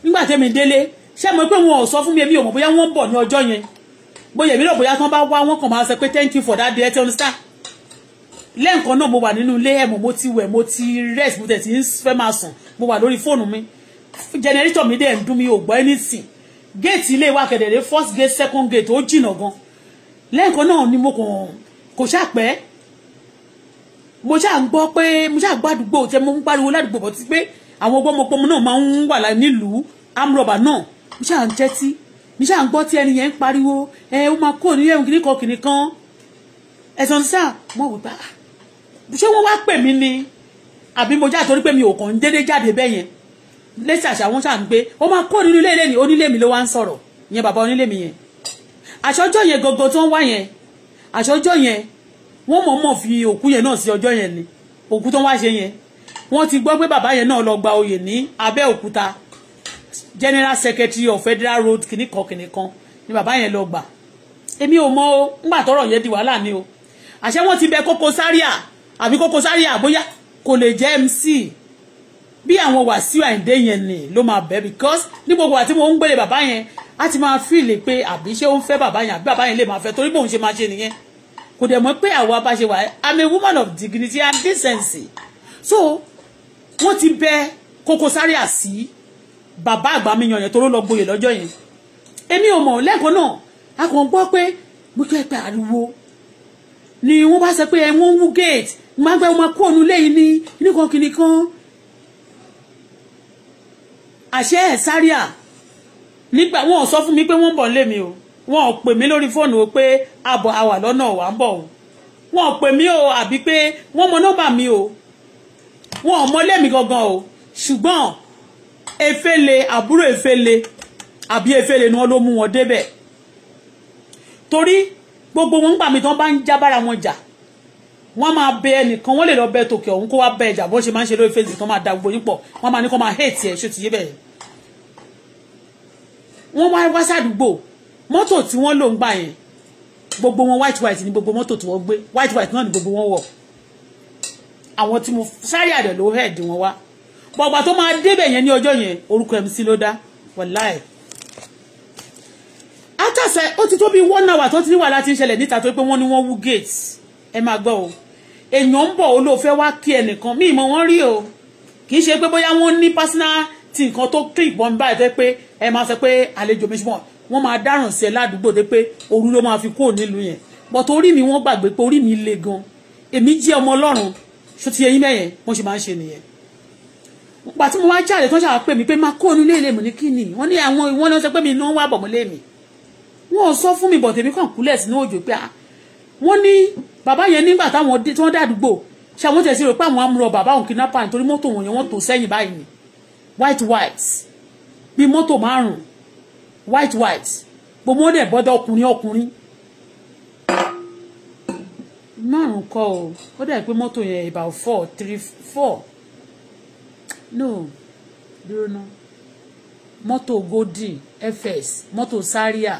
nígbà tẹ́mi délé ṣé mo pé wọn ò sọ fún mi èmi ò mọ̀ bóyá wọ́n ń bọ̀ ní ọjọ́ yẹn bóyá èmi náà bóyá tí wọ́n bá wá wọ́n kàn máa sọ pé thank you for that day ẹtí ọ̀nìṣà lẹ́ǹkan náà mo wà nínú ilé ẹ̀mọ̀ mo ti wẹ̀ mo ti rest mo tẹ̀ sí fẹ́ máa sùn mo wà lórí fóònù mi generator mi dẹ̀ ń dún mi ò gbọ́ anything géètì ilé wa kẹ̀dẹ̀rẹ́ first gate second gate ó jìnnà gan lẹ́ẹ̀kan náà ni mo kàn kò ṣàpẹ́ mo ṣáà ń gbọ́ pé mo ṣáà gbádùgbò tẹ mo ń pariwo ládùúgbò bọ̀ ti pé àwọn ọgbọ́mọpọ́mọ náà máa ń wà nílùú amrọ̀bà náà mo ṣáà ń tẹ́tí mi ṣáà ń gbọ́ tí ẹni yẹn ń pariwo ẹ ó máa kó ní ẹ̀hún kìnnìkan kìnnìkan ẹ̀sán sísá mo wò bá ah, ṣé wọ́n wá pè mí ni àbí mo jáde torí pé mi ò kàn ń dédé jáde bẹ́ẹ̀ yẹn lẹ́sẹ̀ àṣà wọn ṣáà ń gbé ó máa kó nínú ilé ní onílé mi ló wá ń sọ̀rọ̀ ìyẹn bàbá onílé mi yẹn àṣọjọ́ yẹn gọgọ tó ń wá yẹn àṣọjọ́ yẹn wọ́n mọ̀ọ́mọ̀ fi òkú yẹn náà sí ọjọ́ yẹn ni òkú tó ń wá ṣe yẹn wọ́n ti gbọ́ pé bàbá yẹn náà lọ gba oyè ní Abẹ́òkúta general secretary of federal road kìnnìkan kìnnìkan ni bàbá yẹn lọ gbà èmi ò mọ o ńgbà tọrọ yẹn di wàhálà ni o àṣẹ wọn ti bẹ Koko Zaria àbí Koko Zaria bóyá kò lè jẹ MC bí àwọn Wàsíù Àyìndé yẹn ni ló máa bẹ̀ because ní gbogbo àti mo ń gbélé bàbá yẹn a ti máa fíìlì pé àbí ṣé ó ń fẹ́ bàbá yẹn àbí bàbá yẹn lè máa fẹ́ torí bóun ṣe máa ṣe nìyẹn kò dẹ̀ mọ́ pé àwa bá ṣe wà I'm a woman of dignity and decency so wọ́n ti bẹ Koko Zaria sí bàbá àgbà mi yan yẹn tó ló lọ gboyè lọ́jọ́ yẹn èmi ò mọ̀ lẹ́ẹ̀kan náà a kàn gbọ́ pé mo jẹ́ pé ariwo ni wọ́n bá sọ pé ẹ̀ wọ́n wú gate mo wọn máa òun lẹ́yìn ní nìkan kìnìkan àṣẹ ẹ̀ sáríà nígbà wọn ò sọ fún mi pé wọ́n ń bọ̀ nílé mi o wọn ò pè mí lórí fóònù o pé àbọ̀ àwà lọ́nà wà ń bọ̀ o wọn pè mí o àbí pé wọ́n mọ nọ́mbà mi o wọn ò mọ lẹ́mí gangan o ṣùgbọ́n efele àbúrò efele àbí efele ni wọ́n ló mú wọn débẹ̀ torí gbogbo wọn gbà mí tán bá ń já wọn jà wọ́n máa bẹ ẹnìkan wọ́n lè lọ bẹ tòkè ọ̀hún kó wá bẹ ẹjà bó ṣe máa ń ṣe lórí fèsì tó máa da gbogbo yín pọ̀ wọ́n máa ní kó máa hate ẹ̀ ṣó ti yé bẹ́ẹ̀. wọ́n wá wá sádùúgbò mọ́tò tí wọ́n lò ń gbà yẹn gbogbo wọn white white ni gbogbo mọ́tò tí wọ́n gbé white white náà ni gbogbo wọn wọ̀ àwọn tí mo sáré àdẹ̀ ló head wọn wá bọ̀gbà tó máa débẹ̀ yẹn ní ọjọ́ yẹn orúkọ MC ló dá wàláì átàsẹ̀ ó ti tó bí one hour tó ti ní wàhálà ti ń ṣẹlẹ̀ níta tó pé wọ́n ní wọ́n wú gate ẹ máa gbọ́ o èèyàn ń bọ̀ ó ló fẹ́ wá kí ẹnìkan mí ìmọ̀ wọn rí o kì í ṣe pé bóyá wọ́n ní personal tí nǹkan tó click bọ́n báyìí tẹ́ pé ẹ máa sọ pé àlejò mi ṣùgbọ́n wọ́n máa dáràn sí ẹ ládùúgbò tẹ́ pé òru ló máa fi kúrò nílùú yẹn but orí mi wọ́n gbàgbé pé orí mi le gan èmi jẹ́ ọmọ ọlọ́run ṣó ti eyín mẹ́yẹn wọ́n ṣe máa ń ṣe nìyẹn nípa tí mo wá jáde tó ń ṣàwọn pè mí pé má kó inú ilé ilé mi ní kíni wọ́n ní àwọn ìwọ́n náà sọ pé mi náà wà bọ̀ mọ́lé mi wọ́n sọ fún mi bọ̀ tèmi kàn kúlẹ̀ sínú òjò pé ah. wọ́n ní bàbá yẹn nígbà táwọn tí wọ́n dàdúgbò ṣe àwọn tẹ̀sí rò pé àwọn amúrọ̀ bàbá òun kidnapper nítorí mọ́tò wọn yẹn wọ́n tò sẹ́yìn báyìí ni white white bí mọ́tò márùn-ún white white gbogbo wọn dẹ̀ bọ́dọ̀ ọkùnrin ọkùnrin márùn kọ o ó dà pé mọ́tò yẹn about four three four no dúró ná mọ́tò golden fs mọ́tò saria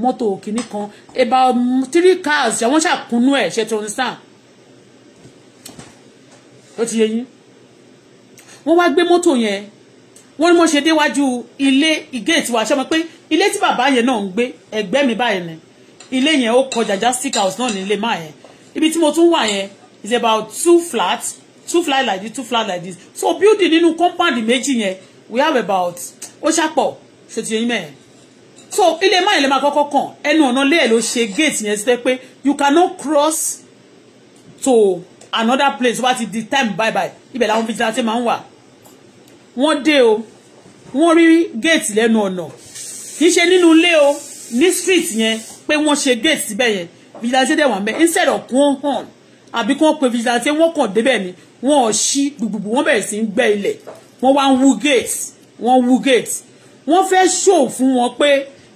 mọ́tò kìíní kan about three cars àwọn ṣàkúnú ẹ̀ ṣe tó ń sàn ó ti yẹ yín wọ́n wá gbé mọ́tò yẹn wọ́n ní wọ́n ṣe déwájú ilé ìgéètì wa ṣe mọ̀ pé ilé tí bàbá yẹn náà ń gbé ẹ̀gbẹ́ mi báyìí ni ilé yẹn ó kọjá jastic house náà nílé máa yẹn ibi tí mo tún wà yẹn is about two flats two flat like this two flat like this so building nínú compound méjì yẹn we have about ó ṣàpọ̀ ṣètìlẹ́yìn mẹ́rin so ilé máa ilé máa kọ́kọ́ kàn ẹnu ọ̀nà lé ẹ̀ ló ṣe gate yẹn sí pé you cannot cross to another place wá ti di time bye bye ibẹ̀ làwọn vigilante máa ń wà wọ́n dé o wọ́n rí gate lẹ́nu ọ̀nà kì í ṣe nínú ilé o ní street yẹn pé wọ́n ṣe gate síbẹ̀ yẹn vigilante dẹ̀ wà ń instead of kí wọ́n hàn àbí kí wọ́n pe vigilante wọ́n kàn débẹ̀ ni wọ́n ò ṣí gbùgbùgbù wọ́n bẹ̀rẹ̀ sí ń gbẹ́ ilẹ̀ wọ́n wá ń wú gate wọ́n wú gate wọ́n fẹ́ show fún wọn pé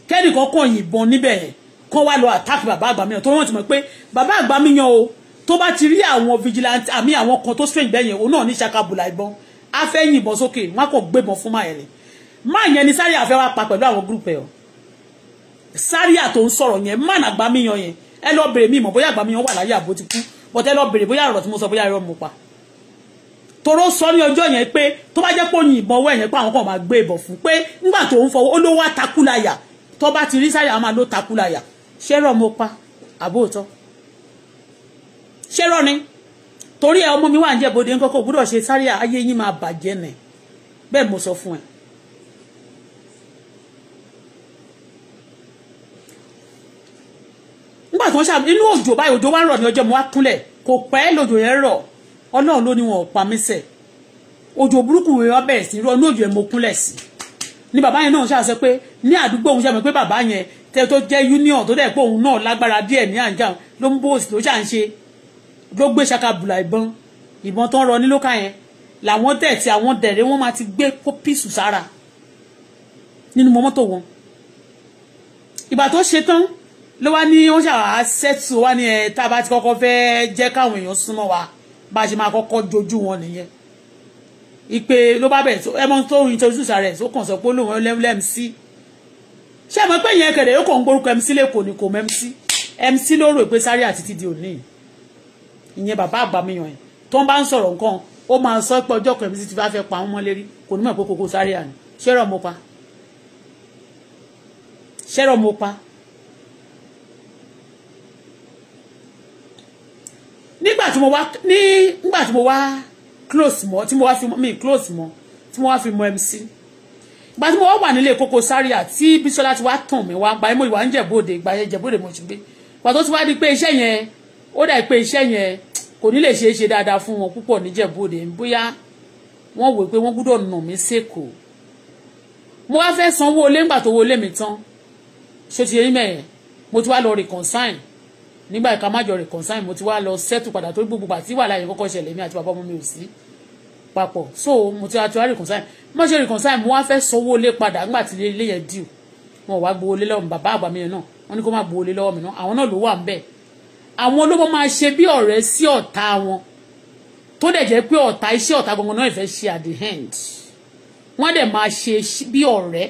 kẹ́nìkan kàn yìnbọn níbẹ̀ yẹn kán wá lọ attack bàbá àgbà mi yàn tó wọ́n ti mọ̀ pé bàbá àgbà mi yàn o tó bá ti rí àwọn vigilante àmì àwọn kan tó strange bẹ́ẹ̀ yẹn òun náà ní ṣakabùlà ìbọn a fẹ́ yìnbọn sókè wọn kò gbébọn fún máa yẹn máa yẹn ni sáré àfẹ́ wa pa pẹ̀lú àwọn group ẹ̀ ọ́ sáré àtò ń sọ̀rọ̀ yẹn máa nàgbà mi yan yẹn ẹ lọ bèrè mi bóyá àgbà mi yan wà láyé àbó ti kú but ẹ lọ bèrè bóyá ọ̀rọ̀ tí mo sọ bóyá irọ́ mo pa toró sọ ní ọjọ́ yẹn pé tó bá jẹ́ pé òyìnbọn ọwọ́ yẹn pé àwọn kan máa gbé ìbọn fún pé nígbà tó ń fọwọ́ ó ló wá tó bá ti rí sáyà máa ló takú láyà ṣẹ́rọ̀ mo pa àbóòtọ́ ṣẹ́rọ̀ ni torí ẹ ọmọ mi wà ń jẹ́ bòde ńkọ́kọ́ gbúdọ̀ ṣe sáyà ayé yín máa bàjẹ́ nẹ̀ bẹ́ẹ̀ mo sọ fún ẹ. nígbà tó ń ṣàmì inú òjò báyìí òjò wá rọ̀ ní ọjọ́ mo wá kúnlẹ̀ kò pẹ́ lòjò yẹn rọ̀ ọlọ́run ló ní wọn ò pa mí sẹ̀ òjò burúkú rẹ̀ ọbẹ̀ sí rọ̀ inú òjò yẹn mo kúnlẹ̀ sí i ni bàbá yẹn náà ṣáà sọ pé ní àdúgbò òun ṣàmì pé bàbá yẹn tẹ tó jẹ́ union tó dẹ̀ pé òun náà lágbára díẹ̀ ní àǹjà ló ń bó òsì ló ṣà ń ṣe ló gbé ṣakabùlà ìbọn ìbọn tó ń rọ nílòkà yẹn làwọn dẹ̀ tí àwọn dẹ̀rẹ́ wọ́n máa ti gbé píìsù sára nínú mọ́tò wọn ìgbà tó ṣe tán ló wá ní wọ́n ṣàwà sẹ́tù wá ní ẹ̀ tá a bá ti kọ́kọ́ fẹ́ jẹ́ káwọn èèyàn súnmọ́ wa bá a ṣe máa kọ́kọ́ jojú wọn nìyẹn ìpè ló bá bẹ̀ ẹ mọ tó introduce rẹ̀ tó kàn sọ pé lóun lẹ́mc ṣé ẹ mọ̀ pé ìyẹn kẹ̀dẹ̀ yóò kàn ń gbórúkọ mc lẹ́kọ̀ọ́ ni kò mc mc ló rò pé sáré àti ti di òní ìyẹn bàbá àgbàmíyàn ẹ̀ tó ń bá ń sọ̀rọ̀ nǹkan ó máa sọ pé ọjọ́ kan mc ti bá fẹ́ pa wọ́n mọ́lérí kò ní mọ̀ pé kókó sáré àná ṣẹ́rọ̀ mo pa ṣẹ́rọ̀ mo pa nígbà tí mo wá close mọ́ tí mo wá fi mi close mọ́ tí mo wá fi mọ MC ìgbà tí mo wá wà nílé Koko Zaria tí Bísọ́lá ti wá tàn mí wá gbà mo ìwà ń jẹ̀bóde ìgbà yẹn jẹ̀bóde mo ti gbé ìgbà tó ti wá di pé iṣẹ́ yẹn ó dà pé iṣẹ́ yẹn kò ní lè ṣeé ṣe dáadáa fún wọn púpọ̀ níjẹ̀bóde bóyá wọ́n wò pé wọ́n gbúdọ̀ nà mí sẹ́kọ̀ọ́ mo wá fẹ́ sanwó olé ńgbà tó wọlé mi tán ṣé ti yẹn mẹ́yẹn mo ti wá lọ reconcile nígbà ìka májọ rẹ̀ concern mo ti wá lọ settle padà torí gbogbo àti wàhálà yẹn kọ́kọ́ ṣẹlẹ̀ mi àti bàbá ọmọ mi ò sí papọ̀ so mo ti àti wá reconcile mo ṣe reconcile mo wá fẹ́ sanwó lé padà nígbà tí ilé yẹn dìú wọn ò wá gbowó lé lọ́wọ́ mi bàbá àgbà mi náà wọn ní kó má gbowó lé lọ́wọ́ mi náà àwọn náà ló wà ń bẹ̀ àwọn ló máa ṣe bí ọ̀rẹ́ sí ọ̀tá wọn tó dẹ̀ jẹ́ pé ọ̀tá iṣẹ́ ọ̀tá gbọ̀ngàn náà ìfẹ́ ṣe at the end wọ́n dẹ̀ máa ṣe bí ọ̀rẹ́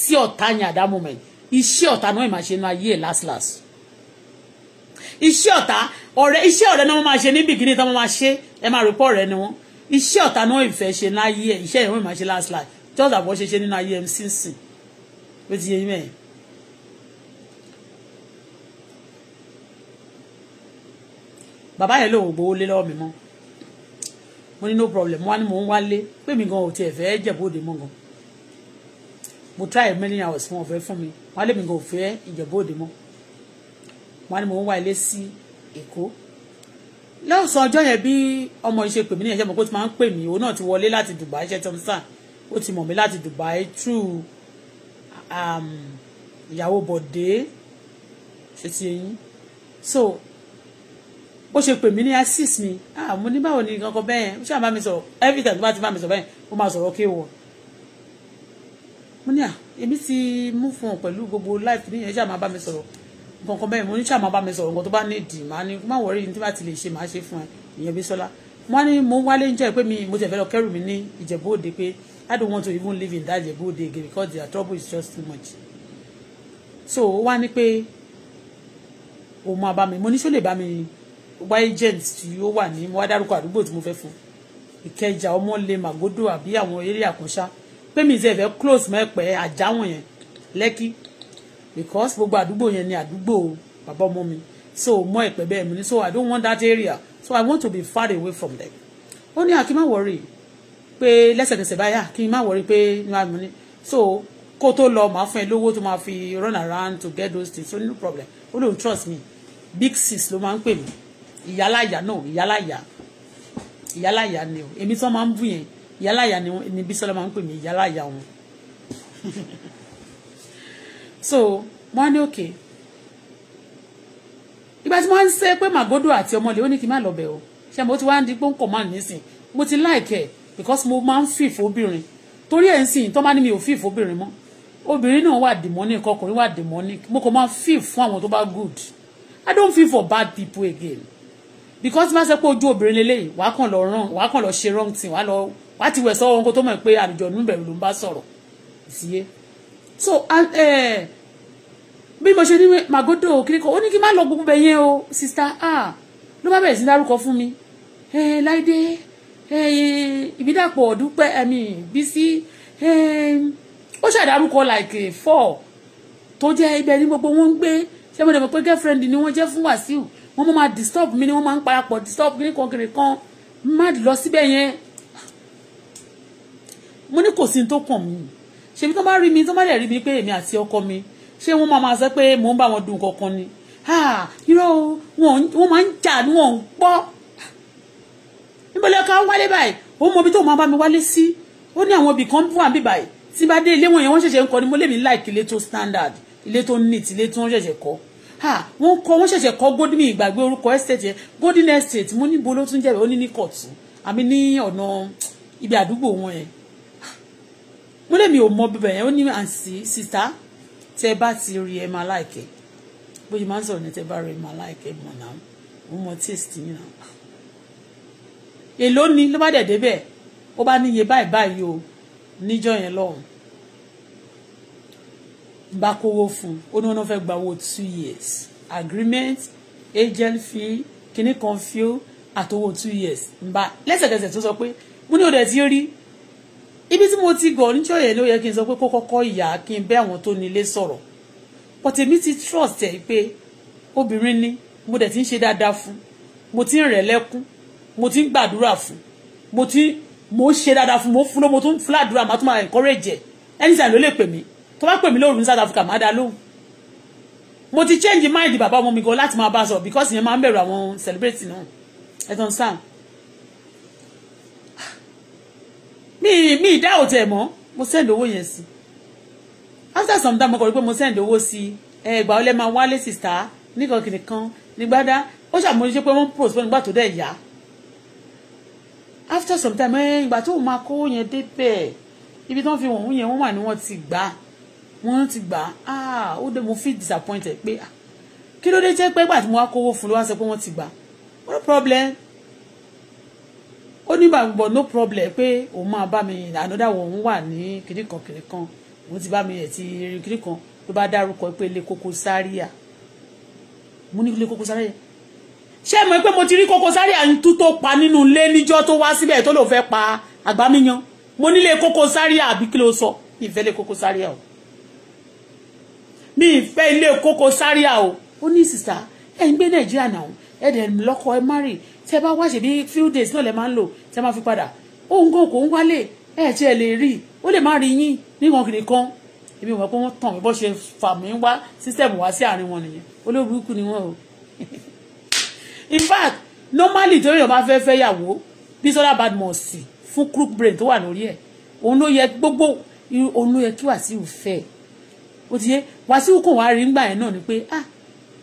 sí ọ̀tá yẹn at that moment iṣẹ́ ọ̀tá náà ì máa ṣe last last iṣẹ́ ọ̀tá ọ̀rẹ́ iṣẹ́ ọ̀rẹ́ ni wọ́n máa ṣe ní bìkínì tí wọ́n máa ṣe ẹ máa rò pọ̀ ọ̀rẹ́ ni wọ́n iṣẹ́ ọ̀tá náà ìfẹ́ ṣe láyé ẹ̀ iṣẹ́ ìwọ̀n ìmáṣe last life just àbọ̀ ṣe ṣe nínú ayé ẹ̀ sínsìn ó ti yé yín mẹ́ẹ̀. bàbá yẹn lòun ò gbowó lé lọ́wọ́ mi mọ́ mo ní no problem wọ́n á ní mò ń wálé pé mi gan ò tiẹ̀ fẹ́ jẹ̀bóde mọ́ gan mo try many hours wọn ò fẹ́ fún mi wọ́n á lé mi gan ò fẹ́ ìjẹ̀bóde mọ́ wọn á ní mò ń wá ilé sí èkó lọ́sàn ọjọ́ yẹn bí ọmọ yìí ṣe pè mí ní ẹ̀ṣẹ́ mọ̀ pé ti máa ń pè mí òun náà ti wọlé láti Dubai ṣe tom sàn ó ti mọ̀ mí láti Dubai through um, ìyàwó bọ̀dé ṣe ti eyín so bó ṣe pè mí ní assist mi ah mo ní báwo ni kankan bẹ́ẹ̀ ó ṣáà bá mi sọ̀rọ̀ every time tó bá ti bá mi sọ̀rọ̀ bẹ́ẹ̀ ó máa sọ̀rọ̀ kí wọ̀ mo ní à ah, èmi ti mú fún ọ pẹ̀lú gbogbo life níyẹn ṣáà máa mi sọ̀rọ̀ nǹkan bẹ́ẹ̀ mo ní ṣáà bá mi sọ̀rọ̀ nǹkan tó bá nídìí máa ní má wọrí ní tí bá ti lè ṣe máa ṣe fún ẹ ìyẹn Bísọ́lá wọ́n ní mo wálé ń jẹ́ pé mi mo tẹ̀fẹ́ lọ kẹ́rù mi ní Ìjẹ̀bú Òde pé I don't want to even live in that Ìjẹ̀bú Òde again because their trouble is just too much so ó wá ní pé òun máa bá mi mo ní ṣó lè bá mi wá agent tí ó wà ní mo wá dárúkọ àdúgbò tí mo fẹ́ fún Ìkẹjà Ọmọlé Màgódò àbí àwọn eré àkànṣá pé mi ìṣẹ̀fẹ́ close mẹ́pẹ́ àjáwọ̀n yẹn Lẹ́kì because gbogbo àdúgbò yẹn ni àdúgbò bàbá ọmọ mi so mọ ìpẹ́ bẹ́ẹ̀ mi ni so I don't want that area so I want to be far away from them ó ní àkí má wọrí pé lẹ́sẹ̀kẹsẹ̀ báyà kí n má wọrí pé ah, so kó tó lọ màá fún ẹ lówó tó máa fi run around to get those things so no problem ó lóun trust me big sis ló máa ń pè mí ìyálàyà náà ìyálàyà ìyálàyà ni o èmi tí wọ́n máa ń bù yẹn ìyálàyà ni Bísọ́lá máa ń pè mí ìyálàyà wọn. so wọ́n á ní òkè ìgbà tí wọ́n ń ṣe pé màgódò àti ọmọlẹ̀ ó ní kí n má lọ bẹ̀ o ṣé mo ti wá ń di pọ́ńkọ̀ máa nísìn mo ti láìkẹ́ because mo máa ń fìfò obìnrin torí ẹ̀ ń sìn tó bá ní mi ò fìfò obìnrin mọ́ obìnrin náà wà demonic ọkùnrin wà demonic mo kò máa feel fún àwọn tó bá good i don't feel for bad people again because máa ṣe pé ojú obìnrin lélẹ́yìn wàá kàn lọ ràn wàá kàn lọ ṣe wrong thing wàá lọ wàá ti wẹ̀ sọ ohun kó tó mọ̀ pé àlùjọ nínú ìbẹ̀rù ló ń bá sọ̀rọ̀ ìsìyé so eh, bí mo ṣe ní màgódò kíríkọ ó ní kí n má lọ gbogbo bẹ yẹn o sista ah ló bá bẹ̀rẹ̀ sí dárúkọ fún mi eh, láìdé eh, ìbídàpọ̀ ọ̀dúpẹ́ ẹ̀mí bísí ó ṣàdárúkọ like four tó jẹ́ ibẹ̀ ní gbogbo wọn ń gbé ṣé mo dẹ̀ mọ̀ pé girlfriend ni wọ́n jẹ́ fún Wàsíù wọ́n mọ̀ máa disturb mi ni wọ́n máa ń parapọ̀ disturb mi nìkan kiri kan má lọ síbẹ̀ yẹn mo ní kò sí ní tó kàn mí ṣebí tó bá rí mi tó bá dẹ̀ rí mi pé èmi àti ọkọ mi ṣé wọ́n máa máa sọ pé mò ń bá wọn dùn kankan ni irọ́ wọn máa ń jà ní wọn ò gbọ́ níbẹ̀lẹ̀ ká wálé báyìí ó mọ ibi tó máa bá mi wálé sí ó ní àwọn ibì kan wà bí báyìí tí bá dé ilé wọn yẹn wọ́n ṣẹ̀ṣẹ̀ ń kọ́ ni mo lè mí like ilé tó standard ilé tó neat ilé tó ń ṣẹ̀ṣẹ̀ kọ́ wọ́n kọ́ wọ́n ṣẹ̀ṣẹ̀ kọ́ golden ìgbàgbé orúkọ estate yẹn golden estate mo níbo ló tún jẹ́ bẹ́ẹ̀ ó ní ní kọ̀tún àmì ní ọ̀nà ibi àdúgbò wọn yẹn mo lè mi ò mọ bíbẹ̀ yẹn ó ní àǹtí sísá tẹ́ bá ti rí ẹ máa láìkẹ́ bó ṣe máa ń sọ̀rọ̀ ní tẹ́ bá rí ẹ máa láìkẹ́ mọ̀ náà mo mọ taste yín náà. èló ni ló bá dẹ̀ débẹ̀ ó bá níye báyìí báyìí o níjọ́ yẹn lọ́hùn bá kówó fún un ó ní wọn fẹ́ gba owó two years agreement agent fee kìnnìkan fee àtowó two years ń bá lẹ́sẹ̀kẹsẹ̀ tó sọ pé mo ní o dẹ̀ ti rí ibi tí mo ti gọ̀ níjọ́ yẹn ló yẹ kí n sọ pé kó kọ́kọ́ ìyá kí n bẹ́ àwọn tó nílé sọ̀rọ̀ but èmi ti trust ẹ̀ pé obìnrin ni mo dẹ̀ ti ń ṣe dáadáa fún mo ti ń rẹ̀ lẹ́kún mo ti ń gbàdúrà fún mo ti mo ń ṣe dáadáa fún mo fún mo tún fúlàdúrà màá tún máa encourage ẹ̀ anytime ló lè pè mí tó bá pè mí lóòrùn South Africa má dáa lóhùn mo ti change mind bàbá ọmọ mi gan láti máa bá a sọ̀rọ̀ because ìyẹn máa ń bẹ̀rù àwọn celebrate náà ẹ̀ tán sáà mi mi dá òtí ẹ̀ mọ́ mo send owó yẹn sí after some time mo kọ̀ rí pé mo send owó sí ẹgbà ọlẹ́ máa wálé sista nìkan kìnìkan nígbàdá ó ṣàmójútó pé wọ́n postpone nígbà tó dẹ̀ yá after some time ẹ ìgbà tó máa kó yẹn débẹ̀ ibi tó ń fi wọ̀n yẹn wọ́n wà ní wọ́n ti gbà wọ́n ti gbà ah ó dé mo feel disappointed pé ah, kí ló dé jẹ́ pé ìgbà tí mo wá kówó fún ló wá sọ pé wọ́n ti gbà no problem ó ní bàbá no problem pé òun máa bá mi ànádà òun wà ní kìnìkan kìnìkan òun ti bá mi ẹ̀tì irin kìnìkan ló bá dárúkọ pé ilé Koko Zaria mo ní ilé Koko Zaria ṣé ẹ mọ̀ pé mo ti rí Koko Zaria ń tú tó pa nínú ilé níjọ́ tó wá síbẹ̀ tó lò fẹ́ pa àgbámíyan mo nílé Koko Zaria àbí kí ló sọ mi ìfẹ́ ilé Koko Zaria o mi ìfẹ́ ilé Koko Zaria o ó ní sìsà ẹ̀ ń gbé Nàìjíríà náà ẹ̀dẹ̀ lọ́kọ ẹ márì tẹ bá wá ṣèbí few days náà lẹ máa ń lò tẹ máa fi padà òun kò kò ń wálé ẹ tí ẹ lè rí ó lè má rí yín níkan kìnì kan èmi mọ̀ pé wọ́n tàn mí bọ́ ṣe fà mí wá sísẹ̀mù wá sí àárín wọn nìyẹn olóburúkú ni wọ́n o in fact normally torí èèyàn bá fẹ́ fẹ́ yàwó Bísọ́lá Badmus fún crook brain tó wà lórí ẹ̀ òun ló yẹ gbogbo òun ló yẹ kí Wàsíù fẹ́ ó ti yé Wàsíù kò wá rí ńgbà yẹn náà ni pé ah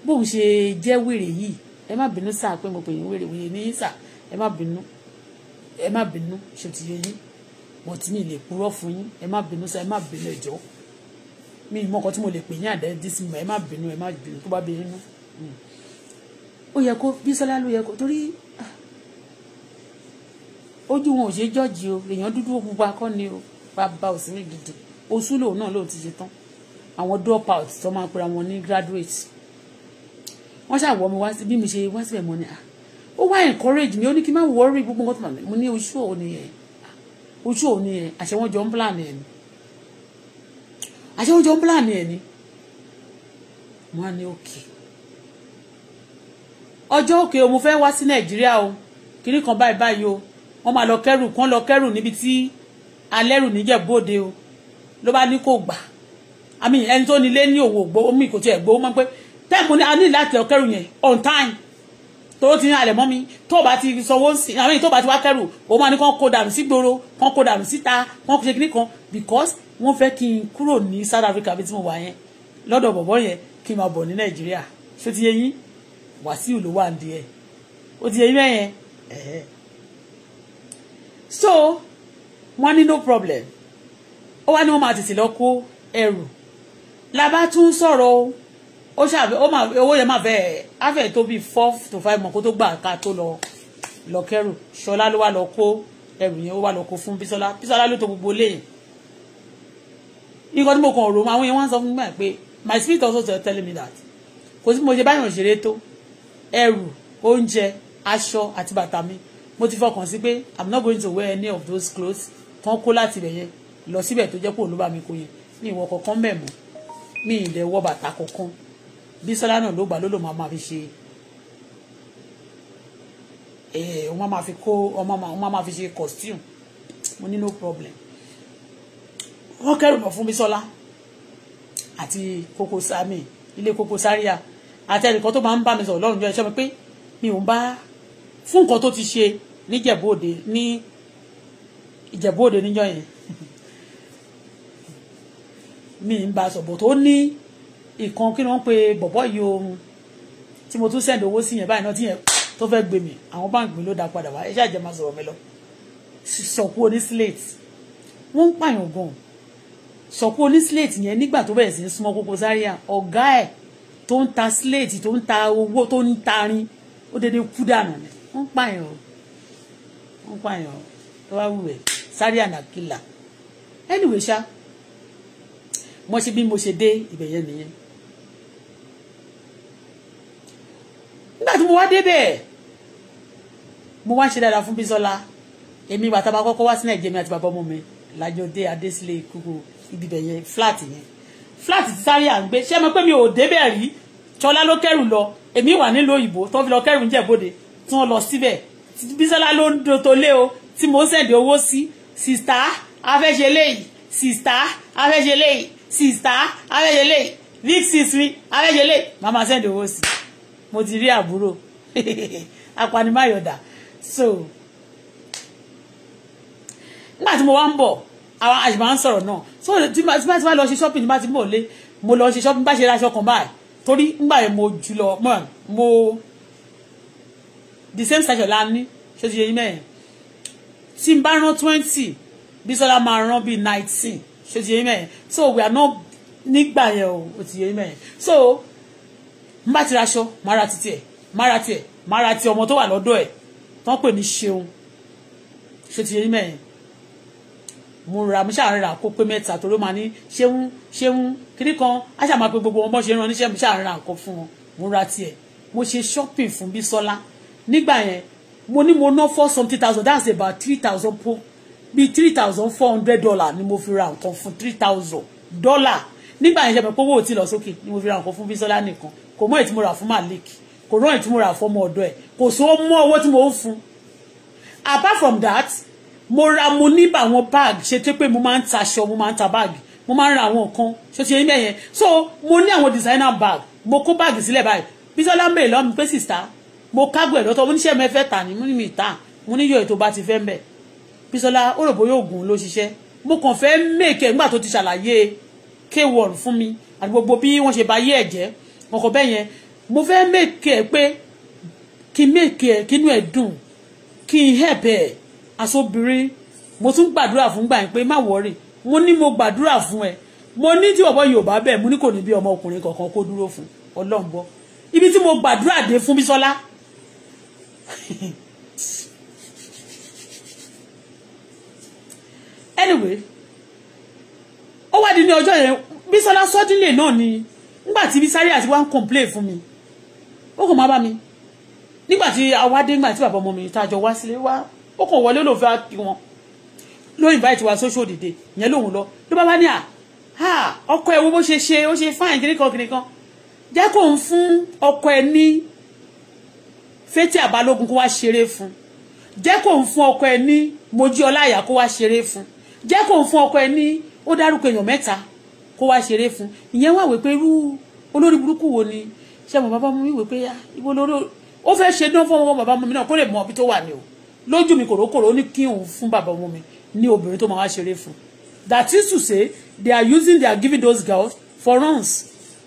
bóun ṣe jẹ́ wèrè yìí ẹ má bínú sáà pé mo pè yín wèrè wèrè ní sà ẹ má bínú ẹ má bínú ṣe ti yẹ yín mo ti ní ilé purọ́ fún yín ẹ má bínú sáà ẹ má bínú ẹjọ́ mi ìmọ̀ kan tí mo lè pè yín àdá dísí mọ̀ ẹ má bínú ẹ má bínú tó bá bí yín nú. Hmm. ó yẹ kó bísọ́lá ló yẹ kó torí ah, ojú wọn ò ṣe jọ́ọ̀jì o èèyàn dúdú pupa kọ́ ni o bàbá òsínmi gidi oṣù lòun náà lòun ti ṣe tán àwọn drop out tó máa pera wọn ní graduate wọ́n ṣàwọ̀ ọmọ wá sí bí mi ṣe wá síbẹ̀ mọ́ ni à ó wá encourage mi ó ní kí n má worry gbogbo nǹkan tó máa mo ní oṣù òní yẹn oṣù òní yẹn àṣẹ wọn ń plan ẹ̀ ni àṣẹ wọn jọ ń plan ẹ̀ ni mo á ní òkè ọjọ́ òkè o mo fẹ́ wá sí nàìjíríà o kiri kan báyìí báyìí o wọ́n máa lọ kẹ́rù kán lọ kẹ́rù níbi tí alẹ́rù níjẹ̀bóde o ló bá ní kò gbà àmì ẹni tó nílé ní òwò gbó omi kò tiẹ̀ gbó máa ń tẹ́ẹ̀mù ni a ní láti lọ kẹ́rù yẹn on time tó ti ní alẹ̀ mọ́ mi tó bá ti sanwó sí àwọn èyí tó bá ti wá kẹ́rù ó máa ní kán kó dànù sí gbòòrò kán kó dànù síta kán ṣe kíní kan because wọ́n fẹ́ kí n kúrò ní South Africa bí tí mo wà yẹn lọ́dọ̀ bọ̀bọ̀ yẹn kí n máa bọ̀ ní Nàìjíríà ṣé ti yé yín Wàsíù ló wà ń di ẹ̀ ó ti yé yín mẹ́yẹn so wọ́n ní no problem ó wá ní wọ́n máa tètè lọ kó ẹrù làbá tún sọ̀rọ̀ o ó ṣàbẹ ó máa owó yẹn máa fẹ́ àfẹ́ tó bíi four to five mọ kó tó gbà ká tó lọ lọ kẹrù ṣọlá ló wà lọ kó ẹrù yẹn ó wà lọ kó fún bísọ́lá bísọ́lá ló tó gbogbo léyìn nǹkan tí mo kàn rò mọ àwọn yẹn wọ́n sọ fún mi pé my spirit also tell tell me that kò sí mo ṣe báyọ̀ ṣeré tó ẹrù oúnjẹ aṣọ àti bàtà mi mo ti fọkàn sí pé i'm not going to wear any of those clothes tán kó láti ibẹ̀ yẹn lọ síbẹ̀ tó jẹ́ pé òun ló bá mi kó yẹn mi ìwọ kankan mẹ́mọ́ mi ìdẹ̀wọ́ bàtà kankan bísọ́lá náà ló gbà ló lò máa fi ṣe ọmọ máa fi kó ọmọ máa fi ṣe costume mo ní no problem wọ́n kẹ́rù bọ̀ fún bísọ́lá àti kókó sami ilé kókó sáríà àti ẹnìkan tó máa ń bá mi sọ̀rọ̀ lọ́rùn jọ ẹ̀ṣọ́ mi pé mi ò ń bá fún nǹkan tó ti ṣe níjẹ̀bóde ní ìjẹ̀bóde níjọ́ yẹn mi ń bá sọ̀bọ̀ tó ní ìkan kí ni wọ́n pe bọ̀bọ́ yìí ohun tí mo tún send owó sí yẹn báyìí náà tí yẹn tó fẹ́ gbé mi àwọn báńkì mi ló dá padà wá ẹ ṣáà jẹ́ máa sọ̀rọ̀ mi lọ sọ̀kú oní slate wọ́n ń pààyàn gan sọ̀kú oní yẹn nígbà tó bẹ̀rẹ̀ sí ń súnmọ́ Koko Zaria ọ̀gá ẹ̀ tó ń ta slate tó ń ta owó tó ń tarin ó dédé kú dànù ni wọ́n pààyàn wọ́n pààyàn tó bá wù ẹ̀ Zaria nàkìlà anyway ṣá mo ṣe bí mo ṣe dé ibẹ̀ nìyẹn. nígbà tí mo wá débẹ̀ mo wá ń ṣe dáadáa fún Bísọ́lá èmi bàtà bá kọ́kọ́ wá sí Nàìjíríà àti bàbá ọmọ mi lájọ dé adésílẹ kúkú ibibẹ yẹn flat yẹn flat ti sáré à ń gbé ṣé ẹ pé mi ò débẹ̀ rí Ṣọlá ló kẹrù lọ èmi wà nílùú òyìnbó tó fi lọ kẹrù ń jẹ̀bọ́dé tí wọ́n lọ síbẹ̀ Bísọ́lá ló ń do tó lé o tí mo ń sẹ̀dẹ̀ owó sí sista afẹ́ṣe léyìí sista afẹ́ṣe léyìí sista afẹ́ṣe léyìí vic six afẹ́ṣe léyìí màmá sẹ̀dẹ̀ owó sí mo ti rí àbúrò apanimáyọ̀dà so nígbà tí mo wá ń bọ̀ àwọn àṣìbá ń sọ̀rọ̀ náà so tí bá ti bá lọ ṣe shopping tí bá ti mọ̀ lé mo lọ ṣe shopping bá ṣe ra aṣọ kan báyìí torí nígbà yẹn mo jù lọ mo the same station la ní ṣé ti yẹ yín mẹ́rin tí n bá rán twenty Bísọ́lá máa rán bíi nineteen ṣé ti yẹ yín mẹ́rin so we are not nígbà yẹn o ti yẹ yín mẹ́rin so n bá ti ra aṣọ má ra ti tiẹ̀ má ra tiẹ̀ má ra ti ọmọ tó wà lọ́dọ̀ ẹ̀ tó ń pè ní ṣeun ṣe ti yẹn mẹ́yìn mo ra mo ṣáà ra kó pé mẹ́ta torí ó máa ní ṣeun ṣeun kiri kan á ṣáà máa gbogbo wọn bọ́ ṣe ń níṣẹ́ mo ṣáà ra nǹkan fún wọn mo ra tiẹ̀ mo ṣe shopping fún Bísọ́lá nígbà yẹn mo ní mo ná four something thousand that's about three thousand po bíi three thousand four hundred dollar ni mo fi ra nǹkan fún three thousand dollar nígbà yẹn ṣe pé owó ò tí lọ sókè ni mo fi ra nǹkan fún Bísọ́lá nìkan kò mọ èyí tí mo rà fún Malik kò rán èyí tí fún ọmọ ọ̀dọ̀ ẹ̀ kò sí mọ owó tí mo ń fún apart from that mo ra mo ní àwọn báàgì ṣe tó pé mo máa ń ta aṣọ mo máa ń ta báàgì mo máa ń ra àwọn nǹkan ṣe ti yẹn yẹn so mo ní àwọn designer bag mo kó báàgì sílẹ̀ báyìí bísọ́lá ń bèèrè lọ́mí pé sista mo kágbó ẹ̀ lọ́tọ̀ oníṣẹ́ mẹ́fẹ́ tà ní mímì ìta mo ní yọ ètò bá ti fẹ́ ń bẹ̀ bísọ́lá ó rò bóyá oògùn ló ṣiṣẹ́ mo kàn fẹ́ mèkẹ́ nígbà tó ti ṣàlàyé k1 fún mi àti gbogbo bí wọ́n ṣe bá yé ẹ̀jẹ̀ ọkọ̀ bẹ́ẹ̀ yẹn mo fẹ́ mèkì ẹ pé kí n mèkì ẹ kínú ẹ dùn kí n help ẹ asobìnrin mo tún gbàdúrà fún gbà yín pé má wọrí mo ní mo gbàdúrà fún ẹ mo ní tí ọ̀bọ Yorùbá bẹ́ẹ̀ mo ní kò ní bí ọmọ ọkùnrin kankan kó dúró fún ọlọ́mbọ ibi tí mo gbàdúrà dé fún Bísọ́lá anyway ó wá di ní ọjọ́ yẹn Bísọ́lá sọ́dínlẹ̀ náà ni nígbà tí Bísárì àti wá ń complain fún mi ó kò má bá mi nígbà tí àwa dé nígbà tí bàbá ọmọ mi tàjọ wá sílé wá ó kàn wọlé ló kí wọn ló invite wa social dìde ìyẹn lòun lọ ló bá bá ní à ha ọkọ ẹ wo bó ṣe ṣe ó ṣe fáìn kìnìkan kìnìkan jẹ́ kó ń fún ọkọ ẹ ní fétí àbálógun kó wá ṣeré fún jẹ́ kó ń fún ọkọ ẹ ní mojí ọláyà kó wá ṣeré fún jẹ́ kó ń fún ọkọ ẹ ní ó dárúkọ èèyàn mẹ́ta kó wá ṣeré fún ìyẹn wà wípé irú olórí burúkú wo ni ṣé mo bàbá mi wípé ah, ibo lórí ó fẹ́ ṣe dán fún ọmọ bàbá mi náà kó lè mọ ibi tó wà ní o lójú mi kòrókòró ní kí òun fún bàbá ọmọ mi ní obìnrin tó máa wá ṣeré fún that is to say they are using they are giving those girls for runs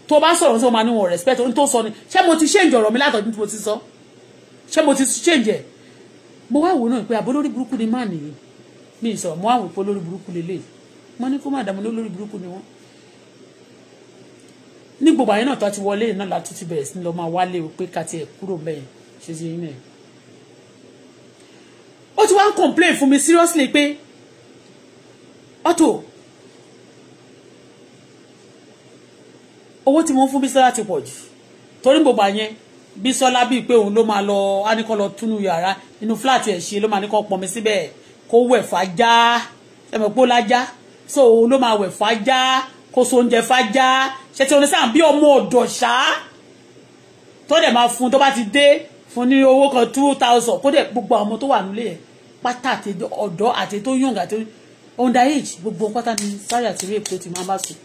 tó bá sọ̀rọ̀ sí ọmọ ní wọn respect ohun tó sọ ni ṣé mo ti change ọ̀rọ̀ mi látọ̀dún tí mo ti sọ ṣé mo ti change ẹ̀ mo wá wò náà pé àbó lórí burúkú ni má nìyí mi sọ mo wá wò pé olórí burúkú lélẹ̀ mo ní kó má dàmú lórí burúkú ni wọ́n ní gbogbo àyè náà tó ti wọlé náà látún ti bẹ̀rẹ̀ sí ni lọ́ọ́ máa wálé o pé ká tiẹ̀ kúrò mẹ́yìn ṣe ti yín mẹ́yìn. ó ti wá ń complain fún mi seriously pé Auto owó tí mo ń fún Bísọ́lá ti pọ̀ jù torí gbogbo àyẹn Bísọ́lá bíi pé òun ló máa lọ áníkọ́ lọ túnú yàrá inú fúláàtì ẹ̀ ṣe ló máa ní pọnmi síbẹ̀ kó wẹ̀ fàájá ẹ̀mẹ̀pọ̀ lájá so òun ló máa wẹ̀ fàájá kó so oúnjẹ fájá ṣe ti onísàn bí ọmọ ọ̀dọ̀ ṣá tó dẹ̀ máa fún tó bá ti dé fún ní owó kan two thousand kó dẹ̀ gbogbo àwọn ọmọ tó wà nílé yẹn pátá àti ọ̀dọ́ àti tó yùn àti under age gbogbo pátá ni Zaria ti rape tó ti máa bá sùn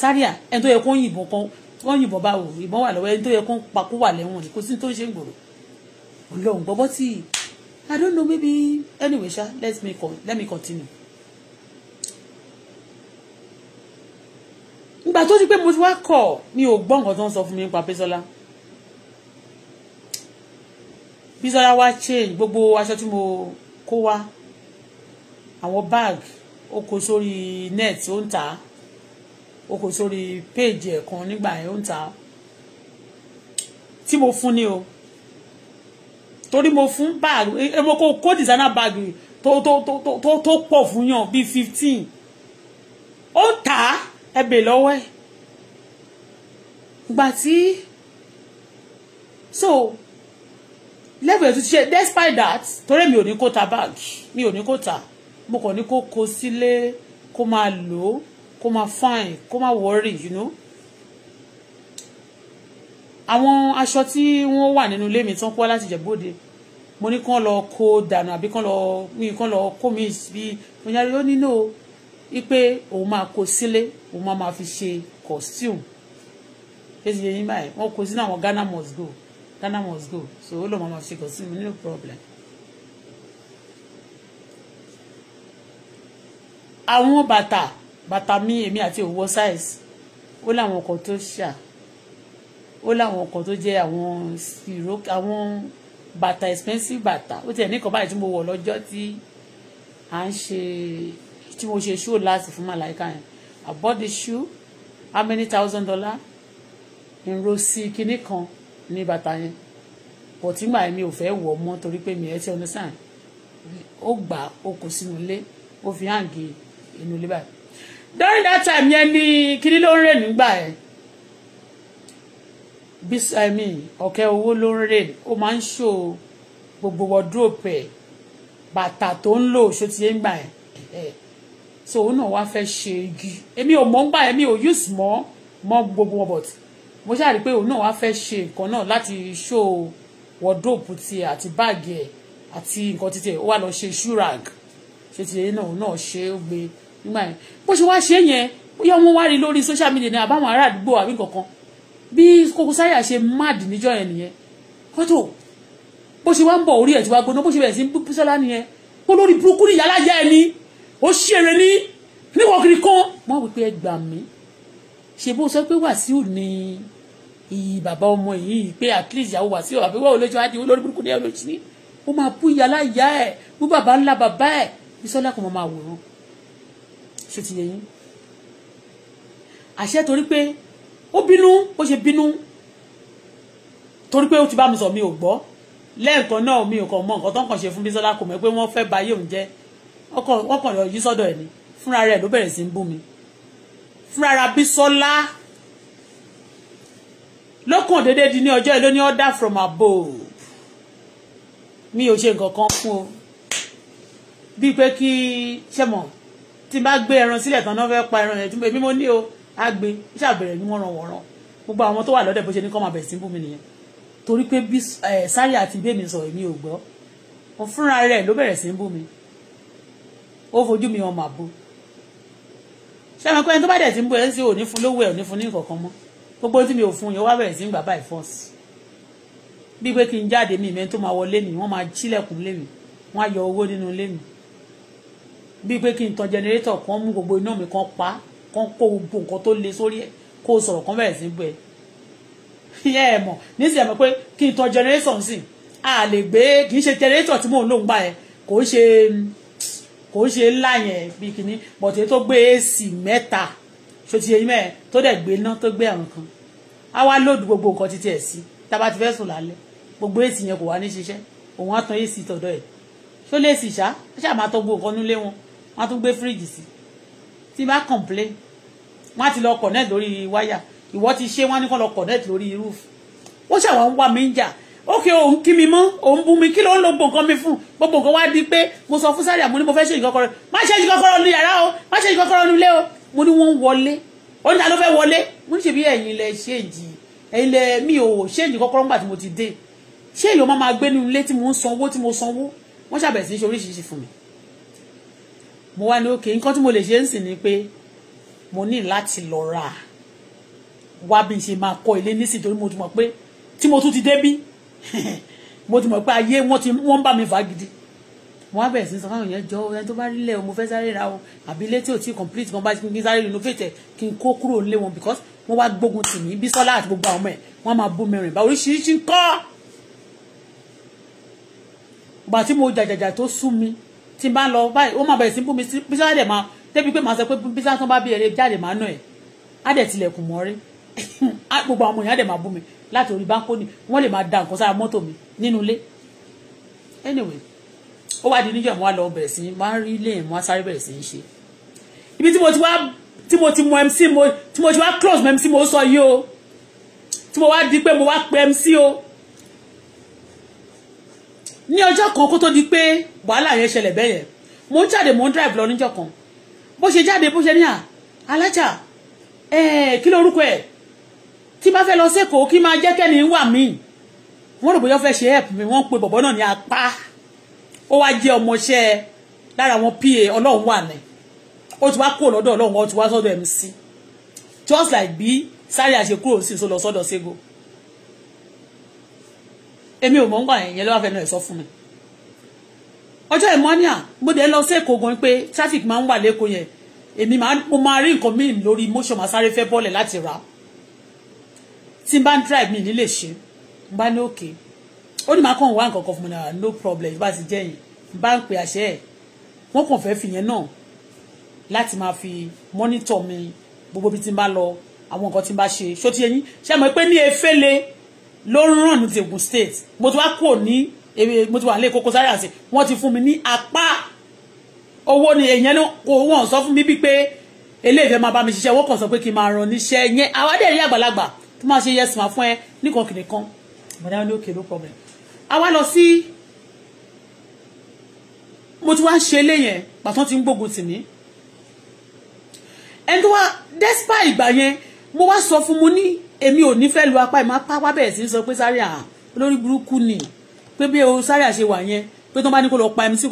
Zaria ẹni tó yẹ kó yìnbọn kan wọ́n yìnbọn bá ìbọn wà lọ́wọ́ ẹni tó yẹ kó pakú wà lẹ́wọ̀n ni kò sí tó ń ṣe ń gbòòrò ọlọ́run gbọ́bọ́ tí I don't know maybe anyway sha, let me let me continue. ìgbà tó di pé mo ti wá kọ̀ mi ò gbọ́ nǹkan tó ń sọ fún mi nípa Bísọ́lá Bísọ́lá wá change gbogbo aṣọ tí mo kó wá àwọn bag ó kó sórí net ó ń tà á ó kó sórí page ẹ̀kan nígbà yẹn ó ń tà á tí mo fún ni o torí mo fún bag eh, mo kó kó designer bag tó tó tó tó tó pọ̀ fún yàn bíi fifteen ó ń tà á ẹ bè lọ́wọ́ ẹ̀ tí so Level tó ti ṣe despite that torí mi ò ní kó ta báàgì mi ò ní kó ta mo kàn ní kó kó sílé kó máa lò ó kó máa fine kó máa worry you know àwọn aṣọ tí wọ́n wà nínú ilé mi tán kó wá láti jẹ̀bóde mo ní kán lọ kó dànù àbí kán lọ mi kán lọ kó mi bí mo yára ó nílò ipe òun máa kó sílé òun máa máa fi ṣe costume kéde yẹn báyìí wọn kó sínú àwọn Ghana must go Ghana must go so ó lọ máa máa fi ṣe costume no problem. àwọn bàtà bàtà mi èmi àti òwò size ó láwọn kan tó ṣà ó láwọn kan tó jẹ́ àwọn ìró àwọn bàtà expensive bàtà ó tiẹ̀ ní kan báyìí tí mo wọ̀ lọ́jọ́ tí à ń ṣe tí mo ṣe show láti fún màláìka yẹn I bought the shoe how many thousand dollar nro sí kinní kan ní bàtà yẹn but ìgbà mi ò fẹ́ wọ̀ mọ́ torí pé mi ẹ ti understand ó gbà ó kò sínú ilé ó fi hàn gé inú ilé báyìí during that time yẹn ni kinní ló ń rè nígbà yẹn bis i mean ọ̀kẹ́ owó ló ń rè ó máa ń ṣò gbogbo wardrobe ẹ̀ bàtà tó ń lò ṣó ti yé gbà ẹ̀ so òun náà wá fẹ́ ṣe igi èmi ò mọ̀ ń gbà èmi ò use mọ́ mọ́ gbogbo wọn but mo ṣáà rí i pé òun náà wá fẹ́ ṣe nǹkan náà láti ṣó wọ́dọ̀pù tiẹ̀ àti báàgì ẹ̀ àti nǹkan títí ẹ̀ ó wà lọ ṣe ṣúrag ṣe ti ẹ̀yìn náà òun náà ṣe é gbé nígbà yẹn bó ṣe wá ṣe yẹn bóyá wọ́n wá rí lórí social media ní àbáwọn ará àdúgbò àbí kankan bí Koko Zaria ṣe mad níjọ́ yẹn nìyẹn kótó oh, bó ṣe wá ń bọ̀ orí ẹ̀ ti wá gbóná bó ṣe bẹ̀rẹ̀ sí bísọ́lá nìyẹn kó lórí burúkú nìyá alájà ẹni ó ṣí èrè ní níwọ̀n kiri kan wọ́n wí pé ẹ gbà mí ṣe bó sọ pé Wàsíù ni iyì bàbá ọmọ yìí pé at least ìyàwó Wàsíù àbí wọ́n ò lè jọ á di olórí burúkú ní ẹlòmíràn ní ó máa bú ìyá láyà ẹ̀ bú bàbá ńlá bàbá ẹ̀ Bísọ́lá kò mọ̀ máa wòran ṣe ti yẹyìn àṣẹ torí pé ó bínú ó ṣe bínú torí pé ó ti bá mi sọ mi ò gbọ́ lẹ́ẹ̀kan náà mi ò kàn mọ nǹkan tó ń kàn ṣe fún Bísọ́lá kò mọ̀ pé wọ́n fẹ́ báyé òun jẹ́ wọ́n kàn yọjú sọ́dọ̀ ẹ̀ ni fúnra rẹ̀ ló bẹ̀rẹ̀ sí ń bú mi fúnra ra Bísọ́lá lókùn dédé di ní ọjọ́ ìlú ní order from above mi ò ṣe nǹkan kan fún o bíi pé kí ṣẹ́mọ̀ tí n bá gbé ẹran sílẹ̀ tán náà fẹ́ pa ẹran yẹn tún pé mímọ́ ní o á gbé ṣàbẹ̀rẹ̀ ní wọ́n ran wọ̀ràn gbogbo àwọn tó wà lọ́dẹ̀ bó ṣe ní kọ́ máa bẹ̀rẹ̀ sí bú mi nìyẹn torí pé bí eh, Sárì àti ibèmí sọ̀rọ̀ mi ò gbọ́ òun rẹ̀ ló bẹ̀rẹ̀ sí bú mi ó fojú mi hàn màbo ṣé àwọn akọ́yẹn tó bá dẹ̀ ti ń bọ ẹ̀ ń sè òní fún lówó ẹ̀ òní fún ní nǹkan mọ́ gbogbo tí mi ò fún yẹn wá bẹ̀rẹ̀ sí ń gbà báyìí fọ́ọ̀sì bí pé kí n jáde mi ìmẹ́ni tó máa wọlé mi wọ́n máa ṣílẹ̀kùn lé mi wọ́n á yọ owó nínú ilé mi bí pé kí n tan jẹnẹrétọ̀ kan mú gbogbo iná mi kan pa kan kó gbogbo nǹkan tó le sórí ẹ̀ kó o sọ̀rọ̀ kan bẹ̀rẹ̀ sí ń bọ ẹ̀ yẹ ẹ mọ̀ nísìnyẹ mọ̀ pé kí n tan jẹnẹrétọ̀ sí a lè gbé kì í ṣe jẹnẹrétọ̀ tí mò ń lò ń gbà ẹ̀ kò ń ṣe kò ń ṣe ńlá yẹn bí kìíní bọ̀tẹ́ tó gbé èsì mẹ́ta ṣó ti yẹyìn mẹ́ẹ̀ tó dẹ̀ gbé iná tó gbé àrùn kan á wá lòdù gbogbo nǹkan títí ẹ̀ sí tába ti fẹ́ sùn lálẹ́ gbogbo èsì yẹn kò wá ní ṣiṣẹ́ òun á tan èsì tọ̀dọ̀ ẹ̀ ṣó lè sì ṣá ó ṣàmà tó gbogbo nǹkan nílé wọn wọn á tún gbé fíríjì sí tí bá complain wọn á ti lọ connect lórí wáyà ìwọ ti ṣe wọn á ní kọ́ lọ connect lórí roof ó ṣàwọn wà mí ń jà ókè òun kí mi mọ́ òun bú mi kí ló ń lo gbogbo mi fún gbogbo nǹkan wá di pé mo sọ fún Saria mo mo fẹ́ ṣèjì kọ́kọ́rọ́ má ṣèjì kọ́kọ́rọ́ ní yàrá o má ṣèjì kọ́kọ́rọ́ ní ilé o mo ní wọ́n wọlé ó ní ta ló fẹ́ wọlé mo ní ṣèbí ẹ̀yin lẹ ṣèjì ẹ̀yin lẹ mi ò ṣèjì kọ́kọ́rọ́ ńgbà tí mo ti dé ṣé èèyàn máa gbé nínú ilé tí mo ń sanwó tí mo sanwó wọ́n ṣàbẹ̀sí ní ṣe oríṣiríṣi fún mi mo wá ní òkè nǹkan tí mo lè ṣe ń sìn ni pé mo ní láti lọ ra wá bí n ṣe máa kọ́ ilé nísìnyí torí mo ti mọ̀ pé tí mo tún ti débí mo ti mọ̀ pé ayé wọ́n ti wọ́n bá mi fà gidi wọ́n á bẹ̀rẹ̀ sí sọ káwọn yẹn jọ ẹni tó bá rí lẹ̀ o mo fẹ́ sáré ra o àbí ilé tí ò tí complete kan bá ti kí n sáré renovate kí n kó kúrò lé wọn because wọ́n wá gbógun tì mí bí sọ́lá àti gbogbo àwọn ọmọ ẹ̀ wọ́n máa bú mẹ́rin bá oríṣiríṣi ń kọ́ gbà tí mo jàjàjà tó sú mi tí n bá lọ báyìí ó máa bẹ̀rẹ̀ sí bú mi sí bí sáré dẹ̀ máa débi pé màá sọ pé bí sáré tó bá bí ẹrẹ jáde màá nà ẹ̀ á dẹ̀ tilẹ̀kùn mọ́rí gbogbo àwọn ọmọ yẹn á dẹ̀ máa bú mi láti orí báńkónì wọ́n lè máa da nǹkan sára mọ́tò mi nínú ilé anyway ó wá di níjọ́ ìmọ̀ àlọ́ bẹ̀rẹ̀ sí máa ń rí ilé ìmọ̀ sáré bẹ̀rẹ̀ sí í ṣe ibi tí mo ti wá tí mo ti mọ mc mo tí mo ti wá close mọ mc mo sọ yìí o tí mo wá di pé mo wá pe mc o ní ọjọ́ kan kó tó di pé wàhálà yẹn ṣẹlẹ̀ bẹ́ẹ̀ yẹn mo ń jáde mo ń drive lọ níjọ́ kan bó ṣe jáde bó ṣe ní à alájà ẹ̀ẹ́ kí lórúkọ ẹ̀ tí bá fẹ́ lọ sẹ́kọ̀ọ́ kí máa jẹ́ kẹ́ni wà mí wọ́n rò bóyá fẹ́ ṣe help mi wọ́n pe bọ̀bọ́ náà ní apá ó wá jẹ́ ọmọọṣẹ́ lára àwọn pa ọlọ́run wà ní ó ti wá kúrò lọ́dọ̀ ọlọ́run ó ti wá sọ́dọ̀ mc just like bí sáré àṣẹ kúrò sí ìṣó lọ sọ́dọ̀ ségo èmi ò mọ̀ ń gbà yẹn lọ́wọ́ fẹ́ẹ́ náà sọ fún mi ọjọ́ ìmọ́níà mo dẹ̀ lọ sẹ́kọ̀ọ́ gan pé traffic máa ń wà lẹ́kọ̀ọ́ yẹn èmi mo máa rí nǹkan míì lórí motion máa sáré fẹ́ bọ́ọ̀lẹ̀ láti rà á tí n bá ń drive mi nílé ṣe n bá ní òkè ó ní máa kàn wá nǹkan kan fún mi náà no problem bá ti jẹ́ yìí n bá ń pè àṣẹ ẹ̀ wọ́n kàn fẹ́ fìyẹn náà láti máa fi mọ́nítọ̀ mi gbogbo bí ti n bá lọ àwọn nǹkan tí n bá ṣe ṣó ti yẹn ṣe mọ̀ pé ní efele ló ń ràn ní Ògùn state mo ti wá kò ní mo ti wà nílé Koko Zaria sí wọ́n ti fún mi ní apá owó ni èèyàn náà kò wọ́n sọ fún mi bí pé eléyìí fẹ́ máa bá mi ṣiṣẹ́ wọ́n kàn sọ pé kí n máa ràn níṣẹ́ yẹn àwádẹ́rẹ́ àgbàlagbà tó máa ṣe yes ma fún ẹ nìkan kìnì kan bàdá ní òkè no problem a wá lọ sí mo ti wá ń ṣe eléyẹn pàtó ti ń gbógun tì mí ẹni tó wá despite ìgbà yẹn mo wá sọ fún mo ní èmi ò ní fẹ́ lu apá ìmọ̀ apá wá bẹ̀rẹ̀ sí sọ pé sáré à olórí burúkú ni pé bí o sáré àṣe wà yẹn pé tó bá ní kó lọ pa ẹ̀mí sí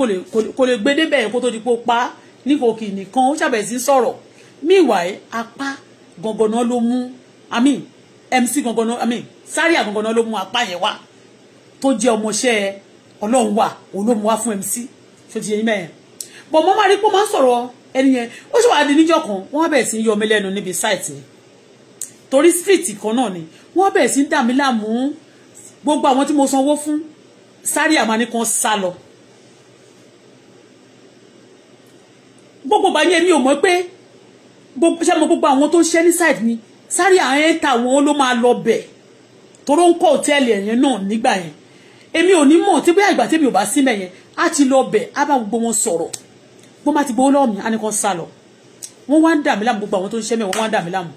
kò lè gbé débẹ̀ yẹn kó tó di pé ó pa á ní kò kì nìkan ó ṣàbẹ̀ sí sọ̀rọ̀ míwàá apá gangan náà ló mú àmì mc gangan náà i mean sáré àgangan náà ló mú apá yẹn wá tó jẹ́ ọmọọṣẹ́ ọlọ́run wà òun wá fún mc ṣó ti yẹ yín mẹ́yẹn bọ̀ mọ́ máa rí pé ó máa ń sọ̀rọ̀ ẹni yẹn ó ṣe wà ní níjọ́ kan wọ́n bẹ̀rẹ̀ sí yọ mí lẹ́nu níbi sáìtì torí street kan náà ni wọ́n bẹ̀rẹ̀ sí dà mí láàmú gbogbo àwọn tí mo sanwó fún sáré àmàní kan sá lọ gbogbo bá yẹn mi ò mọ̀ pé ṣé mo gbogbo àwọn tó ń ṣẹ́ ní sáìtì ni sáré àyẹ́ńtà wọn ló máa lọ bẹ̀ toró ń kọ́ òtẹ́ẹ̀lì ẹ̀yẹn náà nígbà yẹn èmi ò ní mọ̀ tí bóyá ìgbà tèmi ò bá sí mẹ́yẹn á ti lọ bẹ̀ á bá gbogbo wọn sọ̀rọ̀ bó má ti gbowó lọ́wọ́ mi á ní kan sá lọ wọ́n wá ń dà mí láàmú gbogbo àwọn tó ń ṣẹ́ mẹ́wọ́n wá ń dà mí láàmú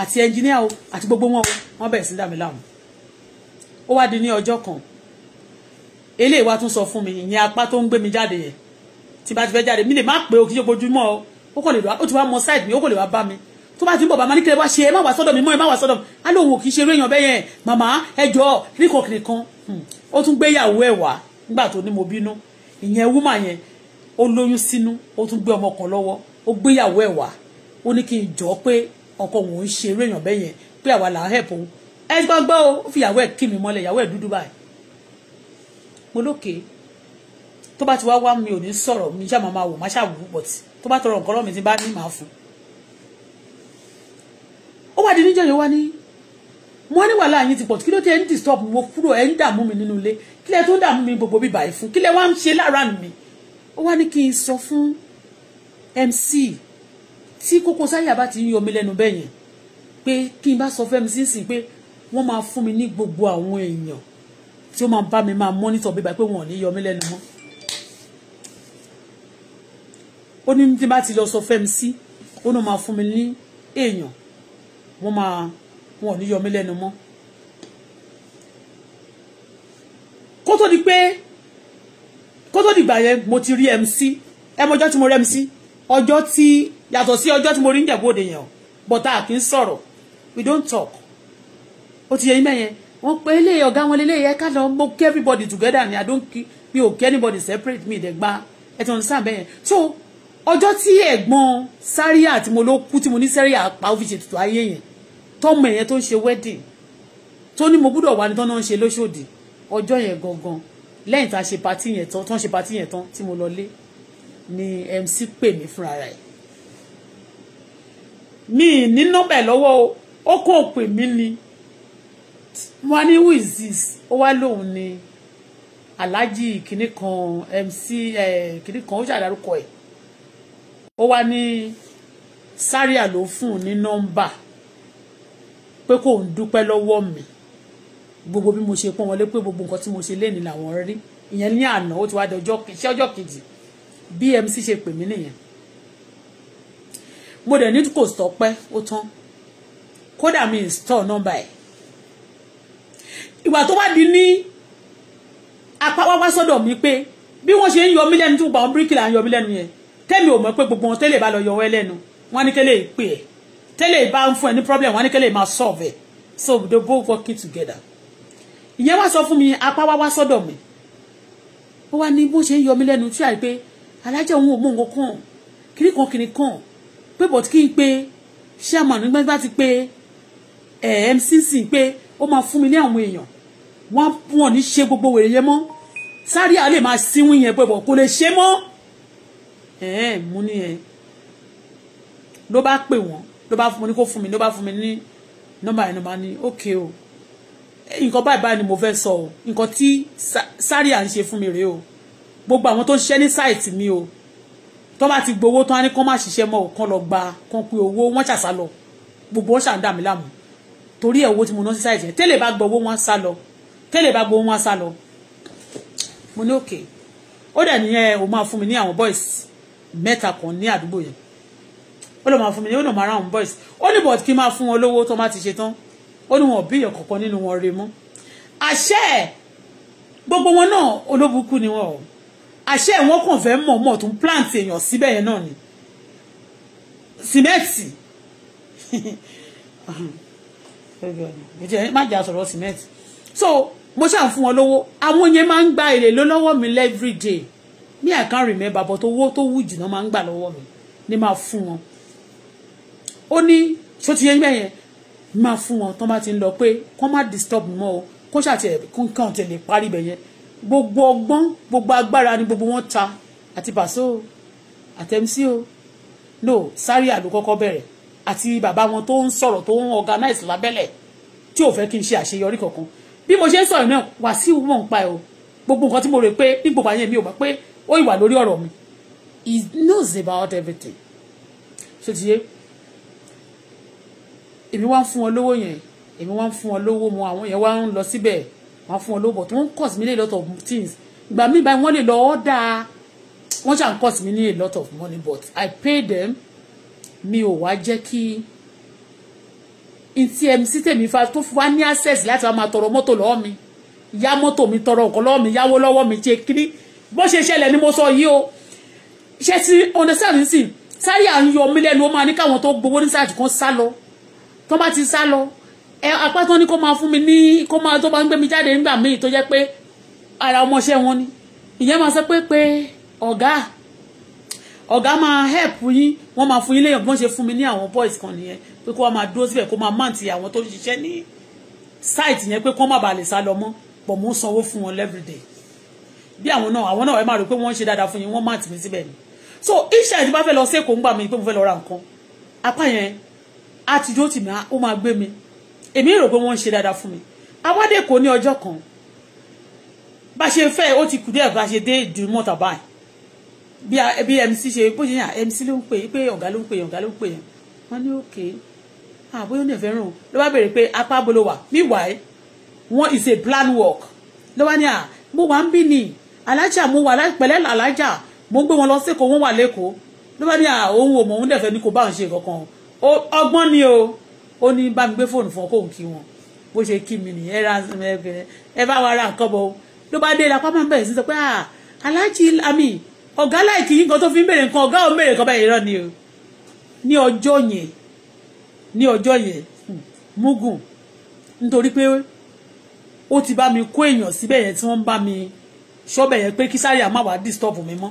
àti ẹnjiníà o àti gbogbo wọn o wọ́n bẹ̀rẹ̀ sí dà mí láàmú ó wá di ní ọjọ́ kan eléyìí wá tún sọ fún mi ìyẹn apá tó ń gbé mi jáde yẹn tí bá ti fẹ́ jáde mi lè má pé o kí ṣe gbojúmọ́ o ó kò lè wá ó ti wá mọ sáìdì mi ó kò lè wá bá mi tó bá ti ń bọ̀ bàmá ní kílẹ̀ wá ṣe ẹ má wá sọ́dọ̀ mi mọ́ ẹ má wá sọ́dọ̀ mi á lóun ò kì í ṣe eré èèyàn bẹ́yẹn màmá ẹjọ́ ríkọ̀kìnì kan hmm. ó tún gbéyàwó ẹ̀ wá nígbà tó ní mo bínú ìyẹn wúmà yẹn ó lóyún sínú ó tún gbé ọmọ kan lọ́wọ́ ó gbéyàwó ẹ̀ wá ó ní kí n jọ pé ọkọ òun ń ṣe eré èèyàn bẹ́yẹn pé àwa là ń hẹ̀p tó bá ti wá wá mi ò ní sọ̀rọ̀ mi ṣáà máa wò má ṣáà wò ó pọ̀ tí tó bá tọrọ nǹkan lọ́mìí tí bá ní màá fún un ó wá di níjọ́ yẹn wá ní mo ní wàhálà yín ti pọ̀ kí ló tẹ́ ẹ ń disturb mo kúrò ẹ ń dààmú mi nínú ilé kí lẹ tó ń dààmú mi gbogbo bíbà ẹ fún kí lẹ wá ń ṣe lára mi ó wá ní kí n sọ fún MC tí Koko Zaria bá ti ń yọmi lẹ́nu bẹ́ẹ̀ yẹn pé kí n bá sọ fẹ́ mi sínsìn pé wọ́n máa fún mi ní gbogbo àwọn èèyàn tí ó máa bá mi máa mọ́nítọ̀ bíbá pé wọ́n ò ní yọmi lẹ́nu mọ́ ó ní tí bá ti lọ sọ fẹ́ mi ó ní wọ́n máa wọn ò ní yọ mí lẹ́nu mọ́ kó tó di pé kó tó dìgbà yẹn mo ti rí MC ẹ mọjọ́ tí mo rí MC ọjọ́ tí yàtọ̀ sí ọjọ́ tí mo rí ń jẹ̀bú òde yẹn o but a kì í sọ̀rọ̀ we don't talk ó ti yẹ yín mẹ́yẹn wọ́n pe eléyìí ọ̀gá wọn eléyìí ẹ ká lọ mo kí everybody together ni i don't mi ò kí anybody separate me dẹ̀ gba ẹ̀ tí wọ́n ń bẹ́yẹn so ọjọ́ tí ẹ̀gbọ́n sáríà tí mo ló kú tí mo ní sáríà pa ó fi ṣe tutù ayé yẹn tọ́mọ yẹn tó ń ṣe wedding tó ní mo gbúdọ̀ wà ní tọ́nà ń ṣe lóṣòdì ọjọ́ yẹn gangan lẹ́yìn tá a ṣe patí yẹn tán tán ṣe patí yẹn tán tí mo lọ lé ni MC pè mí fúnra rẹ̀ mi ní nọ́mbà ẹ̀ lọ́wọ́ ó kàn pè mí ni wọ́n ní who is this ó wá lóun ni alhaji kìnnìkan MC eh, kìnnìkan ó ṣàdárúkọ ẹ̀ ó wá ní Zaria ló fún un ní nọ́mbà pé kò ń dúpẹ́ lọ́wọ́ mi gbogbo bí mo ṣe pọ́n wọlé pé gbogbo nǹkan tí mo ṣe léèní làwọn rí ìyẹn ní àná ó ti wá di iṣẹ́ ọjọ́ kejì bí MC ṣe pè mí nìyẹn mo dẹ̀ ní kò stọ́pẹ́ ó tán kódà mi ń stọ̀ nọ́mbà ẹ̀ ìgbà tó wá di ní apá wá wá sọ́dọ̀ mi pé bí wọ́n ṣe ń yọ mí lẹ́nu tó gbà wọ́n bíríkìlà ń yọ mí lẹ́nu yẹn tẹ́mi ò mọ̀ pé gbogbo wọn tẹ́lẹ̀ bá lọ yọwọ́ ẹlẹ́nu wọn ní kẹ́lẹ́ ìpè ẹ̀ tẹ́lẹ̀ bá ń fún ẹ ní problem wọn ní kẹ́lẹ̀ máa solve ẹ̀ so they both working together ìyẹn wá sọ fún mi apá wá wá sọ́dọ̀ mi ó wá ní bó ṣe ń yọ mí lẹ́nu tí àì pé alájẹ́ òun ò mú nǹkan kan kiri kan kiri kan pé bọ̀t kí n pé chairman nígbà tí bá ti pé eh, mcc pé ó máa fún mi ní àwọn èèyàn wọn wọn ní ṣe gbogbo wèrè yẹn mọ́ sáré àlè máa síwìn yẹn pé bọ̀ kò lè ṣe mọ́ ẹ̀ẹ́ mú ní ẹ̀ ló bá pè wọ́n ló bá fún mi ní kó fún mi ló bá fún mi ní nọ́mbà yẹn ló bá ní ókè o nǹkan báyìí báyìí ni mo fẹ́ sọ o nǹkan tí sáré à ń ṣe fún mi rèé o gbogbo àwọn tó ń ṣiṣẹ́ ní sáìtì mi o tó bá ti gbowó tán á ní kán má ṣiṣẹ́ mọ́ kán lọ gba kán pé owó wọ́n ṣàṣà lọ gbogbo wọn ṣàǹdà mi láàmú torí ẹ̀ owó tí mo ná sí sáìtì yẹn tẹ́lẹ̀ bá gbowó wọn sá lọ tẹ́lẹ̀ bá gbowó wọn sá lọ mo ní òkè ó dẹ̀ nìyẹn o máa fún mi ní àwọn boys mẹ́ta kan ní àdúgbò yẹn ó lọ máa fún mi ní ó lọ máa ra àwọn boys ó ní bọ̀t kí n máa fún wọn lówó tó má ti ṣe tán ó ní wọn bí èèyàn kọ̀ọ̀kan nínú wọn rè mú àṣẹ gbogbo wọn náà olóbùkún ni wọn o àṣẹ wọn kàn fẹ́ mọ̀ọ́mọ̀ tó ń plant èèyàn síbẹ̀ yẹn náà ni sìmẹ́ǹtì má jà sọ̀rọ̀ sìmẹ́ǹtì so mo ṣáà fún wọn lówó àwọn yẹn máa ń gba èrè lọ́wọ́ mi every day me I can't remember but owó tó wù jù náà máa ń gbà lọ́wọ́ mi ní máa fún wọn ó ní tó ti yẹn bẹ́yẹn máa fún wọn tó bá ti ń lọ pé kó má disturb mọ́ o kó ṣàtì ẹ̀ kó kàn tẹ̀ lè parí ibẹ̀ yẹn gbogbo ọgbọ́n gbogbo agbára ni gbogbo wọn ta àti pàṣẹ o àtẹ̀mísí o no sáré àlò kọ́kọ́ bẹ̀rẹ̀ àti bàbá wọn tó ń sọ̀rọ̀ tó ń organize lábẹ́lẹ̀ tí ò fẹ́ kí n ṣe àṣeyọrí kankan bí mo ṣe ń sọ̀rọ̀ náà wàásù mọ̀ ń pa ẹ̀ o gbogbo nǹkan tí mo rò pé nígbò bá yẹn mi ò mọ̀ pé ó ìwà lórí ọ̀rọ̀ mi he knows about everything ṣé ti yé èmi wá ń fún wọn lówó yẹn èmi wá ń fún wọn lówó mo àwọn yẹn wá ń lọ síbẹ̀ wọ́n fún wọn lówó but wọ́n cost me a lot of things ìgbà mi báyìí wọ́n lè lọ ọ́dà wọ́n ṣàn cost me a lot of money but I pay them mi ò wá jẹ́ kí ntí mc tèmi fa tó fún wa ní access láti wá máa tọrọ mọ́tò lọ́wọ́ mi yá mọ́tò mi tọrọ nǹkan lọ́wọ́ mi yáwó lọ́wọ́ mi jẹ́ kiri bó ṣe ṣẹlẹ̀ ni mo sọ yìí o ṣe ti understand nísìn sáré à ń yọ mí lẹ́nu ó máa ní káwọn tó gbowó ní sáàjì kan sá lọ tó bá ti sá lọ ẹ apá tán ni kó máa fún mi ní kó máa tó bá ń gbé mi jáde nígbà míì tó jẹ́ pé ara ọmọọṣẹ́ wọn ni ìyẹn máa sọ pé pé ọ̀gá ọ̀gá máa help yín wọ́n máa fún yín léèyàn bí wọ́n ṣe fún mi ní àwọn boys kan nìyẹn pé kó wọ́n máa dúró síbẹ̀ kó máa máǹtì àwọn tó ń ṣiṣẹ́ ní site yẹn pé kó má bàa lè sá lọ mọ́ pọ̀ mọ́ sanwó fún wọn everyday bí àwọn náà àwọn náà ẹ máa rò pé wọ́n ṣe dáadáa fún yín wọ́n máa tì síbẹ̀ ni so iṣẹ́ ìdí bá fẹ́ lọ sẹ́kọ̀ọ́ ń gbà mí pé mo fẹ́ lọ ra nǹkan apá yẹn àtijọ́ tì mí ó máa gbé mi èmi rò pé wọ́n ń ṣe dáadáa fún mi awádé kò ní ọjọ́ kan bá ṣe fẹ́ ó ti kù díẹ̀ bá ṣe dé ìdìmọ́ta báyìí bí mc ṣe bó ṣe yàn mc ló ń pè é pé ọ̀gá ló ń pè é ọ̀gá ló ń pè é wọ́n ní òkè àbóyá ní ẹ̀fẹ́ rùn ló bá béèrè pé apá bolo wà meanwhile wọ́n is a plan work ló wá ní à mo wà ń bí nìyí alájà mo wà pẹ̀lẹ́ alájà mo gbé wọn lọ sékòó wọn wà lẹ́kọ̀ọ́ ló bá ní òun ò mọ̀ òun dẹ̀fẹ́ ní kò bá òun ṣe kankan ọgbọ́n ni o ó ní bá mi gbé fóònù fún ọ kóun kí wọn bó ṣe kí mi nìyẹn ẹ bá wa ra nǹkan bọ ló bá dé lápá máa ń bẹ̀rẹ̀ sí sọ pé aláàjì àmì ọ̀gá láìkì yín kan tó fi ń bèrè nǹkan ọ̀gá òun bèrè nǹkan báyìí rán ni o ní ọjọ́ yẹn ní ọjọ́ yẹn Mugun hmm, nítorí pé ó ti bá mi kó èèyàn síbẹ̀ yẹn tí wọ́n ń bá mi ṣọ́bẹ̀ yẹn pé kí Zaria má wàá disturb mi mọ́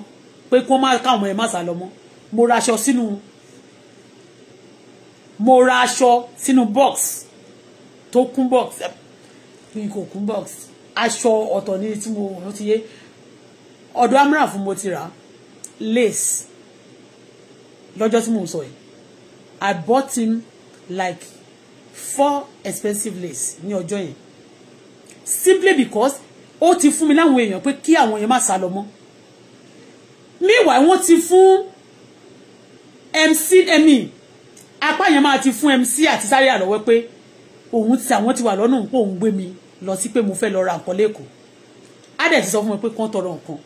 pé kó má káwọn ẹ̀ má sá lọ mọ́ mo ra aṣọ sínú mo ra sínú box tó kún box mi kò kún box aṣọ ọ̀tọ̀ ní tí mo rò ti yé ọ̀dọ̀ amúra fún mo ti rà lace lọ́jọ́ tí mo sọ yìí I bought him like four expensive lace ní ọjọ́ yẹn simply because O ti fún mi láwọn èèyàn pé kí àwọn èèyàn má sá lọ mọ́ meanwhile wọ́n ti fún mc emi apá yẹn máa ti fún mc àti sáré àlọ́wọ́ pé òun ti àwọn ti wà lọ́nà pé òun gbé mi lọ sí pé mo fẹ́ lọ ra nǹkan lẹ́kọ̀ọ́ á dẹ̀ ti sọ fún mi pé kán tọrọ nǹkan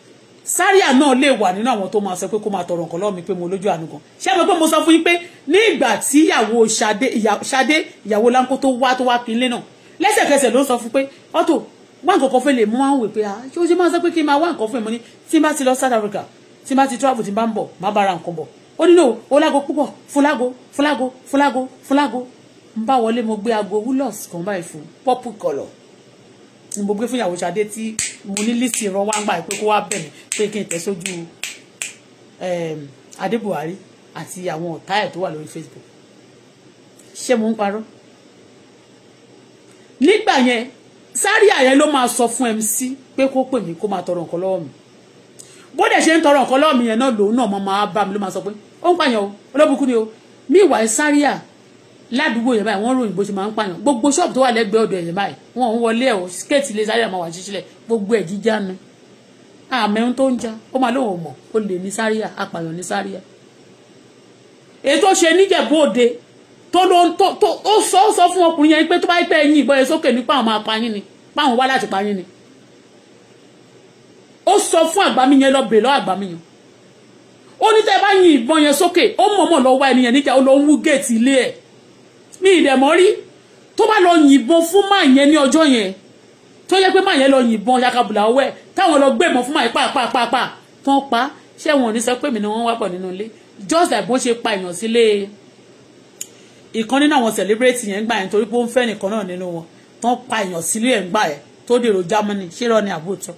sáríà náà lè wà nínú àwọn tó máa sọ pé kó máa tọrọ nǹkan lọ́wọ́ mi pé mo lójú àánú kan ṣé mo pé mo sọ fún yín pé ní ìgbà tí ìyàwó ṣadé ìyàwó láńkó tó wá tó wá kí n lé náà lẹ́sẹ̀kẹsẹ̀ ló sọ fún pé Auto wá nǹkan kan fẹ́ lè mú àwọn wèpè ah, ṣé o ṣe máa sọ pé kí n máa wá nǹkan fún ẹ mo ní tí n bá ti lọ South Africa tí n bá ti travel tí n bá ń bọ̀ má bára nǹkan bọ̀ ó nílò olágo púpọ̀ fúlágo fúlágo fúlágo fúlágo n bá wọlé mo gbé aago wúlọ̀s kan báyìí fún pọ́pù kọlọ̀ ni mo gbé fún ìyàwó Ṣadé tí mo ní lísì ìran wá ń gbà pé kó wá bẹ̀ mí pé kí n tẹ̀ sójú ehm, Adé Buhari àti àwọn ọ̀tá ẹ̀ tó wà lórí Facebook ṣé mo ń parọ́ nígbà yẹn sáré àyẹn ló máa sọ fún MC pé kó pè mí kó máa tọrọ nǹkan lọ́wọ́ mi bó dẹ̀ ṣe ń tọrọ nǹkan lọ́wọ́ mi yẹn náà lòun náà máa bá mi ló máa sọ pé ó ń pààyàn o olóbùkú ni o mí ìwà sáré à ládùúgbò yẹn báyìí wọ́n ròyìn bó ṣe máa ń pààyàn gbogbo ṣọ́ọ̀bù tó wà lẹ́gbẹ̀ẹ́ ọ̀dọ̀ yẹn báyìí wọ́n ń wọlé ẹ̀ o skẹ́ẹ̀tì lè sáré àmọ́ wà ṣíṣílẹ̀ gbogbo ẹ̀ jíjá ni àmẹ́hún tó ń já ó máa lóun ò mọ̀ ó lè ní sáré à apààyàn ní sáré à èyí tó ṣe níjẹ̀bú òde tó ló ń tó tó ó sọ ó sọ fún ọkùnrin yẹn pé tó bá yẹ pé ẹyin ìbọn yẹn sókè ní páwọn máa pa yín ni páwọn wá láti pa yín ni ó sọ fún àgbàmí yẹn lọ bèèrè lọ àgbàmí yẹn ó ní tẹ́ bá yin ìbọn yẹn sókè ó mọ̀mọ́ lọ wá ẹni yẹn níjà ó lọ ń wú géètì ilé ẹ̀ mi ìdẹ̀mọ́ rí tó bá lọ yìnbọn fún máa yẹn ní ọjọ́ yẹn tó yẹ pé máa yẹn lọ yìnbọn yakabula ọwọ́ ẹ̀ táwọn lọ gbẹ̀mọ́ fún máa yẹn pàápàá tán pa ṣé wọn ò ní sọ pé mi ni wọ́n wá pọ̀ nínú ilé just like wọ́n ṣe pa èèyàn sílé ìkan nínú àwọn celebrate yẹn gbà yẹn torí pé ó ń fẹ́ nìkan náà nínú wọn tán pa èèyàn sílé ẹ̀ ń gbà yẹn tó dèrò Germany ṣé rọ ni àbótọ́.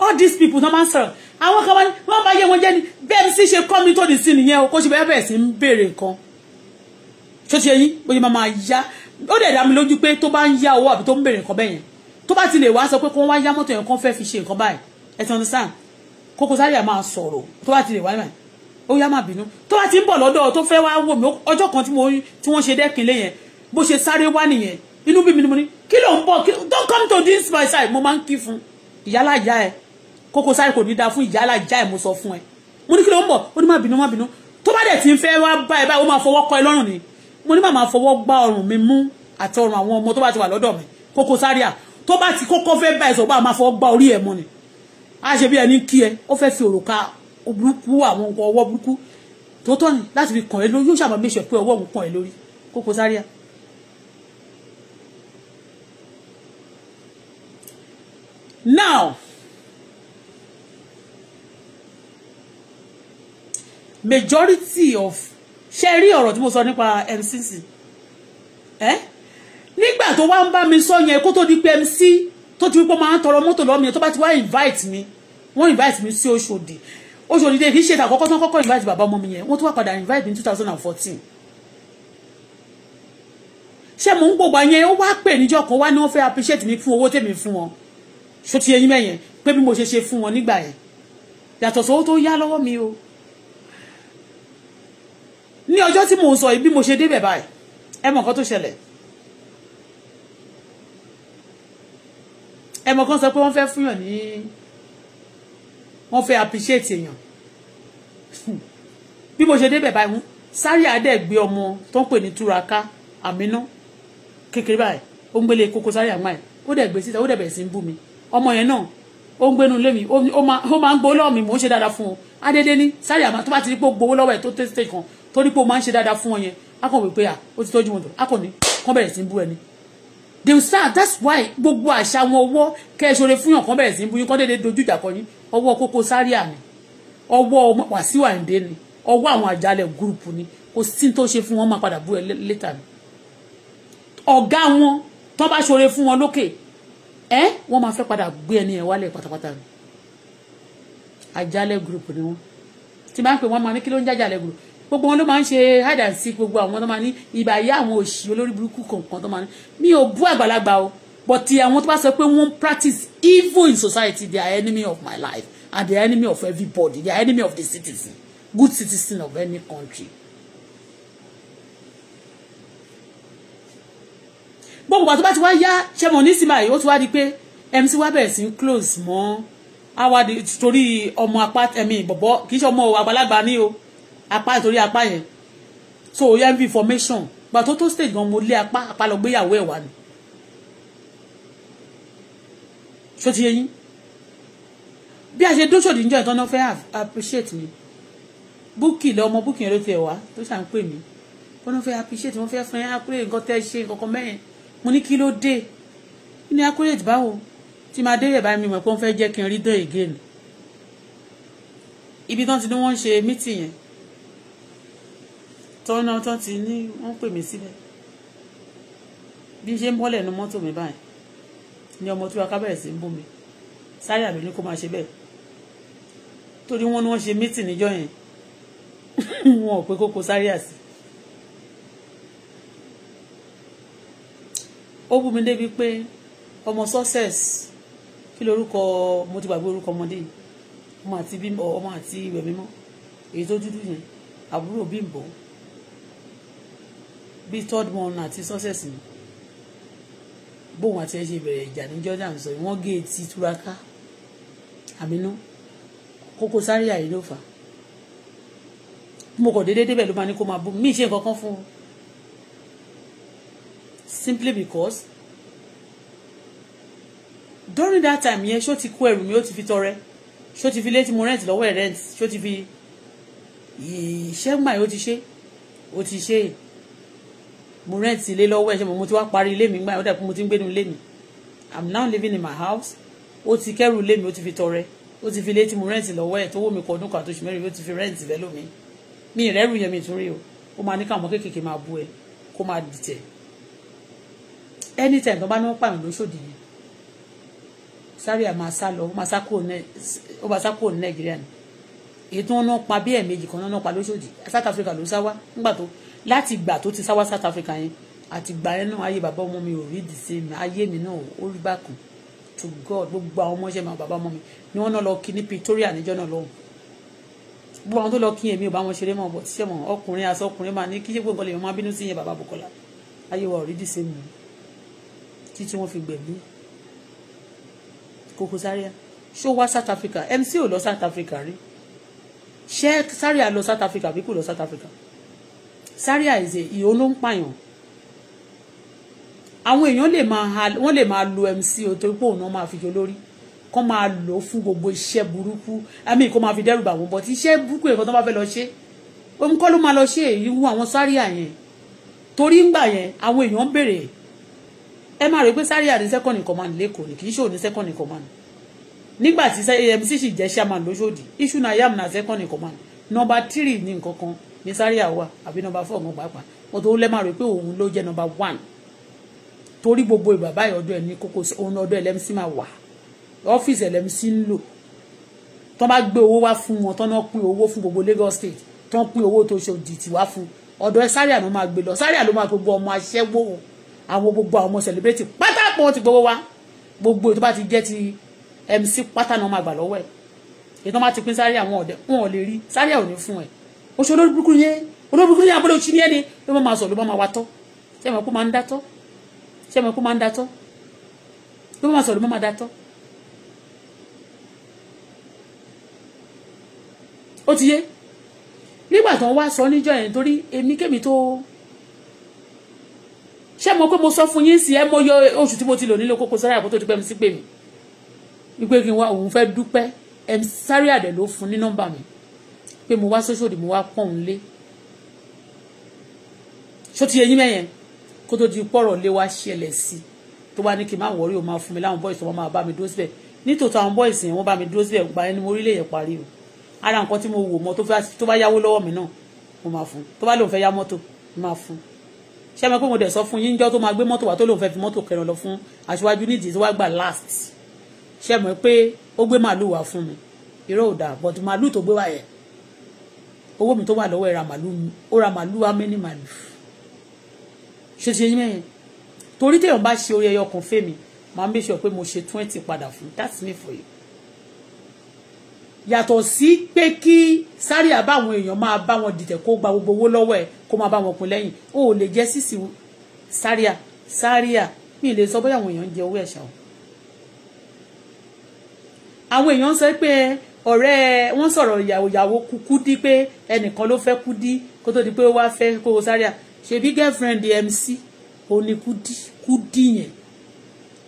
all these people náà máa ń sọ̀rọ̀ àwọn kan wọ́n bá yé wọn jẹ́ ni bẹ́ẹ̀ ni sì ṣe kọ́ mi tó di sí nìyẹn o kó ṣe bẹ́ẹ̀ bẹ́ẹ̀ sì ń béèrè nǹkan ṣó ṣe yín bó ṣe máa máa yá ó dẹ̀ dá mi lójú pé tó bá ń yá owó àbí tó ń béèrè nǹkan bẹ́ẹ̀ yẹn tó bá ti lè wá sọ pé kó wá yá mọ́tò yẹn kó fẹ́ fi ṣe nǹkan báyìí ẹ ti understand Koko Zaria máa sọ̀rọ̀ tó bá ti lè wá báyìí ó yá má bínú tó bá ti ń bọ̀ lọ́dọ̀ tó fẹ́ wá wò mí ọjọ́ kan tí wọ́n ṣe dẹ́kin lé yẹn bó ṣe sáré wá nìyẹn inú bí mi ni mo ní kí ló ń bọ̀ don't come to this my side mo máa ń kí fún ìyálà ìyá ẹ Koko Zaria kò ní da fún ìyálà ìyá ẹ mo sọ fún ẹ mo ní kí ló ń bọ̀ ó ní má bínú má bínú tó bá dẹ̀ ti ń fẹ́ wá bá ẹ báyìí ó máa fọwọ́ kọ ẹ lọ́rùn ni mo ní màmá fọwọ́ gbá ọrùn mi mú àti ọrùn àwọn ọmọ tó bá ti wà lọ́dọ̀ mi Koko Zaria tó bá ti kọ́kọ́ fẹ́ bá ẹ sọ bá máa fọwọ́ gbá orí ẹ mọ́ ni a ṣe bí ẹni kí ẹ ó fẹ́ fi òrùka burúkú àwọn nǹkan ọwọ́ burúkú tó tọ́ ni láti fi kàn ẹ́ lórí yóò ṣàmọ́ bí ṣe pé ọwọ́ òun kàn ẹ́ lórí Koko Zaria. now majority of ṣe rí ọ̀rọ̀ tí mo sọ nípa MCC ẹ́ nígbà tó wá ń bá mi sọ yẹn kó tó di pé MC tó ti wípé máa ń tọrọ mọ́tò lọ́mìnira tó bá ti wá invite mi wọ́n invite mi sí Ọ̀ṣọ́dì oṣù òdìdé kì í ṣe àkọ́kọ́ tán kọ́kọ́ invite bàbá ọmọ mi yẹn wọ́n tún wá padà invite ní two thousand and fourteen ṣé mò ń gbogbo àyẹn ó wá pè níjọ́ kan wá ní wọ́n fẹ́ appreciate mi fún owó tèmi fún wọn ṣó ti eyín mẹ́yẹn pé bí mo ṣe ṣe fún wọn nígbà yẹn yàtọ̀ sówó tó yá lọ́wọ́ mi o ní ọjọ́ tí mò ń sọ yìí bí mo ṣe débẹ̀ báyìí ẹ mọ̀ nǹkan tó ṣẹlẹ̀ ẹ mọ̀ kan sọ pé wọ́n fẹ́ fúnyàn ní wọ́n fẹ́ appreciate èèyàn bí mo ṣe débẹ̀ báyìí wọ́n sáré àdẹ́ gbé ọmọ tó ń pè ní túraká àmínú kékeré báyìí ó ń gbélé kókó sáré àgbà yìí ó dẹ̀ gbé síta ó dẹ̀ bẹ̀rẹ̀ sí ń bú mi ọmọ yẹn náà ó ń gbénu lé mi ó máa ń gbowó lọ́wọ́ mi mò ń ṣe dáadáa fún un adédé ní sáré àmà tó bá ti rí pé ó gbowó lọ́wọ́ ẹ̀ tó tẹ́sítẹ́ kan tó rí pé ó máa ń ṣe dáadáa fún wọn yẹn á kàn wípé à ó ti tọ́jú wọn tó á kàn ní kàn bẹ̀rẹ̀ sí ń bú ẹni. they will start that's why gbogbo àṣà wọn ọwọ́ kẹ́ ẹ ṣoore fún yàn kàn bẹ̀rẹ̀ sí ń bú yín kàn déédéé dojú ìjà kan yín ọwọ́ Koko Zaria ni ọwọ́ ọmọ Wàsíù Àyìndé ni ọwọ́ àwọn àjálẹ̀ gúrùpù ni kò sí tó ṣe fún wọn máa padà bú ẹ létà ni ọ̀gá wọn tó bá ṣoore fún wọn lókè ẹ wọ́n máa fẹ́ padà gbé ẹni ẹ̀ wálẹ̀ pátápátá ni àjálẹ̀ gúrùpù ni wọ́n ti máa ń pè wọ́n máa ní kí ló ń jájàlẹ̀ gúrùpù gbogbo wọn ló máa ń ṣe hide and seek gbogbo àwọn tó máa ní ìbàyà àwọn òṣì olórí burúkú kọ̀ọ̀kan tó máa ní mi ò bú àgbàlagbà o but ti àwọn tó bá sọ pé wọ́n practice evil in society they are enemy of my life and they are enemy of everybody they are enemy of the citizen good citizen of any country. gbogbo bàtú bá ti wá yá ṣẹ́mọ̀ ní sinmi àyè ó ti wá di pé MC wá bẹ̀rẹ̀ sí close mọ́ àwàdì torí ọmọ apá ẹ̀mí bọ̀bọ̀ kì í ṣe ọmọ àgbàlagbà ní o apá torí apá yẹn so ó yẹ information, formation gbà tó stage gan mo lé apá apá lọ gbéyàwó ẹ̀ wá ni ṣó ti yé yín bí a ṣe dóṣòdì níjọ́ ìtọ́nà fẹ́ appreciate me. búkì lọ ọmọ búkì yẹn ló tiẹ̀ wá tó ṣà ń pè mí wọ́n fẹ́ appreciate wọ́n fẹ́ fún yẹn accurate nǹkan tẹ́ ṣe nǹkan mẹ́rin mo ní kí ló dé kí ni accurate báwo tí máa délé bá mi mọ̀ pé wọ́n fẹ́ jẹ́ kí n rí dán again ibi tán ti ní wọ́n ń ṣe meeting yẹn tọ́nà tán ti ní wọ́n pè mí síbẹ̀ bí n ṣe ń bọ́lẹ̀ nu mọ́tò mi báyìí ni ọmọ tí wàá kábẹ̀rẹ̀ sí ń bú mi sáré àmì ní kó máa ṣe bẹ́ẹ̀ torí wọn ni wọn ṣe mítì níjọ yẹn wọn ò pé kókó sáré àsì ó bú mi débi pé ọmọ success kí lorúkọ mo ti gbàgbé orúkọ ọmọdé ọmọ àti bímbọ ọmọ àti ìwẹ̀ mímọ́ èyí tó dúdú yẹn àbúrò bímbọ bíi third born àti success ni bóun àti ẹ ṣe bẹ̀rẹ̀ ìjà ní Jordan sọ wọ́n gé etí túraká àmínú Koko Zaria yìí ló fà mo kàn déédéé débẹ̀ ló máa ní kó máa bú mí ṣe nǹkan kan fún un simply because during that time yẹn ṣó ti kó ẹrù mi ó ti fi tọrẹ ṣó ti fi létí mo rent lọ́wọ́ ẹ̀ rent ṣó ti fi ìṣẹ́gbà yìí ó ti ṣe ó ti ṣe é. mo rent ilé lọ́wọ́ ẹ̀ ṣe mo ti wá parí ilé mi gbà ó dàbí mo ti ń gbénu ilé mi i'm now living in my house ó ti kẹ́rù ilé mi ó ti fi tọrẹ ó ti fi ilé tí mo rent lọ́wọ́ ẹ̀ tó mi kọ ọdún kan tó ṣù mẹ́rin ti fi rent fẹ́ lómi mi ìrẹ́rù yẹn mi o ó máa ní káwọn kéékèèké máa bú ẹ kó máa dìtẹ̀ anytime tó bá ní wọ́n lóṣòdì yẹn sáré àmà lọ ó máa sá ní nàìjíríà ni èyí tí náà pa bí kan náà náà pa lóṣòdì south láti ìgbà tó ti sáwá South Africa yẹn àti ìgbà yẹn náà ayé bàbá ọmọ mi ò rí the same ayé mi náà ó rí bákan to God gbogbo àwọn ọmọọṣẹ́ mi àwọn bàbá ọmọ mi ni wọ́n náà lọ kí ní Pretoria níjọ́ náà lọ́hùn gbogbo àwọn tó lọ kí èmi ò bá wọn ṣeré mọ́ bọ̀ ṣẹ́ mọ́ ọkùnrin aṣọ ọkùnrin máa ní kí ṣé gbogbo lè máa bínú sí yẹn bàbá Bukola ayé wa ò rí the same títí wọ́n fi gbẹ̀mí Koko Zaria ṣó wá South Africa MC ò lọ South Africa rí ṣé Zaria lọ South Africa àbí kò lọ South Africa. Zaria ìzè ìhó ló ń pààyàn àwọn èèyàn lè máa wọ́n lè máa lo MC o torí pé òun náà máa fi jọ lórí kọ́ máa lò ó fún gbogbo iṣẹ́ burúkú àmì kó máa fi dẹ́rù bà wọ́n bọ́ tí iṣẹ́ burúkú yẹn kan tó bá fẹ́ lọ ṣe òun kọ́ ló máa lọ ṣe èyí wú àwọn Zaria yẹn torí ńgbà yẹn àwọn èèyàn ń ẹ máa rò pé Zaria ní second in command lẹ́kọ̀ọ́ ni kì í ṣe òní second in command nígbà tí MC sì jẹ́ chairman lóṣòdì iṣu na yam na second in command number three ní nǹkan kan ní Zaria wà àbí nọmba four gan pàápàá wọn tó lẹ́mà rẹ pé òun ló jẹ́ nọmba one torí gbogbo ìgbà báyìí ọdún ẹ̀ ní kókó òun ọdún LMC máa wà ọ́fíìsì LMC ń lò tọ́ bá gbé owó wá fún wọn tọ́ náà pín owó fún gbogbo Lagos state tọ́ pín owó tó ṣe òdìtì wá fún ọ̀dọ̀ Zaria ló máa gbé lọ Zaria ló máa gbogbo ọmọ aṣẹ́wó àwọn gbogbo àwọn ọmọ celebrity pátá pọ̀ wọn ti gbowó wá gbogbo ètò bá ti jẹ́ ti MC pátá náà máa gbà lọ́wọ́ ẹ̀ ètò máa ti pín Zaria àwọn ọ̀dẹ̀ wọn ò lè rí Zaria ò ní fún ẹ̀ o ṣe olórí burúkú yẹn olórí burúkú yẹn abọ́lé oṣù ní ẹni ló máa sọ ló máa wà tọ́ ṣé ẹ mọ̀ kó máa ń dátọ́ ṣé ẹ mọ̀ kó máa ń dátọ́ ló máa sọ ló máa dátọ́ ó ti yé nígbà tó ń wá sọ níjọ́ yẹn torí èmi kémi tó ṣé mo pé mo sọ fún yín sí ẹ mo yọ oṣù tí mo ti lò nílò Koko Zaria kó tó ti pẹ́ mi sí pé mi wípé òun fẹ́ dúpẹ́ ẹ̀ sáré àdẹ̀ ló fún ní nọ́mbà mi pé mo wá sóṣòdì mo wá pọ̀n lé ṣó ti eyín mẹ́yẹn kó tó di pọ̀rọ̀ lé wá ṣẹlẹ̀ sí i tó bá ní kí n má wọrí o máa fún mi láwọn boys tó wọ́n máa bá mi dúró síbẹ̀ nítòótọ́ àwọn boys yẹn wọ́n bá mi dúró síbẹ̀ gba ẹni mo rílẹ̀ yẹn parí o ara nǹkan tí mo wò mọ́ tó bá yáwó lọ́wọ́ mi náà mo máa fún tó bá lóun fẹ́ yá mọ́tò mo máa fún ṣé ẹ mọ̀ pé mo dẹ̀ sọ fún yín jọ́ tó máa gbé mọ́tò wá tó lóun fẹ́ fi mọ́tò kẹrin lọ fún aṣíwájú nídìí tó wá gbà last ṣé ẹ mọ̀ pé ó gbé màálù wá fún mi irọ́ ò dáa but màálù tó gbé wá yẹn owó mi tó wà lọ́wọ́ ẹ̀ ra màlúù ó ra màlúù amẹ́ni màlúù ṣe ṣe yín torí téèyàn bá ṣe orí ẹyọ kan fèmí màá ń bẹ̀ṣọ pé mo ṣe twenty padà fún that's me for you yàtọ̀ sí pé kí sáré àbáwọn èèyàn máa bá wọn dìtẹ̀ kó gba gbogbo owó lọ́wọ́ ẹ̀ kó máa bá wọn pin lẹ́yìn o lè jẹ́ sísì sáríà sáríà mi lè sọ bóyá àwọn èèyàn ń jẹ owó ẹ̀ṣà o àwọn èèyàn sọ pé ọ̀rẹ́ wọ́n sọ̀rọ̀ ìyàwó Kúdí pé ẹnìkan ló fẹ́ Kúdí kó tó di pé ó wá fẹ́ Koko Zaria ṣebí girlfriend MC òun ni Kúdí Kúdí yẹn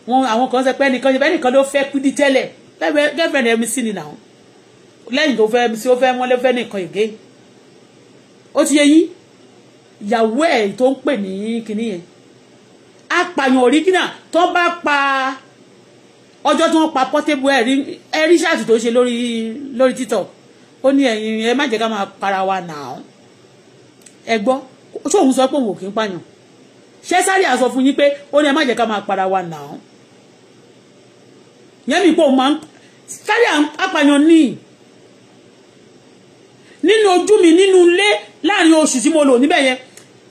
wọn àwọn kan sọ pé ẹnìkan ṣe pé ẹnìkan ló fẹ́ Kúdí tẹ́lẹ̀ girlfriend MC ni làwọn lẹ́yìn tó fẹ́ MC ó fẹ́ wọ́n lé fẹ́ nìkan ègé ó ti yẹ yín ìyàwó ẹ̀ tó ń pè ní kinní yẹn apààyàn òrígínà tó bá pa ọjọ́ tí wọ́n pa Portable ẹ̀rí ẹ̀rí ṣáàtì tó ṣe lórí lórí TikTok ó ní ẹ̀yin ẹ má jẹ́ ká máa para wa náà ẹ gbọ́ ṣé òun sọ pé òun ò kí ń pààyàn ṣé sáré àsọ fún yín pé ó ní ẹ má jẹ́ ká máa para wa náà yẹn mi pé òun máa ń sáré apààyàn ní nínú ojú mi nínú ilé láàrin oṣù tí mo lò níbẹ̀ yẹn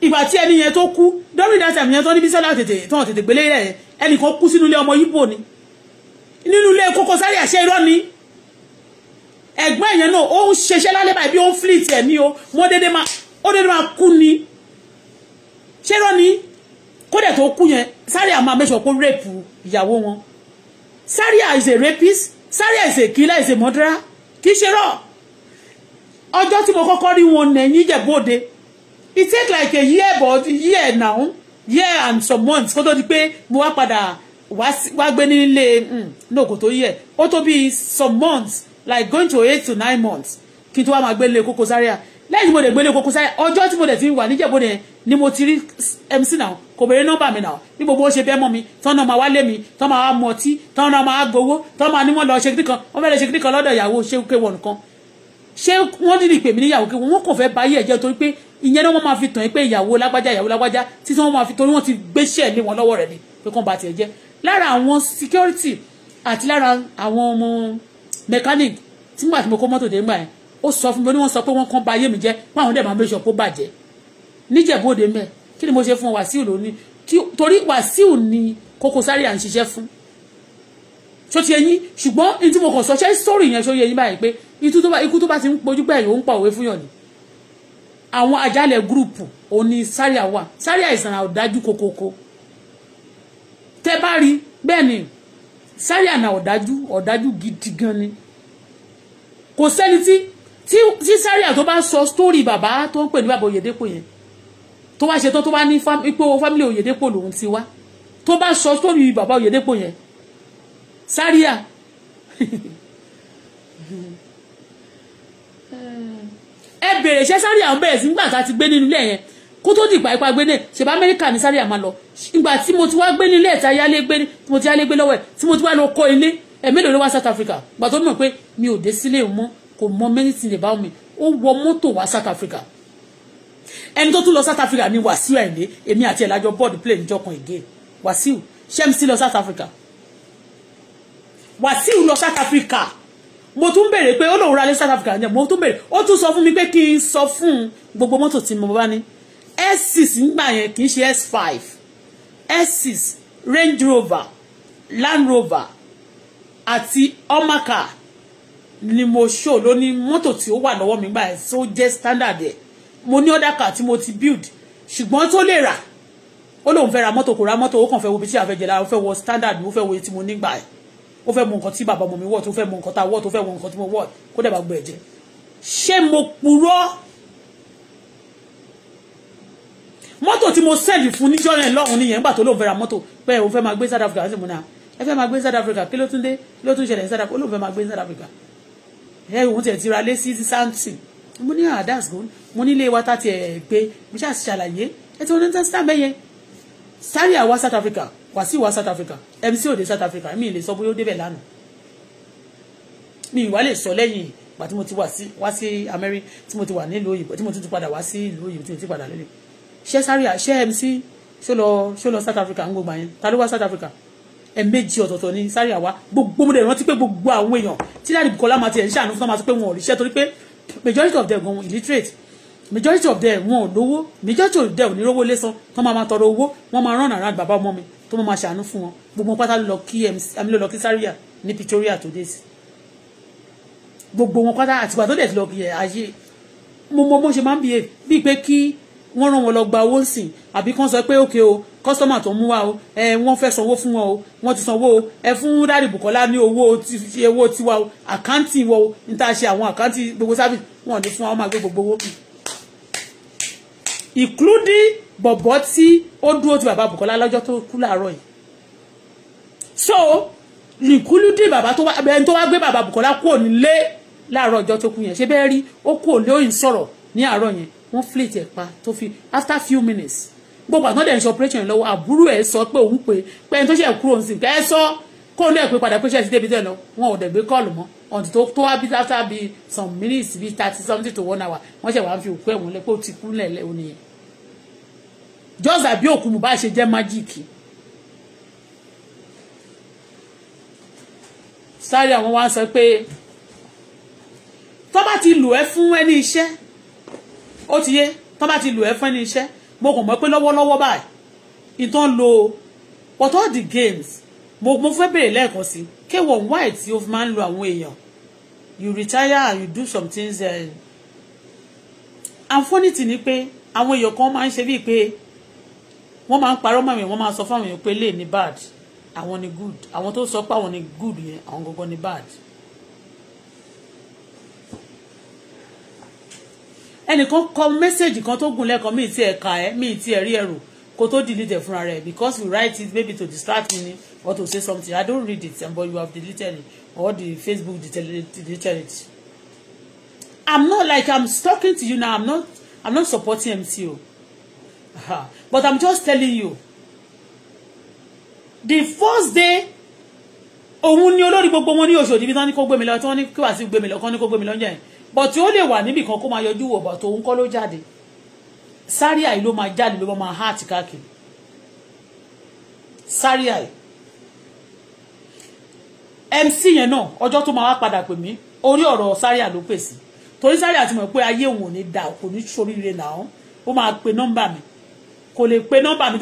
ìgbà tí ẹni yẹn tó kú dọ́mìnì dáṣà tó ní bísọ́lá tètè tó hàn tètè gbélé rẹ̀ ẹnì kan kú sínú ilé ọmọ yíbò ni nínú ilé Koko Zaria àṣẹ irọ́ ni ẹ̀gbọ́n èèyàn náà ó ń ṣeṣẹ́ lálẹ́ báyìí bí ó ń flit ẹ̀ ní o Mo dédé máa ó dédé máa kú ni ṣé irọ́ ni kódẹ̀ tó kú yẹn Zaria àmọ́ amẹ́sọ̀ kó rape ìyàwó wọn Zaria is a rapist Zaria is a killer is a murderer kì í ṣe rọ̀ ọjọ́ tí mo kọ́kọ́ rí wọn nẹ̀yìn ìjẹ̀bọ́dé it take like a year but year now year and some months kó tó di pé mo wá padà wá gbé nílé mm, náà kò tó yẹ ó tó bí some months like going to eight to nine months kí n tó wá máa gbé nílé Koko Zaria lẹ́yìn tí mo dẹ̀ gbé nílé Koko Zaria ọjọ́ tí mo dẹ̀ ti wà níjẹ̀bú yẹn ni mo ti rí MC náà kò béèrè nọ́mbà mi náà bí gbogbo ṣe bẹ́ẹ̀ mọ́ mi tán náà máa wá lé mi tán máa wá mu ọtí tán náà máa gbowó tán máa ní wọ́n lọ ṣe kíkan wọ́n fẹ́ẹ́ lọ ṣe kíkan lọ́dọ̀ ìyàwó ṣé kéwọ̀n nìkan ṣé wọ́n dídì pè mí níyàwó kéwọ̀n wọn kò fẹ́ báyé ẹ̀jẹ̀ torí pé ìyẹn náà wọ́n máa fi tàn pé ìyàwó lágbájá ìyàwó lágbájá títí wọ́n máa fi torí wọ́n ti gbéṣẹ́ lé wọn lọ́wọ́ rẹ̀ ni pé kán ba tiẹ̀ jẹ́ lára àwọn security àti lára àwọn ọmọ mechanic tí mo àti mo kó mọ́tò dé ńgbà yẹn ó sọ fún mi ó ní wọ́n sọ pé wọ́n kàn ba ayé mi jẹ́ pé àwọn dẹ̀ máa mẹ́sọ̀ kó bàjẹ́ níjẹ̀bóde mẹ́ kí ni mo ṣe fún Wàsíù lónìí torí Wàsíù ni Koko Zaria à ń ṣiṣẹ́ fún tó ti ẹyin ṣùgbọ́n ní tí mo kàn sọ ṣe sórí yẹn ṣó yẹ yín báyìí pé ikú tó bá ti ń pojú pẹ̀yìn ó ń pa òwe fún yàn ni àwọn àjálẹ̀ gúrùpù òní Zaria wà Zaria ìsàn àdájú kokoko tẹ bá rí bẹ́ẹ̀ ni Zaria náà ọ̀dájú ọ̀dájú gidi gan ni kò sẹ́ni tí tí Zaria tó bá sọ sítórì bàbá tó ń pè ní bàbá Oyèdépò yẹn tó wá ṣetán tó bá ní ipò fámìlì Oyèdépò lòun ti wá tó bá sọ sítórì bàbá Oyèdépò yẹn Zaria ẹ bèrè ṣẹ́ Zaria ń bẹ̀rẹ̀ sí nígbà tá a ti gbé nínú ilé yẹn kó tó dìgbà ipa gbé ní ṣèbá amẹ́ríkà ní sáré àmà ìgbà tí mo ti wá gbé nílé ẹ̀ta yálé gbé ní tí mo ti yálé gbé lọ́wọ́ ẹ̀ tí mo ti wá lọ kọ́ ilé ẹ̀ mélòó South Africa gbà tó mọ̀ pé mi ò dé sílé mọ́ kò mọ many things about ó wọ mọ́tò wá South Africa ẹni tó tún lọ South Africa ni Wàsíù Àyìndé èmi àti ẹ̀lájọ board plane jọkan again Wàsíù ṣẹ́mísì lọ South Africa Wàsíù lọ South Africa mo tún béèrè pé ó lòun ra lé South Africa mo tún béèrè ó tún sọ fún mi pé kí n sọ fún gbogbo mọ́tò tí mo bá ní S6 nígbà yẹn kì í ṣe S5 S6 Range Rover Land Rover àti omaka ni mo show ló ní mọ́tò tí ó wà lọ́wọ́ mi gbà tó jẹ́ standard ẹ̀ mo ní ọ̀dà kà tí mo ti build ṣùgbọ́n tó lè rà ó lóun fẹ́ ra mọ́tò kò ra mọ́tò ó kàn fẹ́ wo bí tí a fẹ́ jẹ lára ó fẹ́ wọ standard ó fẹ́ wo tí mo ní gbà ẹ̀ ó fẹ́ mọ nǹkan tí bàbá ọmọ mi wọ̀ tó fẹ́ mọ nǹkan tá a wọ̀ tó fẹ́ mọ nǹkan tí mo wọ̀ kó dẹ̀ bá gbọ́ ṣé mo purọ́ mọ́tò tí mo send fún níjọ́ yẹn lọ́hùn nìyẹn nígbà tó lóun fẹ́ ra mọ́tò pé òun fẹ́ máa gbé South Africa símú náà ẹ fẹ́ máa gbé South Africa kí ló tún dé kí ló tún ṣẹlẹ̀ South Africa ó lóun fẹ́ máa gbé South Africa ẹ òun tiẹ̀ ti ra lé sí Samson mo ní ah that's mo nílé wa tá tiẹ̀ gbé mo ṣáà ṣàlàyé ẹ ti wọn ní tẹ́sítà mẹ́yẹ sáré àwa South Africa Wasiu wá South Africa MC òde South Africa mi lè sọ bóyá ó débẹ̀ lánàá mi ìwà lè sọ lẹ́yìn ìgbà tí mo ti wá sí Amẹ́rí tí mo ti wà nílùú òyìnbó tí mo tún ti padà wá sí ìlú òyìnbó tí mo ti padà lónìí ṣé Zaria ṣé MC ṣó lọ ṣó lọ South Africa ń gbogbo àyẹn ta ló wá South Africa ẹ̀ẹ̀mejì ọ̀tọ̀ọ̀tọ̀ ní Zaria wá gbogbo mo dẹ̀ rántí pé gbogbo àwọn èèyàn tí láti Bukola máa ti ẹ̀ ń ṣàánú fún wọn máa sọ pé wọn ò ríṣẹ́ torí pé majority of them gan illiterate majority of them wọn ò lówó majority of them ò ní rówó lẹ́sàn tán máa máa tọrọ owó wọn máa rán around bàbá ọmọ mi tó máa ṣàánú fún wọn gbogbo pátá lọ kí MC àmì lọ kí Zaria ní Pretoria tó dé sí gbogbo wọn pátá àtìgbà tó dẹ̀ ti lọ kí ẹ̀ ayé mo mọ bó ṣe máa ń bìí wọ́n rán wọn lọ gba owó nsìn àbí kán sọ pé òkè o kọ́sọ́mà tó ń mú wa o ẹ wọ́n fẹ́ sanwó fún wọn o wọ́n ti sanwó o ẹ fún dáàdì Bùkọ́lá ní owó ti owó tiwa o àkáǹtì wọ o n ta ṣe àwọn àkáǹtì gbogbo sábìsì wọn ò ní fún wa wọ́n máa gbé gbogbo owó. including bọ̀bọ̀ tí ó dúró ti bàbá Bùkọ́lá lọ́jọ́ tó kú láàárọ̀ yìí. so including bàbá tó wá ẹni tó wá gbé bàbá Bùkọ́lá kúrò nílé láàárọ̀ ọjọ́ tó kú yẹn ṣé bẹ́ẹ̀ rí ó kúrò lóyún sọ̀rọ̀ ní àárọ̀ yẹn wọ́n flit ẹ̀ pa tó fi after few minutes gbogbo àtúntò dẹ̀ ń ṣe operation lọ́wọ́ àbúrò ẹ̀ sọ pé òun pé pé ẹni tó ṣe kúrò ń sìn kẹ́ ẹ sọ kó ní ẹ̀ pé padà pé ṣe ti débi tẹ̀ lọ wọn ò dẹ̀ gbé kọ́ọ̀lù mọ́ ọ̀n tó tó wá bí after bí some minutes bí thirty something to one hour wọ́n ṣẹ̀ wá fi òkú ẹ̀wọ̀n lẹ́pẹ́ ó ti kú lẹ̀lẹ́ òní yẹn just àbí òkú mo bá ṣe jẹ́ májíìkì sáré àwọn wá sọ pé tó bá ti lò ẹ́ fún ẹni iṣẹ́ ó ti yé tán bá ti lò ẹ́ fún ní iṣẹ́ mo kàn mọ̀ pé lọ́wọ́lọ́wọ́ báyìí ìtàn lo but all the games mo mo fẹ́ bèrè lẹ́ẹ̀kan sí kéwọ̀n why tí o fi máa ń lo àwọn èèyàn you retire and you do some things uh, and funny thing ni pé àwọn èèyàn kan máa ń ṣe bíi pé wọ́n máa ń parọ́ mọ̀ wọ́n máa sọ fún àwọn èèyàn pé lè ní bad àwọn ni good àwọn tó sọ pé àwọn ni good yẹn àwọn gangan ni bad. ẹnìkan kọ mẹ́sẹ̀gì kan tó gùn lẹ́ẹ̀kan mi ti ẹ̀ka ẹ̀ mi ti ẹ̀rí ẹ̀rù kó tó delete ẹ̀ fúnra rẹ̀ because you write it maybe to distract me or to say something I don't read it but you have deleted it or the Facebook deleted it. I'm not like I'm talking to you now I'm not I'm not supporting MCO but I'm just telling you the first day òun ni olórí gbogbo wọn ní Òṣòdì bí wọ́n ní kó gbé mi lọ tí wọ́n ní kí wàá sí gbé mi lọ kí ní kó gbé mi lọ jẹ́ yẹn but ó lè wà níbì kan kó máa yọjú wò but òun kọ́ ló jáde Zaria yìí ló máa jáde ló máa há àti káàkiri MC yẹn náà ọjọ́ tó máa wá padà pè mí orí ọ̀rọ̀ Zaria ló pèsè torí Zaria ti mọ̀ pé ayé òun ò ní kò ní ó máa pe nọ́mbà mi kò lè pe nọ́mbà mi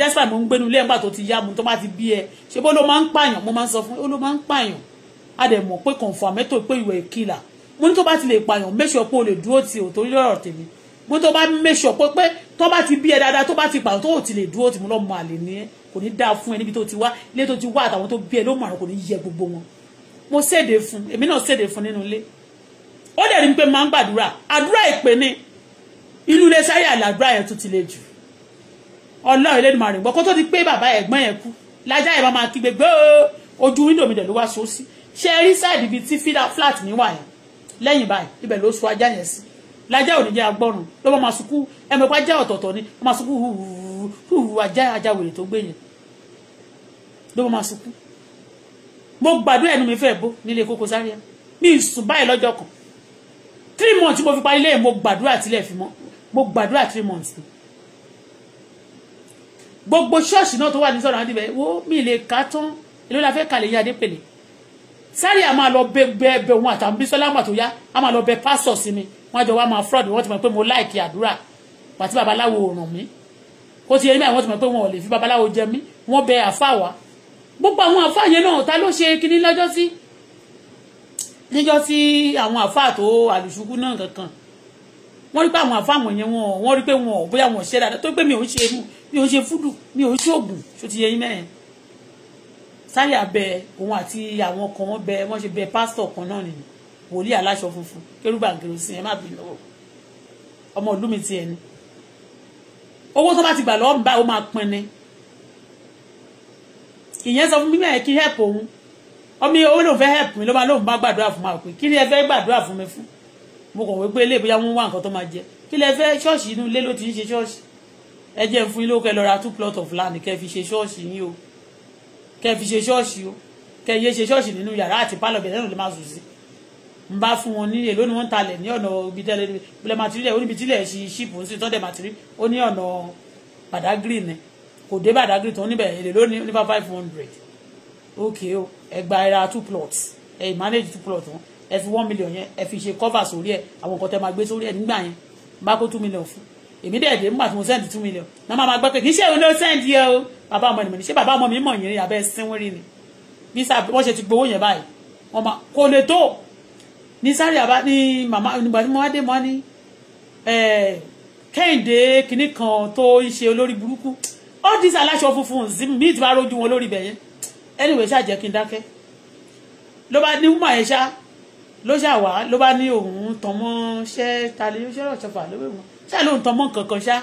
gbénu tó ti yá mu tó ti bí ẹ ṣé bó ló máa pààyàn mo máa sọ fún ló máa ń pààyàn mọ̀ pé mo ní tó bá ti lè pààyàn make sure pé o lè dúró tì ò torí lọ́rọ̀ tèmi mo ní tó bá make sure pé pé tó bá ti bí ẹ dáadáa tó bá ti pààyàn tó ò ti lè dúró tì mo lọ́ọ́ mọ àlè ní ẹ kò ní dáa fún ẹ níbi tó ti wá ilé tó ti wá àtàwọn tó bí ẹ ló mọ àrùn kò ní yẹ gbogbo wọn mo séde fún èmi náà séde fún nínú ilé ó dẹ̀ rí pé máa ń gbàdúrà àdúrà ìpè ní inú ilé sáré àlàdúrà yẹn tó ti le jù ọlọ́run Elédùmarè ojú wíńdò mi dẹ̀ ló wá sósì ṣe rí sáàdì bíi tí fílà flat mi wà lẹ́yìn báyìí ibẹ̀ ló so ajá yẹn sí lajá ò ní jẹ́ agbọ́rùn ló bá máa sunkún ẹ̀mọ́ ipá já ọ̀tọ̀ọ̀tọ̀ ni ó máa sunkún hùhùhù ajá ajá wèrè tó gbé yẹn ló bá máa sunkún mo gbàdúrà ẹnu mi fẹ́ bó nílé Koko Zaria mi sùn báyìí lọ́jọ́ kan three months mo fi parí lẹ́yìn mo gbàdúrà tilẹ̀ fi mọ́ mo gbàdúrà three months ni gbogbo ṣọ́ọ̀ṣì náà tó wà ní sọ̀rọ̀ àdìbẹ̀ wo mi lè ká tán èló la fẹ́ kàlẹ́ yín adépèlé sáré a máa lọ bẹ bẹ bẹ wọn àtàwọn bísọ́lá àmà tó yá a máa lọ bẹ pásọ̀ sí mi wọ́n á jọ wá máa fraud wọ́n ti mọ̀ pé mo láìkì àdúrà pàtí babaláwo ràn mí ó ti yẹ mí àwọn ti mọ̀ pé wọn ò lè fi babaláwo jẹ mí wọ́n bẹ àfáà wá gbogbo àwọn àfáà yẹn náà ta ló ṣe kinní lọ́jọ́ sí níjọ́ tí àwọn àfáà tó àlùṣùkú náà kankan wọ́n rí pé àwọn àfáà wọ̀nyẹn wọn wọ́n rí pé wọn bóyá wọn ṣe dáadáa tó pé mi ò ń ṣe mi ò ń ṣe fúdù mi ò ń ṣoògùn Zaria bẹ òun àti àwọn kan wọn bẹ wọn ṣe bẹ pásítọ̀ kan náà nìyí wòlíì aláṣọ funfun kérúbà gèrèsì ẹ má bì lọ́wọ́ ọmọ ìlú mi ti ẹni owó tó bá ti gbà lọ́wọ́ mi báyìí ó máa pin ni ìyẹn sọ fún mi bẹ́ẹ̀ kí help òun ọmọ owó lòun fẹ́ help mi ló máa lóun bá gbàdúrà fún máa pè kí ni ẹ fẹ́ gbàdúrà fún mi fún mo kàn wípé ilé ìbóyá wọn wá nǹkan tó máa jẹ kí lẹ fẹ́ ṣọ́ọ̀ṣì inú ilé ló ti ń ṣe ṣọ́ọ̀ṣì ẹ jẹ́ fún yín lówó kẹ́ lọ ra two plot of land kẹ́ fi ṣe ṣọ́ọ̀ṣì yín o kẹ́ fi ṣe ṣọ́ọ̀ṣì o kẹ́ yé ṣe ṣọ́ọ̀ṣì nínú yàrá àti pálọ̀ bẹ̀rẹ̀ náà lè máa sùn sí n bá fún wọn nílé lónìí wọn ń talẹ̀ ní ọ̀nà ibi tẹ́lẹ̀ bílẹ̀ màtírílẹ̀ ó níbi tílẹ̀ ṣe ṣíìpù ó sì tọ́dẹ̀ màtírí ó ní ọ̀nà Badagry ni kò dé Badagry tó níbẹ̀ èlé lónìí nípa five hundred ok o ẹgbà ẹra two plots ẹ manage two plots wọn ẹ fi one million yẹn ẹ fi ṣe cover sórí ẹ àwọn nǹkan tẹ máa gbé sórí ẹ nígbà yẹn bá kó two million fún èmi dẹ̀ dé nígbà tí mo send two million náà máa máa gbọ́ pé kì í ṣe òun ló send yẹ o bàbá ọmọ ni mo ní ṣé bàbá ọmọ mi mọ̀ yín abẹ́ sínwérì ni bí wọ́n ṣe ti gbowó yẹn báyìí wọ́n ma kò lè tó ní sáré àbá ní màmá nígbà tí mo wá dé mo ní kẹ́hìndé kinní kan tó ń ṣe olórí burúkú all this aláṣọ funfun mi ti bá rojú wọn lórí bẹ̀yẹn anyway ṣáà jẹ́ kí n dákẹ́ ló bá ní wúmọ̀ yẹn ṣá ló ṣáà wá ló bá ní òun tọmọ ṣẹ́ ta lè ṣẹ́ ọ̀ṣọ́fà lówó wọn ṣáà lóun tọmọ kankan ṣá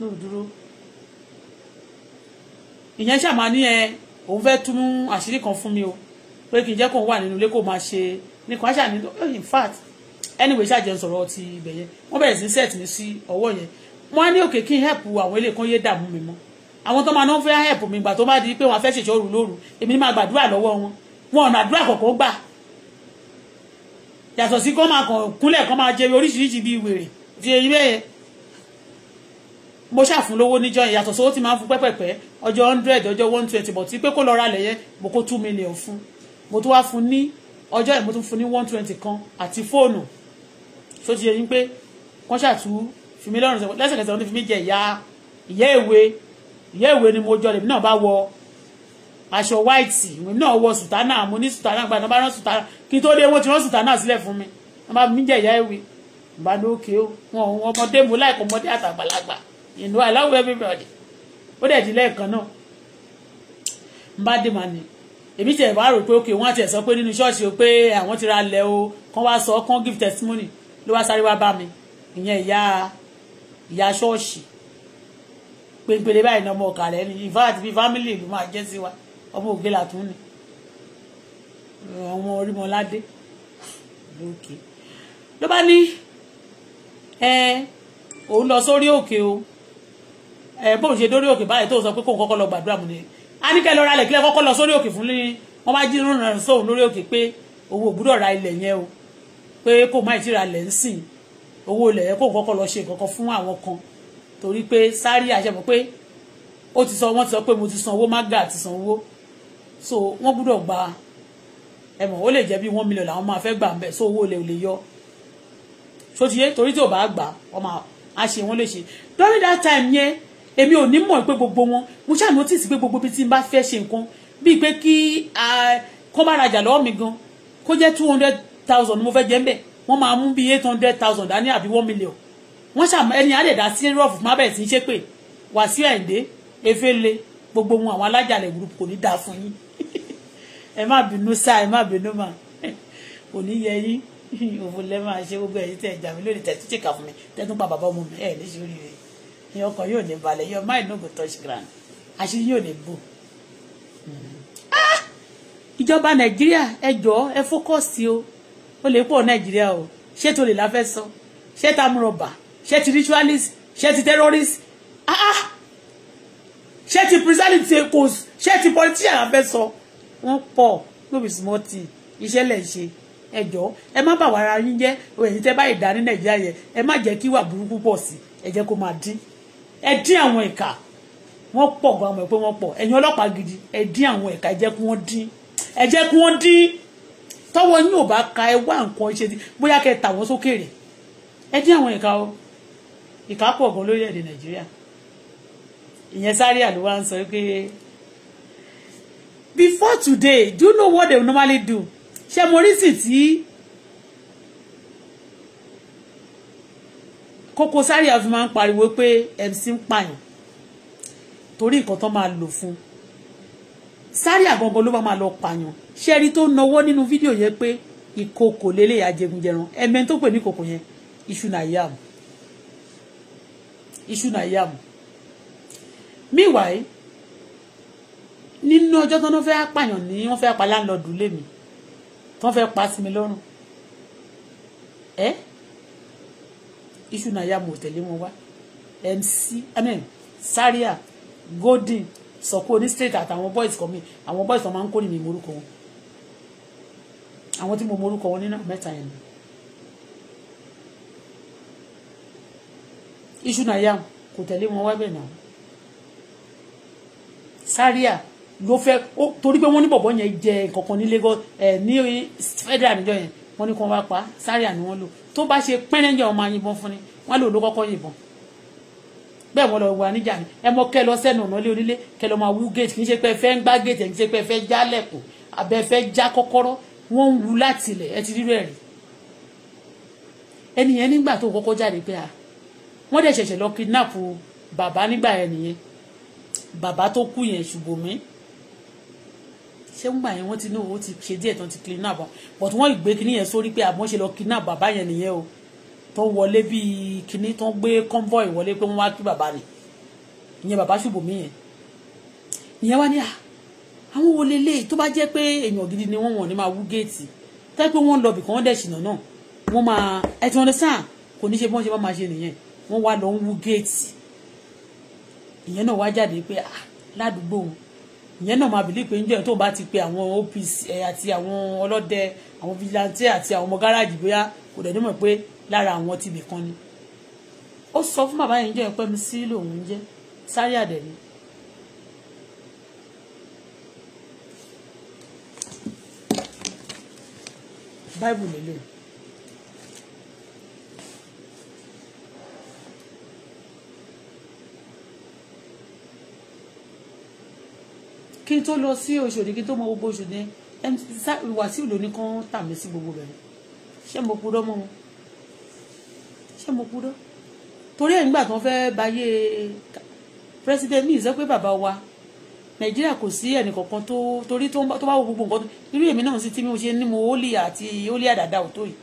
lóun dúró ìyẹn ṣàmà ní ẹ òun fẹ́ tún àṣírí kan fún mi o pé kì í jẹ́ kó wà nínú ilé kó máa ṣe nìkan ṣà ní oh, in fact anyway ṣàjẹ́ ń sọ̀rọ̀ ti ibẹ̀ yẹn wọ́n bẹ̀rẹ̀ sí set mi sí ọwọ́ yẹn wọ́n á ní òkè kí n help àwọn ilé kan yé dààmú mi mọ́ àwọn tó máa náà fẹ́ help mi gbà tó bá di pé wọ́n á fẹ́ ṣèṣọ́ òru lóru èmi máa gbàdúrà lọ́wọ́ wọn wọn ọ̀nà àdúrà kọ̀ọ̀kan gbà yàtọ̀ sí kọ́ máa kàn kúnlẹ̀ kọ́ máa jẹbi oríṣiríṣi bíi wèrè ti eyín bẹ́ẹ̀ mo ṣàfún lówó níjọ́ yẹn yàtọ̀ sówó ti máa ń fún pẹ́pẹ́pẹ́ ọjọ́ hundred ọjọ́ one twenty but pé kó lọ ra lẹ̀ yẹn mo kó two million fún mo tún wá fún ní ọjọ́ yẹn mo tún fún ní one twenty kan àti fóònù tó ti yẹ yín pé wọ́n ṣàtú fi mí lọ́rùn lẹ́sẹ̀kẹsẹ̀ wọ́n ti fi mí jẹ ìyá ìyá ìwé ìyá ìwé ni mo jọ lèmi náà bá wọ aṣọ wáìtì ìwé náà wọ sùtánà mo ní sùtánà gba ìnáwó bá rán sùtánà kí n tó dé wọ́n ti rán sùtánà sílẹ̀ fún mi wọ́n bá mi jẹ ìyá ìwé ìbánú òkè ó wọn ọmọdé mo láìkọ ọmọdé àtàgbàlagbà you know everybody ó dẹ̀ di lẹ́ẹ̀kan náà n bá dé màá ní èmi tiẹ̀ wá rò pé ok wọ́n ti ẹ̀ sọ pé nínú ṣọ́ọ̀ṣì o pé àwọn ti ra lẹ̀ o kán wá sọ kán give testimony ló wá sáré wá bá mi ìyẹn ìyá ìyá ṣọ́ọ̀ṣì pépèrè báyìí ní ọmọ ọ̀kàlẹ́ ni ìfá àti bíi fámìlì ló máa jẹ́ sí wa ọmọ ògbé làtún ni ọmọ orímọládé ló bá ní ẹ òun lọ sórí òkè o. Okay, oh ẹ bóun ṣe dórí òkè báyìí tó sọ pé kóun kọ́kọ́ lọ gbàdúrà mu ni a lọ ra ilẹ̀ kílẹ̀ kọ́kọ́ lọ sórí òkè fún ní wọ́n bá jí rán sóun lórí òkè pé owó gbúdọ̀ ra ilẹ̀ yẹn o pé kó má ti ra ń sìn owó ilẹ̀ yẹn kóun kọ́kọ́ lọ ṣe kọ́kọ́ fún àwọn kan torí pé sáré àṣẹmọ̀ pé ó ti sọ wọ́n ti sọ pé mo ti san owó mága ti san owó so wọ́n gbúdọ̀ gba ẹmọ̀ ó lè jẹ́ bí one million làwọn máa fẹ́ gbà mbẹ́ so owó ilẹ̀ ò lè yọ èmi ò ní mọ̀ pé gbogbo wọn mo ṣáà notice pé gbogbo bí tí n bá fẹ́ ṣe nǹkan bíi pé kí kọ́ bá rajà lọ́wọ́ mi gan kó jẹ́ two hundred thousand mo fẹ́ jẹ́ mbẹ̀ wọ́n máa mú bíi eight hundred thousand dání àbí one million wọ́n ṣàmọ́ ẹni àdẹ̀dá sí rọ́ọ̀fù má bẹ̀rẹ̀ sí í ṣe pé Wàsíù Àyìndé efele gbogbo wọn àwọn alájàlẹ̀ group kò ní dáa fún yín ẹ má bínú sá ẹ má bínú mà kò ní yẹ yín òfò lẹ́ máa ṣe gbogbo ẹ̀yìn tẹ̀ ẹ̀ jà mí lónìí tẹ̀ tún ṣèkà fún mi tẹ̀ tún pa bàbá ọmọ mi ẹ̀ ní ṣe oríire èèyàn ọkàn yóò ní balẹ̀ your mind no go touch ground àṣírí yóò ní bò. Ah! ìjọba nàìjíríà ẹ jọ̀ọ́ ẹ fókọ̀sì o ó lè pọ̀ nàìjíríà o ṣé tó lè la fẹ́ sọ ṣé tá a mú rọ̀bà ṣé ti ritualist ṣé ti terrorist ah, ah! ṣé ti president ṣe kò ṣé ti politician la fẹ́ sọ wọ́n pọ̀ lóbi smọ́tì iṣẹ́ lẹ̀ ń ṣe ẹ jọ̀ọ́ ẹ má bà wàrà yín jẹ́ ẹ̀yin tẹ́ báyìí dá ní nàìjíríà yẹn ẹ má jẹ́ kí wà burúkú pọ̀ sí ẹ jẹ́ kó máa dín ẹ dín àwọn ìka wọ́n pọ̀ gan àwọn ẹ̀ pé wọ́n pọ̀ ẹ̀yin ọlọ́pàá gidi ẹ dín àwọn ìka ẹ jẹ́ kí wọ́n dín ẹ jẹ́ kí wọ́n dín tọ́wọ́ yín ò bá ka ẹ wá nǹkan ṣe bóyá kẹ́ tà wọ́n sókèrè ẹ dín àwọn ìka o ìka pọ̀ gan lórílẹ̀‐èdè nàìjíríà ìyẹn sáré àlùwá ń sọ pé before today do you know what they normally do ṣe mo rí sì tí Koko Zaria fi máa ń pariwo pé MC ń pààyàn torí nǹkan tó máa lò fún Zaria gangan ló bá máa lọ pààyàn ṣé ẹni tó náwó nínú fídíò yẹn pé ìkòkò lélẹ̀ ajẹgunjẹran ẹmẹ tó pè ní ìkòkò yẹn iṣu nàìyàmù iṣu nàìyàmù meanwhile nínú ọjọ́ tó ń fẹ́ pààyàn ní wọ́n fẹ́ pa láńlọ́ọ̀dù lèmi tó ń fẹ́ pa sí mi lọ́rùn ẹ́ eh? iṣu náà yà mọ̀ tẹ̀lé wọn wá MC mm Saria, Golden sọ̀kò ní state àtàwọn boys kan mi àwọn boys kan máa ń kó ní mi morúkọ wọn àwọn tí mo morúkọ wọn nínú mẹ́ta yẹn iṣu náà yà kò tẹ̀lé wọn wá bẹ́ẹ̀ náà Zaria ló fẹ́ ó torí pé wọ́n ní bọ̀bọ́ yẹn jẹ nǹkan kan ní Lagos ẹ̀ eh, ní federal níjọ yẹn wọ́n ní kí wọ́n wá pa Zaria ni wọ́n lò tó bá ṣe pẹ́rẹ́njẹ ọmọ yìnbọn fún ni wọ́n lò ló kọ́kọ́ yìnbọn bẹ́ẹ̀ wọ́n lọ wà níjà ni ẹ mọ kẹ́ lọ sẹ́nu ọ̀nà ilé onílé kẹ́ lọ máa wú gate kì í ṣe pé fẹ́ ń gbá gate kì í ṣe pé fẹ́ já lẹ̀kùn abẹ́ fẹ́ já kọ́kọ́rọ́ wọ́n ń wu láti ilẹ̀ ẹ ti rírọ ẹ̀rí ẹnìyẹn nígbà tó kọ́kọ́ jáde pé a wọ́n dẹ̀ ṣẹ̀ṣẹ̀ lọ kidnap bàbá nígbà yẹn bàbá tó kú yẹn Ṣùbọ́mi ṣé ń gbà yẹn wọ́n ti ní owó ti ṣe díẹ̀ tán ti kidnap but wọ́n ìgbé kinní yẹn sórí pé àbọ̀ ṣe lọ kidnap bàbá yẹn nìyẹn o tó wọlé bíi kinní tó ń gbé convoy wọlé pé wọ́n wá kí bàbá ni ìyẹn bàbá ṣùgbọ́n mi yẹn ìyẹn wá ní à ah, àwọn wo lélẹ̀ tó bá jẹ́ pé èèyàn gidi ni wọ́n wọ̀n ní máa wú géètì tẹ́ pé wọ́n lọ bìkan wọ́n dẹ̀ ṣìnà náà wọ́n máa ẹ ti wọn sàn kò ní ṣe bí wọ́n ṣe bá máa ṣe nìyẹn wọ́n wá lọ ń wú géètì ìyẹn náà wá jáde pé à ah, ládùúgbò wọn ìyẹn náà máa bìlí pé níjọ́ tó bá ti pe àwọn OPC àti àwọn ọlọ́dẹ àwọn vigilante àti àwọn ọmọ gáràjì bóyá kò dẹ̀ nímọ̀ pé lára àwọn tibì kan ni ó sọ fún bàbá yẹn jẹ́ pé mi sí lòun jẹ́ sáré àdẹ̀ ni. báìbù lélẹ̀ kí n tó lọ sí Òṣòdì kí n tó mọ gbogbo Òṣòdì Wàsíù ló ní kán tà mí sí gbogbo bẹ̀rẹ̀ ṣé mo purọ́ mọ́ wọn ṣé mo purọ́ torí ẹ̀ nígbà tí wọ́n fẹ́ẹ́ báyé president mi sọ pé bàbá wa nàìjíríà kò sí ẹnìkankan tó torí tó bá wo gbogbo nǹkan irú èmi náà sì tí mi ò ṣe ní mo ólì àti ólì àdàdà òtó yìí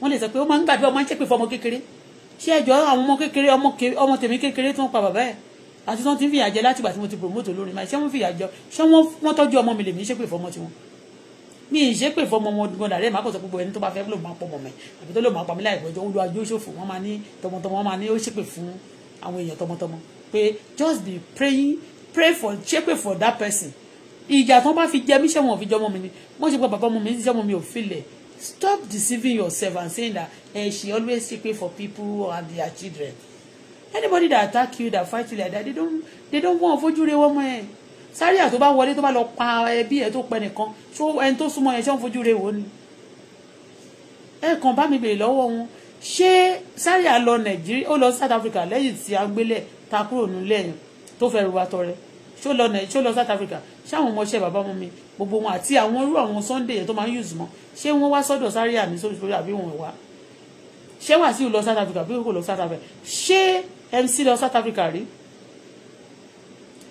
wọ́n lè sọ pé ó máa ń gbàdúrà ó máa ń ṣépè fún ọmọ kékeré ṣé ẹjọ́ àwọn ọmọ kékeré ọmọ tèmi kékeré tó ń pa bàbá ẹ̀ àti tó ti ń fìyà jẹ láti ìgbà tí mo ti promote olórin máa ṣé wọ́n fìyà jọ ṣé wọ́n tọ́jú ọmọ mi lèmi ṣépè fọmọ tiwọn mi ì ṣépè fọmọ ọmọ ọdún dàrẹ́ màá kọ̀ sọ gbogbo ẹni tó bá fẹ́ lò máa pọ̀ mọ̀ mẹ́ àbí tó lò máa pa mí láì gbọ́jọ́ olú ajé òṣòfò wọ́n máa ní tọmọtọmọ wọ́n máa ní ó ṣépè fún àwọn èèyàn tọmọtọmọ pé just be praying pray for ṣépè for that person ìjà tó bá fi jẹ mí ṣé wọn ò fi jọ ọmọ mi ni wọ́n ṣe pé bàbá ọmọ mi ṣe ọmọ mi ò filẹ̀ stop deceiving yourself and saying that eh, she always pray for people and their children anybody that attack you that fight you like that they don't they don't wọn fojú re wọn mọ ẹ Zaria tó bá wọlé tó bá lọ pa ẹbí ẹ tó pẹ nìkan tó ẹni tó súnmọ́ yẹn ṣé wọn fojú re wọn ni ẹ kàn bá mi bèrè lọ́wọ́ wọn ṣé Zaria lọ Nàìjíríà ó lọ South Africa lẹ́yìn tí a gbélé ta kúrò nílẹ̀ yẹn tó fẹ́ ru atọrẹ ṣó lọ Nàìjíríà ṣó lọ South Africa ṣé àwọn ọmọọṣẹ́ bàbá ọmọ mi gbogbo wọn àti àwọn irú àwọn Sunday yẹn tó máa ń use mọ ṣé wọn wá sọ́dọ̀ Zaria ní sórí àbí wọn wá ṣé wàásù lọ South Africa bí wọn kò lọ South Africa ṣé MC lọ South Africa rí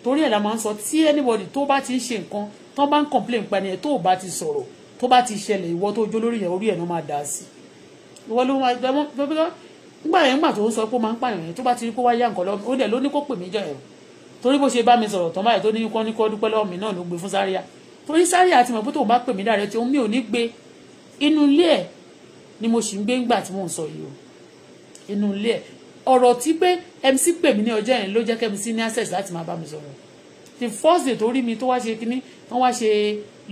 torí ẹ̀ la máa ń sọ tí anybody tó bá ti ń ṣe nǹkan tó bá ń complain pa ẹni ẹ̀ tó bá ti sọ̀rọ̀ tó bá ti ṣẹlẹ̀ ìwọ tó jó lórí yẹn orí ẹ̀ ló máa dà sí ìwọ ló máa gbẹ mọ́ nígbà yẹn nígbà tó ń sọ pé ó máa ń pààyàn yẹn tó bá ti rí kó wáyé àǹkọ́ lọ́wọ́ ó dẹ̀ ló ní kó pè mí jọ ẹ̀rọ torí bó ṣe bá mi sọ̀rọ̀ tán báyìí tó ní kọ́ ní kọ́ dúpẹ́ lọ́wọ́ mi náà ló gbé fún sáríà torí sáríà ti mọ̀ pé tóun bá pè mí dáre tí mi ò ní gbé inú ilé ẹ̀ ni mo sì ń gbé ńgbà tí mò ń sọ yìí o inú ilé ẹ̀ ọ̀rọ̀ tí pé MC pè mí ní ọjọ́ yẹn ló jẹ́ kí MC ní access láti máa bá mi sọ̀rọ̀ the first day tó rí mi tó wá ṣe kínní wọ́n wá ṣe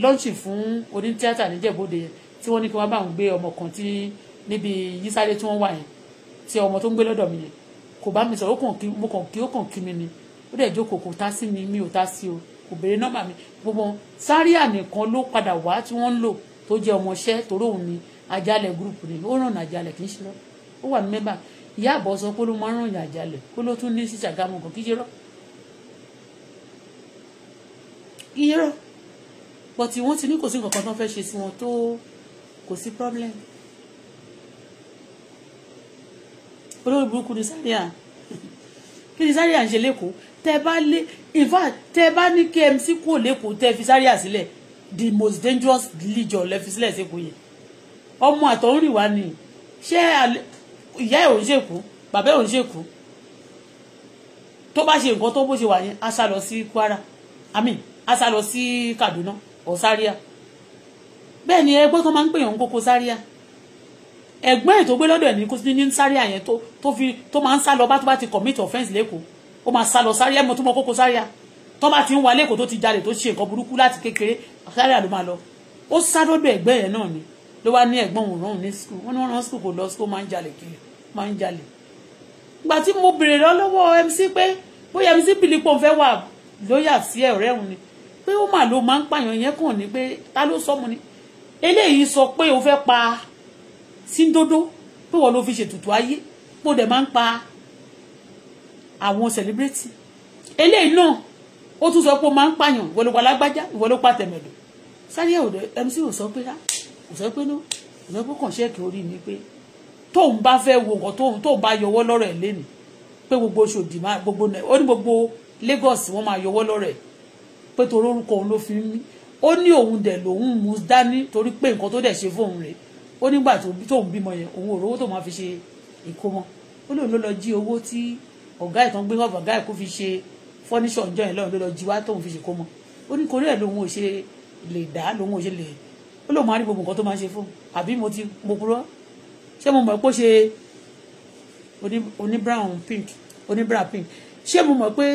lọ́ọ̀ṣì fún onítíátà níjẹ̀bọ́dẹ yẹn tí wọ́n ní kí wọ́n bá ń gbé ọmọ kan tí níbi yísáré tí wọ́n wà yẹn tí ọmọ tó ń gbé lọ́dọ̀ mi yẹn kò bá mi sọ̀rọ̀ mo kàn kí ó kàn kí mi ni ó dẹ̀ jókòó kò tá sí mi mi ò tá sí o kò béèrè nọ́mbà mi gbogbo sáríà nìkan ló padà wá tí wọ́n ń lò tó jẹ́ ọmọọṣẹ́ torí òun ni ajálẹ̀ gúrùpù ni ó ràn àjálẹ̀ kì í ṣe lọ ó wà ní mẹ́bà ìyá àbọ̀ sọ pé ló máa ń ràn yàn àjálẹ̀ pé ló tún ní sí Ṣàgámù kan kí yẹrọ kí yẹrọ pọ̀tì wọ́n ti ní kò sí nǹkan kan tó fẹ́ ṣe sí wọn tó kò sí problem olórí burúkú ni sáríà kí ni sáríà ń ṣe lẹ́kọ̀ọ́ tẹ bá lé in tẹ bá ní KMC kò lẹ́kọ̀ọ́ tẹ fi sáríà sílẹ̀ the most dangerous religion lẹ́fi sílẹ̀ ṣe kò yẹ ọmọ àtọ̀húnrìnwá ni ṣé ìyá ẹ̀ ò ń ṣèkú bàbá ẹ̀ ò ń ṣèkú tó bá ṣe nǹkan tó bó ṣe wà yẹn a sá lọ sí Kwara I mean a sá lọ sí Kaduna or Zaria bẹ́ẹ̀ ni ẹgbẹ́ kan máa ń pèèyàn kókó Zaria ẹ̀gbọ́n ẹ̀ tó gbé lọ́dọ̀ ẹ̀ ní kó ní Zaria yẹn tó fi tó máa ń sá lọ bá tó bá ti commit offence lẹ́kọ̀ọ́ ó máa sá lọ Zaria mọ́ tó mọ́ kókó Zaria tó bá ti ń wa lẹ́kọ̀ọ́ tó ti jalè tó ṣe nǹkan burúkú láti kékeré Zaria ló máa lọ ó sá lọ́dọ̀ ẹ̀gbẹ́ yẹn náà ni ló wá ní ẹ̀gbọ́n òun rán ní school wọ́n ní wọ́n rán school kò lọ school máa ń jalè kiri máa ń jalè ìgbà tí mo béèrè lọ́wọ́ MC pé bóyá MC pilipo fẹ́ wà lóyà sí ọ̀rẹ́ òun ni pé ó mà ló máa ń pààyàn yẹn kàn ní pé ta ló sọ mu ni eléyìí sọ pé o fẹ́ pa síndodo pé wọ́n ló fi ṣètùtù ayé mo dẹ̀ máa ń pa àwọn celebrity eléyìí náà ó tún sọ pé o máa ń pààyàn ìwọ ló pa lágbájá ìwọ ló pa tẹ̀mẹ̀dọ̀ sáré ọ̀dọ̀ MC ò sọ pé rá ah, kò sọ pé náà kò sọ pé kàn ṣẹ́ẹ̀kì orí mi pé tóun bá fẹ́ wo nǹkan tóun tóun bá yọwọ́ lọ́rọ̀ ẹ̀ lẹ́nu pé gbogbo Oṣòdì máa gbogbo ó ní gbogbo Lagos wọ́n máa yọwọ́ lọ́rọ̀ ẹ̀ pé torí orúkọ òun ló fi ń mí ó ní òun dẹ̀ lòun mú dání torí pé nǹkan tó dẹ̀ ṣe fóun rèé ó nígbà tóun bímọ yẹn òun ò rówó tóun máa fi ṣe ìkómọ ó lóun ló lọ jí owó tí ọ̀gá ìtàn gbé wọ́n ọ̀gá ìkó fi ṣe fọ́níṣọ̀ ǹjọ́ yẹn lọ́run ló lọ jí wá tóun fi ṣe kómọ ó ní korí ẹ̀ lòun ò ṣe lè dá lòun ò ṣe lè ó lóun máa rí gbogbo nǹkan tó máa ṣe fóun àbí mo ti mo purọ́ ṣé mo mọ̀ pé ó ṣe oní brown pink oní brown pink ṣé mo mọ̀ pé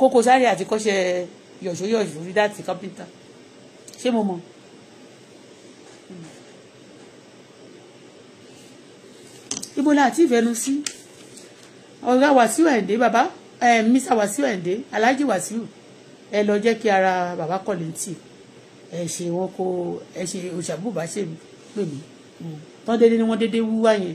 Koko Zaria àti kọ́ṣẹ́ yọ̀ṣọ́yọ̀ṣọ́ rí láti kápẹ́ńtà ṣé mo mọ̀. ibo la àti ìfẹnu sí ọ̀gá Wàsíù Àyìndé bàbá Mr Wàsíù Àyìndé Alhaji Wàsíù ẹ lọ jẹ́ kí ara bàbá kọ̀ létí ẹ ṣe wọn kó ẹ ṣe òṣàbùbà ṣe pè mí tán dédé ni wọ́n dédé wúwá yẹn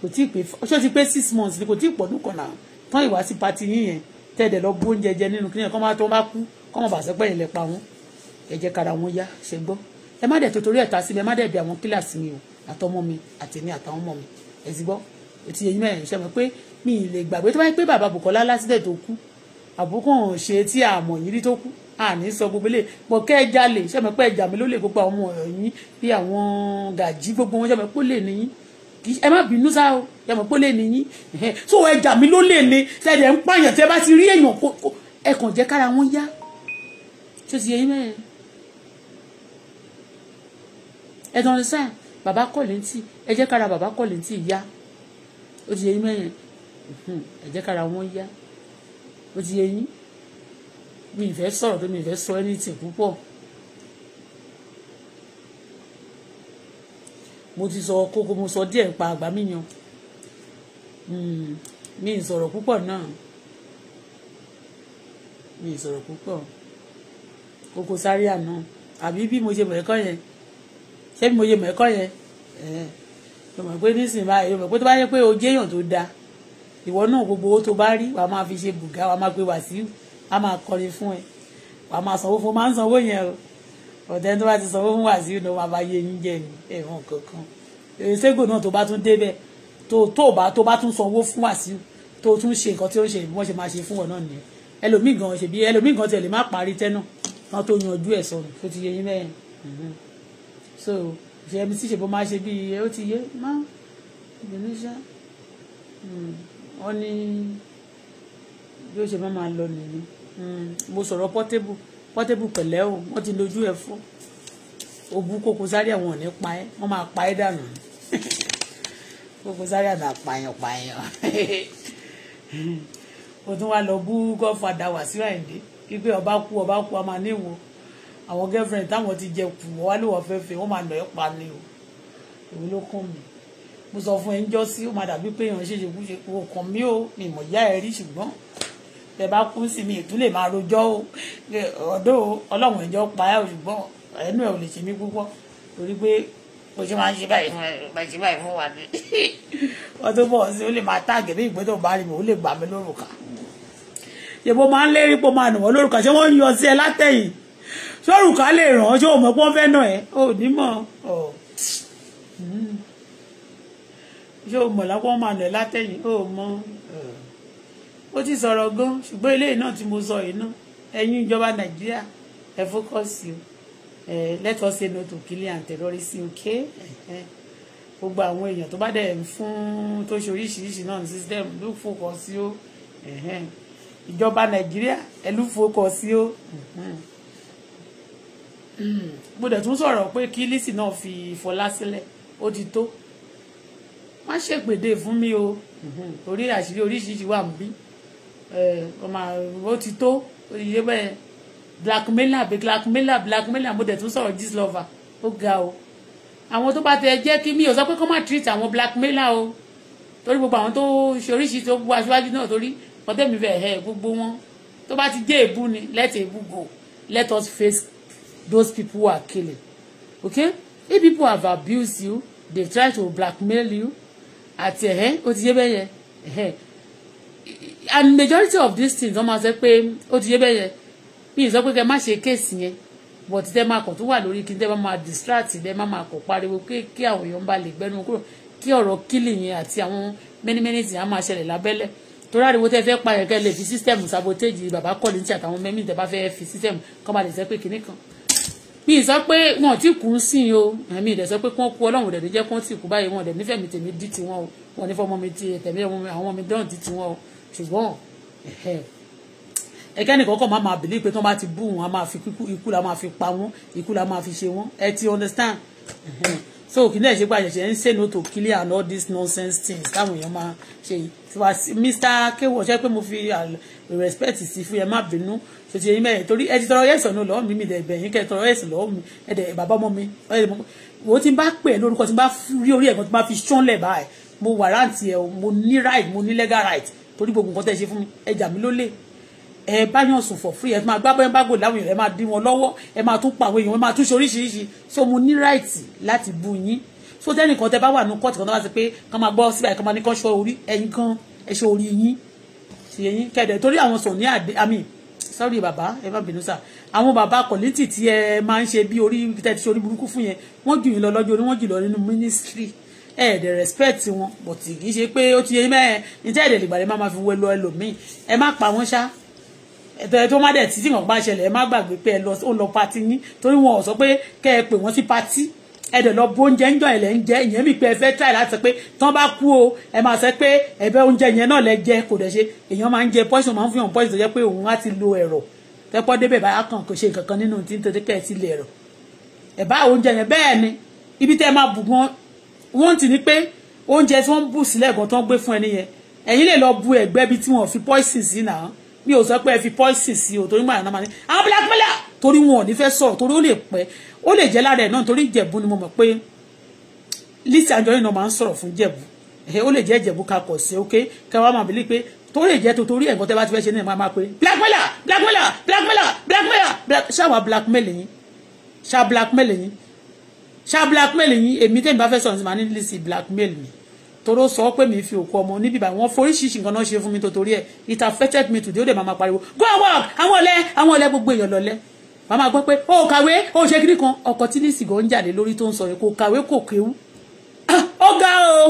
kò tí ì pé ṣé o ti pé six months ni kò tí ì pọ̀ lùkọ̀ náà tán ìwà sí pati yín yẹn tẹ̀dẹ̀ lọ bó oúnjẹ jẹ nínú kíníyàn kọ́ máa tó bá kú kọ́ máa bà sọ pé ìlẹ̀ pa wọn ẹ jẹ́ kára wọn yá ṣe gbọ́ ẹ má dẹ̀ tó torí ẹ̀ta sí mi ẹ má dẹ̀ bí àwọn kíláàsì mi o àtọmọ mi àtẹ̀mí àtàwọn ọmọ mi ẹ ti gbọ́ ètò yẹn mẹ́rin ṣe mọ̀ pé mi ì lè gbàgbé tó bá yẹ pé bàbá Bùkọ́lá lásìlẹ̀ tó kú àbúkọ̀ ṣe tí àmọ̀ yìí tó kú àní sọ gbogbo ilé pọ̀ kẹ́ ẹ jalè sẹ́mi pé ẹja mi ló lè gbogbo àwọn ọ̀rọ̀ yín bí àwọn gàjí gbogbo wọn sẹ́mi pé ó lè níyìn ẹ má bínú sá o sẹ́mi pé ó lè níyìn so ẹja mi ló lè ní sẹ́dẹ̀ ń pààyàn tẹ́ bá ti rí èèyàn kó ẹ kàn jẹ́ kára wọn yá tó ti yẹ yín mẹ́rin ẹ tán ní sáà bàbá kọ̀ létí ẹ jẹ́ kára bàbá kọ̀ létí yá ó ti yẹ yín mẹ́rin ẹ jẹ́ kára wọn yá ó ti yẹ yín mi ìfẹ́ sọ̀rọ̀ pé mi ìfẹ́ sọ anything púpọ̀ mo ti sọ kókó mo sọ díẹ̀ pa àgbà míyan mi ì hmm, sọ̀rọ̀ púpọ̀ náà mi ì sọ̀rọ̀ púpọ̀ kókó sáré àná àbí bí mo ṣe mọ̀ ẹ́kọ́ yẹn ṣé bí mo ṣe mọ̀ ẹ́kọ́ yẹn mo mọ̀ pé nísìnyí báyìí mo mọ̀ pé tó bá yẹ pé o jẹ́yàn tó dáa ìwọ náà gbogbo owó tó bá rí wàá máa fi ṣe bùgá wàá máa pe wàsíù a máa kọrin fún ẹ wàá máa sanwó fún máa ń sanwó yẹn o ọ̀dẹ́ tó bá ti sanwó fún wàásù náà wàá bá yé yín jẹ ní ẹ̀wọ̀n kankan èsègò náà tó bá tún débẹ̀ tó tó bá tó bá tún sanwó fún wàásù tó tún ṣe nǹkan tí ó ń ṣe bí wọ́n ṣe máa ṣe fún ọ náà nìyẹn ẹlòmíì gan ṣe bí ẹlòmíì gan tiẹ̀ lè má parí tẹ́nà kan tó yanjú ẹ̀ sọnù tó ti yé yín bẹ́ẹ̀ mhm. so ṣe ẹni tí ṣèbó máa ṣe bí ó ti yé má ìbínúṣá hmm. wọ́n ní bí ó ṣe máa máa lọ nìyí. Mm, mo sọ̀rọ̀ portable portable pẹ̀lẹ́ o wọ́n ti lójú ẹ̀ fún òbú Koko Zaria àwọn ò ní pa ẹ́ wọ́n máa pa ẹ́ dànù Koko Zaria àná pààyàn pààyàn o tún wá lọ bú godfather Wasiu Ayinde pípé ọba kú ọba kú a níwò àwọn girlfriend táwọn ti jẹ kù wọ́n wá lè wọ́n fẹ́ máa lọ ẹ́ pa ni o èwo ló kún mi mo sọ fún ẹ ń jọ sí ó máa dàbí pé èèyàn ṣe ṣe kú ṣe kú ọkàn mi ò mi ìmọ̀ ìyá ẹ rí ṣùgbọ́n bẹ́ẹ̀ bá kú sí mi ìtúlẹ̀ máa rojọ́ o ọ̀dọ́ ọlọ́run ẹ̀jọ́ payá ṣùgbọ́n ẹnu ẹ̀ ò lè ṣe mí púpọ̀ torí pé mo ṣe máa ń ṣe báyìí ṣe báyìí fún wa ni wọ́n bọ̀ sí ó lè máa táàgì bí ìgbẹ́ tó bá rí mi ó lè gbà mí lórúkà yẹ̀bọ máa ń lérí pé máa nà wọ́n lórúkà ṣé wọ́n yọ sí ẹ látẹ̀yìn sórùkà lè ràn ọ́ ṣé o mọ̀ pé fẹ́ nà ẹ́ ò ní mọ̀ hmm. ṣé o mọ̀ lápò máa nà ẹ́ látẹ̀yìn ó mọ̀ ó ti sọ̀rọ̀ gan ṣùgbọ́n eléyìí náà tí mo sọ yìí náà ẹ̀yin ìjọba nàìjíríà ẹ fókọ̀sì o ẹ let us say no to killing and terrorism okay gbogbo àwọn èèyàn tó bá dẹ̀ ń fún tó ṣe oríṣiríṣi náà ní system ló fókọ̀sì o ìjọba nàìjíríà ẹ ló fókọ̀sì o mo dẹ̀ tún sọ̀rọ̀ pé kí Lizzy náà fi Fọlá sílẹ̀ ó ti tó má ṣègbèdè fún mi o torí àṣírí oríṣiríṣi wà ń bí. Eh, ọmọ ó ti tó iye bẹ́ẹ̀ blackmailer àbí blackmailer blackmailer mo dẹ̀ tún sọ̀rọ̀ gist lover ó ga o àwọn tó bá tẹ jẹ́ kí mi ò sọ pé kó má treat àwọn blackmailer o torí gbogbo àwọn tó ṣe oríṣiríṣi tó gbogbo aṣíwájú náà torí ọ̀tẹ́mi fẹ́ ẹ̀ gbogbo wọn tó bá ti jẹ́ èébú ni let èébú go let us face those people who are killing okay if people have abused you they try to blackmail you àti ẹ̀hẹ́ ó ti yé bẹ́yẹ ẹ̀hẹ́ and majority of these things wọ́n máa sọ pé ó ti yé bẹ́ẹ̀ yẹn mi ì sọ pé kẹ́ má ṣe kéèsì yẹn but tẹ́ máa kàn tó wà lórí kí n tẹ́ bá máa distract tẹ́ má máa kàn pariwo kí àwọn èèyàn bá lè gbẹ́nu kúrò kí ọ̀rọ̀ kílì yẹn àti àwọn many many things á máa ṣẹlẹ̀ lábẹ́lẹ̀ torí àríwó tẹ́ fẹ́ pa yẹn kẹ́ lè fi system sabotage bàbá kọ́lé ní ti àtàwọn mẹ́mí tẹ́ bá fẹ́ fi system kọ́ bá lè sẹ́ pé kinní kan mi sọ pé wọn ò tí kú sí i o èmi ìdẹ sọ pé kí wọn kú Ọlọ́run ìdẹ ló jẹ kí wọn tì kú báyìí wọn ìdẹ nífẹ̀ẹ́ mi tèmi dì tiwọn o wọn nífẹ̀ẹ́ ọmọ mi tèmi àwọn ọmọ mi dán dì tiwọn o ṣùgbọ́n ẹ̀kẹ́ nìkan kọ́ máa máa bìlí pé tí wọ́n bá ti bú wọn a máa fi ikú la máa fi pa wọ́n ikú la máa fi ṣe wọ́n ẹ ti understand so kì í náà ṣe pé ń ṣe no to clear and all these nonsense things táwọn èèyàn máa ṣe Mr. Kewo ṣe pé mo fi ah, respect sí fún yẹn má bínú tó ti yẹn mẹ́rin torí ẹ ti tọrọ ẹ̀sán náà lọ́wọ́ mi mi dẹ̀ bẹ̀yìn kẹ́ tọrọ ẹ̀sán lọ́wọ́ mi ẹ̀ dẹ̀ bàbá ọmọ mi wo ti bá pè lórúkọ ti bá rí orí ẹ̀gbọ́n ti bá fi ṣánlẹ̀ báyìí mo wàrántì ẹ̀ mo ní right mo ní legal right torí gbogbo nǹkan tẹ́ ṣe fún mi ẹ jà mí lólè ẹ bá yàn sùn for free ẹ máa gbá bẹ́ẹ̀ bá gò láwọn èèyàn ẹ máa dín wọn lọ́wọ́ ẹ máa tún pa àwọn èèyàn ẹ máa tún ṣe oríṣiríṣi so mo ní right láti bú yín so tẹ́nìkan tẹ́ bá wà nù kọ́ọ̀tù kan tó bá ti pé kàn máa gbọ́ síbẹ̀ kàn máa ní kàn ṣọ́ orí ẹ̀yin kan ẹ ṣe orí yín ṣe yín kẹ̀dẹ̀ torí àwọn sùn ní àdé àmì sorry bàbá ẹ má bínú sà àwọn bàbá kọ̀lẹ́tì tí ẹ máa ń ṣe bí orí tẹ́ ti ṣe orí burúkú fún yẹn wọ́n jù yín lọ lọ́jọ́ orí wọ́n jù lọ nínú ministry ẹ ẹ̀ dẹ̀ respect wọn but kì í ṣe pé ó ti yẹ mẹ́ẹ̀ níjẹ́ ẹ̀dẹ̀ lìgbàdé má máa fi wẹ́ lọ ẹlòmíì ẹ má pa wọ́n ṣá ẹ̀tọ́ ẹ tó má dẹ̀ títí wọn bá ṣẹlẹ̀ ẹ má gbàgbé pé ẹ lọ ó lọ pati yín torí wọn ò sọ pé kẹ́ ẹ pè wọ́n sí pati ẹ dẹ̀ lọ bó oúnjẹ ń jọ ẹ̀ lẹ́ ń jẹ ìyẹn mi pé ẹ fẹ́ try láti sọ pé tán bá kú o ẹ máa sọ pé ẹ̀bẹ̀ oúnjẹ yẹn náà lẹ jẹ kò dẹ̀ ṣe èèyàn máa ń jẹ poison máa ń fi hàn poison tó jẹ́ pé òun á ti lo ẹ̀rọ tẹ́pọ́ débẹ̀ bá kàn kò ṣe nǹkan kan nínú tí nítorí pé ẹ ti lè rọ̀ ẹ̀bá oúnjẹ yẹn bẹ́ẹ̀ ni ibi tẹ́ máa bù gan wọ́n ti ní pé oúnjẹ tí wọ́n ń bù sílẹ̀ gan tó ń gbé fún ẹni yẹn ẹ̀yin lè lọ bu ẹ̀gbẹ́ bí tí wọ́n fi poison sí náà mi ò sọ pé ẹ fi poison sí o torí màánà máa ní àwọn blackmailer torí wọn ò ní fẹ́ sọ̀rọ̀ torí ó lè pẹ́ ó lè jẹ́ lára ẹ̀ náà torí ìjẹ̀bú ni mo mọ̀ pé Lizzy Anjorin náà máa ń sọ̀rọ̀ fún ìjẹ̀bú ẹ̀ ó lè jẹ́ ìjẹ̀bú kakọ̀ sí ok káwa máa bìlí pé torí ìjẹ́ tó torí ẹ̀gbọ́n tẹ́ bá ti fẹ́ ṣe ní máa pé blackmailer blackmailer blackmailer blackmailer ṣáwa blackmail yín ṣá blackmail yín ṣá blackmail yín èmi tẹ́mi bá fẹ́ sọ̀rọ̀ sí ma ní Lizzy blackmail mi toro sọ pé mi fi òkú ọmọ níbi báyìí wọn foríṣiríṣi nǹkan náà ṣe fún mi tòtórí ẹ it affected me today o de máa ma pariwo go and work àwọn le àwọn le gbogbo èèyàn lọ̀lẹ wàá máa gbọ́ pé o kàwé o ṣe kiri kan ọkọ̀ tí Lizzy gan ń jáde lórí tó ń sọ yẹn kò kàwé kò kéwú ó ga o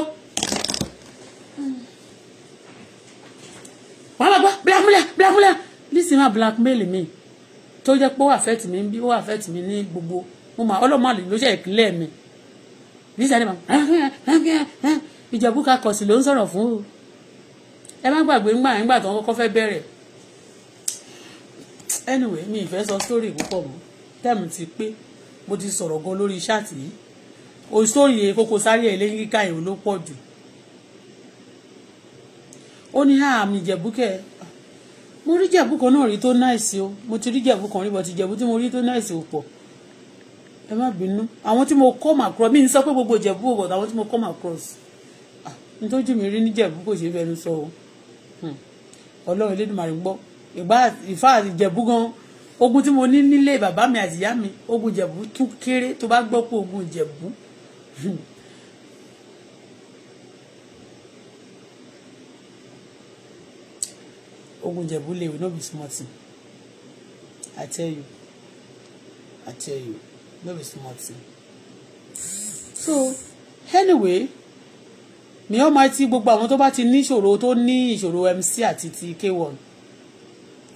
wàá máa gbọ́ blackmail blackmail Lizzy máa blackmail mi tó jẹ́ pé ó affect mi ń bí affect mi ní gbogbo mo mà ọlọ́mọ àlè ló ṣe ìpínlẹ̀ mi níṣẹ́ ni mà ìjọ̀bú ká kọ̀ sí ló ń sọ̀rọ̀ fún o ẹ má gbàgbé ńgbà ńgbà tó ń kọ́kọ́ fẹ́ bẹ̀rẹ̀ anyway mi ìfẹ́ sọ story púpọ̀ mọ́ tẹ́ẹ̀mù ti pé mo ti sọ̀rọ̀ gan lórí ṣáàtì yìí o story Koko Zaria eléyìí kíkà ìwé ló pọ̀ jù ó ní àmì ah, ìjẹ̀bú kẹ́ ah, mo rí jẹ̀bú kan náà rí tó náìsí o mo ti rí jẹ̀bú kan rí bọ̀ ti jẹ̀bú tí mo rí tó náìsí ò pọ̀ ẹ má bínú àwọn tí mo come across mi ń sọ pé gbogbo ìjẹ̀bú òbọ̀ àwọn tí mo come across ah, nítòjú mi rí níjẹ̀bú kò ṣe fẹnu sọ o hmm. ọlọ́run Elédùmarè ń gbọ́ ìgbà ìfà ìjẹ̀bú gan ogun tí mo ní nílé bàbá mi àti ìyá mi ogun ìjẹ̀bú tún kéré tó bá gbọ́ pé ogun ìjẹ̀bú hmm. ogun ìjẹ̀bú lè no be small thing I tell you I tell you very small thing so anyway ní Almighty gbogbo àwọn tó bá ti ní ìṣòro tó ní ìṣòro MC àti ti K1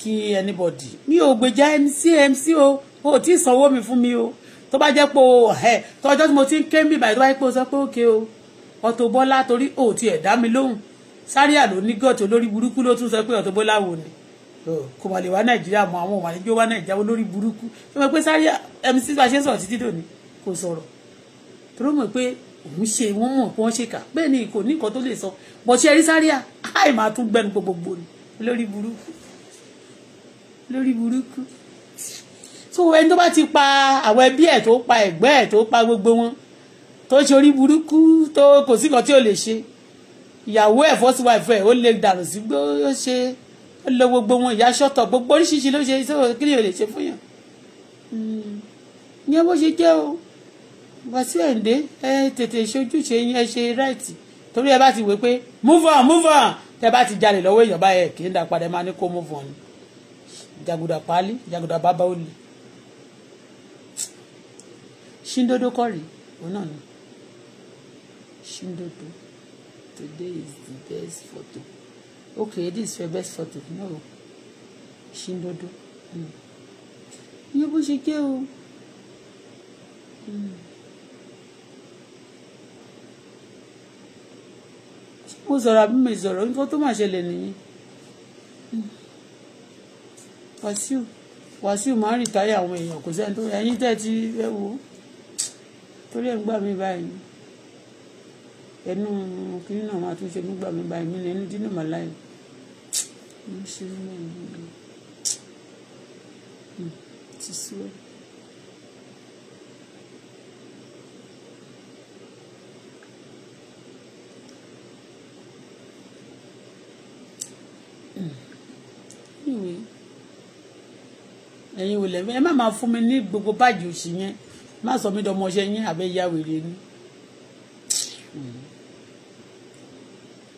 kí anybody mi ò gbèjà MC MC o ò tí ì sanwó mi fún mi o tó bá jẹ́ pé o ẹ̀ eh, tọ́jọ́ tí mo ti ń ké mi báyìí tó bá jẹ́ pé o sọ pé òkè o Auto Bola torí o ò tiẹ̀ dá mi lóhùn Zaria ló ní gọ́ọ̀tì olórí burúkú ló tún sọ pé Auto Bola wò ni kò mà lè wá nàìjíríà mọ àwọn òmà níjó wá nàìjíríà olórí burúkú tó mọ̀ pé sáré mc bá ṣe ń sọ̀rọ̀ títí tòní kò sọ̀rọ̀ tó ló mọ̀ pé òun ṣe wọ́n mọ̀ pé wọ́n ṣe kà bẹ́ẹ̀ ni kò ní nǹkan tó lè sọ bọ̀ ṣe rí sáré àì máa tún gbẹnu gbogbogbò ni olórí burúkú olórí burúkú tó ẹni tó bá ti pa àwọn ẹbí ẹ̀ tó pa ẹ̀gbẹ́ ẹ̀ tó pa gbogbo wọn tó ṣe orí burúkú tó kò sí nǹkan tí ò lè ṣe ìyàwó ẹ̀ fọ́síwáìfọ́ ẹ̀ ó lè dànù sí gbó ó ṣe ó lo gbogbo wọn ìyá ṣọ́tọ̀ gbogbo oríṣiríṣi ló ṣe sọ́wọ́ kí ni ò lè ṣe fún yàn hmm. ìyẹn bó ṣe jẹ́ o Wàsíù Àyìndé ẹ tètè ṣojúṣe yín ẹ ṣe ráìtì torí ẹ bá ti wé pé move on move on tẹ bá ti jalè lọ́wọ́ èèyàn báyẹn kì í dà padà máa ní kó move on jàgùdà pálí jàgùdà bàbá ó lè ṣíndodo kọrì òun náà ni ṣíndodo today is the best photo okay this is your best photo no ṣíndodo hmm. iye bó ṣe jẹ́ o. Hmm. mo sọ̀rọ̀ àbí mi sọ̀rọ̀ nǹkan tó máa ṣẹlẹ̀ nìyí. Wàsíù Wàsíù máa ń rìtáyà àwọn èèyàn kò sẹ́ni tó ẹ̀yin tẹ́ ti ẹ wò ó torí ẹ̀ ń gbà mí báyìí ẹnu kiri náà máa tún ṣe nígbà mí báyìí mí lẹ́nu dínà màláyìí ń ṣe náà nínú hmm, ti sú ẹ. ẹ̀yin ò lẹ́mí ẹ má máa fún mi ní gbogbo báàjì òsì yẹn má sọ mí dọmọ ọṣẹ yín àbẹ́yà wèrè ni.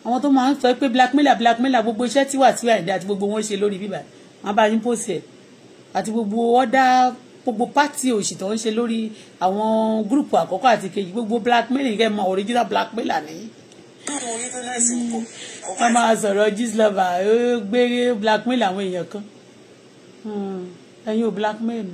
àwọn tó máa ń sọ pé blackmailer blackmailer gbogbo iṣẹ́ tí wà tí wà ìdá àti gbogbo wọn ṣe lórí bíbá wọn bá yín pòsì ẹ̀ àti gbogbo ọ̀dà gbogbo pátì òṣì tó ń ṣe lórí àwọn gúrùpù àkọ́kọ́ àti kejì gbogbo blackmailer kẹ́ mọ original blackmailer nìyí. wọ́n máa sọ̀rọ̀ gislova ó gbé blackmail àwọn èèyàn kan hmm, ẹ̀yin ò blackmail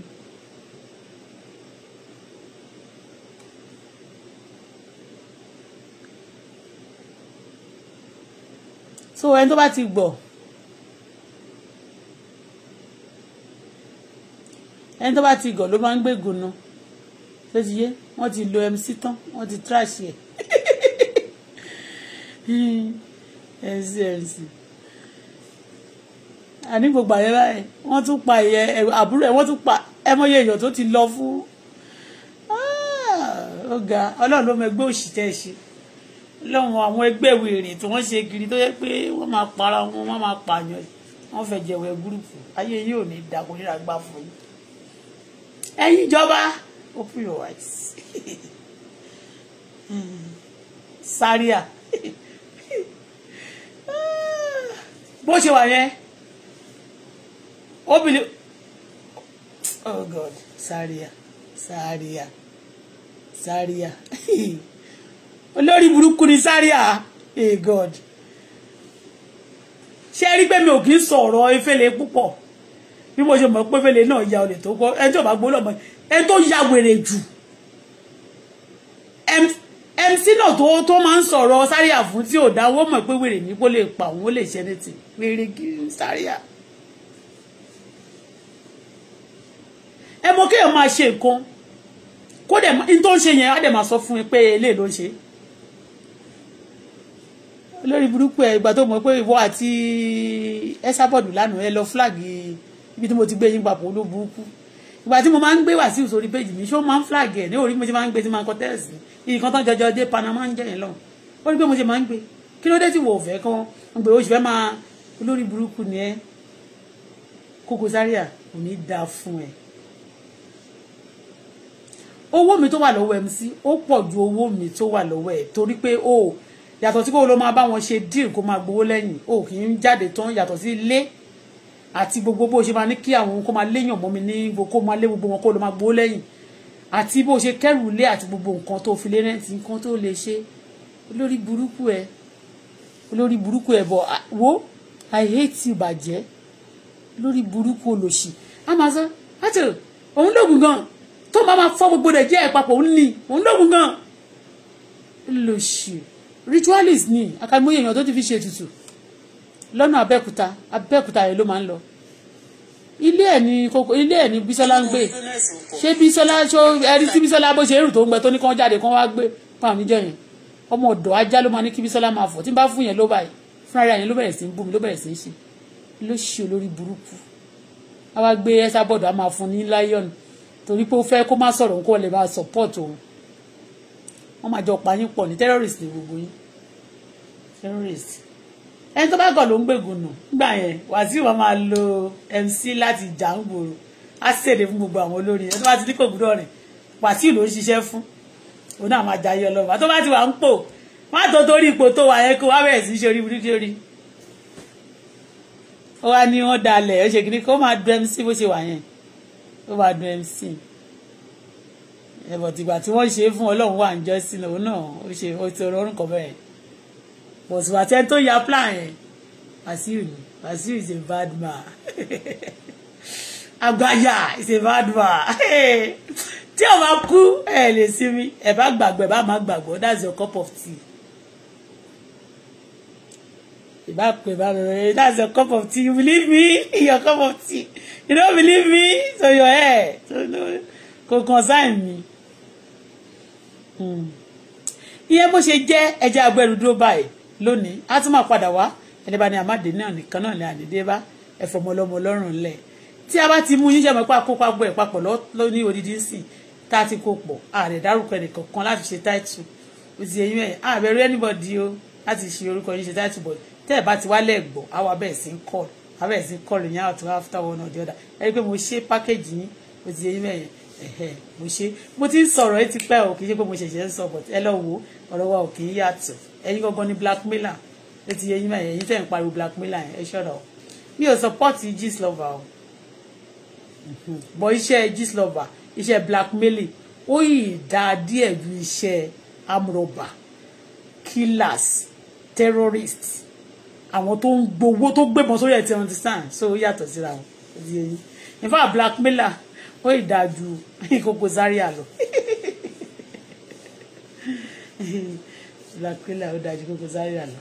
so ẹni tó bá ti gbọ́ ẹni tó bá ti gọ̀ ló máa ń gbégun nu tó ti yé wọ́n ti lo mc tán wọ́n ti trash ẹ̀ mcmc àní gbogbo àyẹ báyìí wọ́n tún pa ìyẹ àbúrò ẹ̀ wọ́n tún pa ẹmọye èèyàn tó ti lọ fún ọ̀gá ah, ọlọ́run ló mọ ẹgbẹ́ òṣìṣẹ́ ṣe lọ́wọ́ àwọn ẹgbẹ́ wèrè tí wọ́n ṣe kiri tó yẹ pé wọ́n máa para wọn wọ́n máa pààyàn wọ́n fẹ́ jẹ̀wẹ̀ gúrùpù ayé yóò ní dàgbò nílà gbà fún yín ẹ̀yin ìjọba open your eyes hmm. sáríà bó ṣe wà yẹn obìnrin oh god sáríà sáríà sáríà. olórí burúkú ni Zaria hey God ṣé rí pé mi ò kì í sọ̀rọ̀ efele púpọ̀ bí mo ṣe mọ̀ pé efele náà ya olè tó gbọ́ ẹni tó bá gbó lọ́mọ ẹni tó ya wèrè jù MC náà tó tó máa ń sọ̀rọ̀ Zaria fún tí ò dáwọ́ mọ̀ pé wèrè ní kó lè pa òun ó lè ṣe ní ti wèrè kiri Zaria. ẹ mọ kéèyàn máa ṣe nǹkan kó dẹ̀ ní tó ń ṣe yẹn á dẹ̀ máa sọ fún mi pé eléyìí ló ń ṣe é olórí burúkú ẹ ìgbà tó mọ̀ pé ìwọ àti ẹsàbọọdù lánàá ẹ lọ fúlàgì ibi tí mo ti gbé yín papọ̀ ló burúkú ìgbà tí mo máa ń gbé wá sí ìsòrí péjì mi ṣó máa ń fúlàgì ẹ ní orí mo ti máa ń gbé tí máa ń kọ tẹ́ẹ̀sì nǹkan tán jọjọ dé panama ń jẹyìn lọ ó rí pé mo ti máa ń gbé kí ló dé tí wò ó fẹ́ kán ń gbé oṣù fẹ́ máa olórí burúkú ni ẹ Koko Zaria kò ní dáa fún ẹ owó mi tó wà lọ́wọ́ MC ó pọ̀ ju owó mi tó wà lọ́wọ́ ẹ torí pé ó yàtọ̀ sí pé o ló máa bá wọn ṣe díìl kó máa gbowó lẹ́yìn o kì í jáde tán yàtọ̀ sí ilé àti gbogbo bó ṣe máa ní kí àwọn kó máa léyàn mọ́ mi ní kó máa lé gbogbo wọn kó ló máa gbowó lẹ́yìn àti bó ṣe kẹ́rù lé àti gbogbo nǹkan tó fi lé rẹ́ǹtì nǹkan tó lè ṣe olórí burúkú ẹ olórí burúkú ẹ bọ̀ wo I hate you bàjẹ́ lórí burúkú olòṣì amazon àti òun lóògùn gan tó máa máa fọ́ gbogbo rẹ̀ jẹ́ ẹ̀ papọ̀ òun ni òun lóògùn gan olòṣì ritualist ni àkàìmọye èèyàn tó ti fi ṣe ètùtù lọ́nà abẹ́òkúta abẹ́òkúta rẹ̀ ló máa ń lọ ilé ẹ̀ ní kókó ilé ẹ̀ ní bísọ́lá ń gbé ṣé bísọ́lá ṣó ẹni tí bísọ́lá bó ṣe rù tó ń gbẹ tó ní kán jáde kán wá gbé pa àmì jẹyìn ọmọ ọ̀dọ̀ ajá ló máa ní kí bísọ́lá máa fọ̀ tí n bá fún yẹn ló báyìí fúnra rẹ̀ yẹn ló bẹ̀rẹ̀ sí ń bú ló bẹ̀rẹ̀ sí ń ṣe ló ṣe olórí burúkú a gbé ẹsà bọ̀dọ̀ a máa fún ní lion torí pé ó fẹ́ kó má sọ̀rọ̀ nǹkan ọ̀lẹ́ bá support òun wọ́n máa jọ pa yín pọ̀ ní terrorist ní gbogbo yín terrorist ẹni tó bá gọ̀ ló ń gbègùn nù nígbà yẹn Wàsíù wọn máa lo MC láti jà ń gbòòrò á ṣèdè fún gbogbo àwọn olórin ẹni tó bá ti ní kò gbúdọ̀ rìn Wàsíù ló ń ṣiṣẹ́ fún òun náà máa jayé ọlọ́run àti tó bá ti wà ń pò má tó torí ipò tó wà yẹn kó wá bẹ̀rẹ̀ sí í ṣe orí burúkú orí ó wá ní wọn dalẹ̀ ó ṣe kìnnìkan ó máa dùn MC bó ṣe wà yẹn ó máa dùn MC but ìgbà tí wọ́n ṣe é fún ọlọ́run wà ń jọ sí lòun náà ó ṣe ó ti rọrùn kan bẹ́ẹ̀ but ìgbà tí ẹni tó ya plan yẹn Wasiu ni Wasiu is a bad man agbáyà is a bad man tí o bá kú ẹ lè sinmi ẹ bá gbàgbọ́ ẹ bá má gbàgbọ́ that's your cup of tea ìbá pè bá rẹ eh, that's your cup of tea you believe me your cup of tea you don't believe me so your hair so no kò concern me ìyẹn bó ṣe jẹ́ ẹja agbẹ́rù dúró báyìí lónìí á tún máa padà wá ẹni bá ní àmàdé náà nìkan náà ní àdédé bá ẹ̀fọ́ ọmọlọ́mọ lọ́rùn lẹ̀ tí a bá ti mú yíṣẹ́ mọ́pá kó papọ̀ ẹ̀ papọ̀ lóní odidi sí tá a ti kó pọ̀ ààrẹ dárúkọ ẹnìkankan láti ṣe táìtù òtí eyín ẹ̀ àbẹ̀rù anybody o láti ṣe orúkọ yín ṣe táìtù bọ̀ tẹ́ ẹ̀ bá ti wálẹ̀ gbọ̀ àwa bẹ́ẹ̀ sí ń kọ́ àbẹ̀ẹ̀ sí ń kọ́ lóyún àtúwá after one or the other ẹ rí i pé mo ṣe pákéjì yín òtí eyín ẹ̀ mo ṣe mo ti ń sọ̀rọ̀ ẹ ti o kì í ṣe pé mo ṣẹ̀ṣẹ̀ ń sọ but ẹ lọ wo ọ̀rọ̀ wa ò kì í yàtọ̀ ẹ̀yin gangan ni blackmailer ẹ ti yẹ yín mẹ́rin ẹ̀yin tẹ̀ ń pariwo blackmailer ẹ ṣọ́ra o mi ò support gist lover o mhm. but iṣẹ́ gist lover iṣẹ́ blackmailing ó yìí dá díẹ̀ ju iṣẹ́ amúrọ̀bà killers terrorists àwọn tó ń gbowó tó gbébọn sórí ẹ̀ ti understand so ó yàtọ̀ síra o ẹ ti in fact blackmailer ó ìdájú ìkókó Zaria lọ black wheeler ó dájú ìkókó Zaria lọ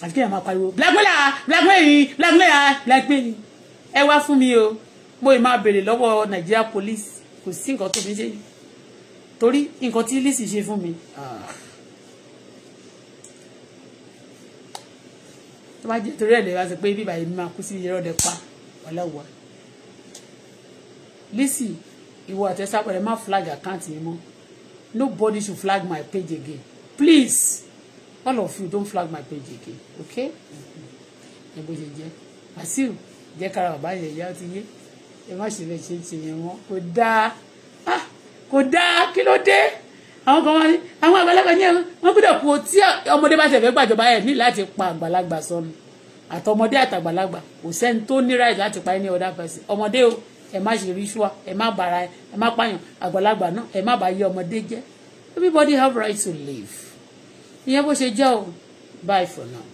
àti kéèyàn máa pariwo black wheeler ah, black wheeler black ah, black wheeler ẹ wá fún mi o mo ì máa béèrè lọ́wọ́ Nigeria police kò sí nǹkan tó mi ṣe torí nǹkan tí lisi ṣe fún mi. tó bá jẹ́ torí ẹ̀ lè wá sọ pé bíbá yìí máa kú sí irọ́ dẹ ọlọ́wọ́ listen was just ẹ my flag account anymore. nobody should flag my page again please all of you don't flag my page again okay ẹ bó ṣe jẹ Wàsíù jẹ kára bàbá yẹn ìyá ti yé ẹ má ṣe lè ṣe ṣe yẹn wọn kò dáa ah, kò dáa kí ló dé àwọn kan wọn ni àwọn àgbàlagbà ní ẹwọn wọn gbọ́dọ̀ kú tí ọmọdé bá tẹfẹ gbàjọba ẹ ní láti pa àgbàlagbà sọnù àtọmọdé àtàgbàlagbà kò sẹ́ni tó ní right láti pa ẹni ọdá pẹsì ọmọdé o ẹ má ṣe ríṣùà ẹ má bara ẹ má pààyàn àgbàlagbà náà ẹ má bàá yé ọmọdé jẹ́ everybody have right to live ìyẹn bó ṣe jẹ́ o bye for now.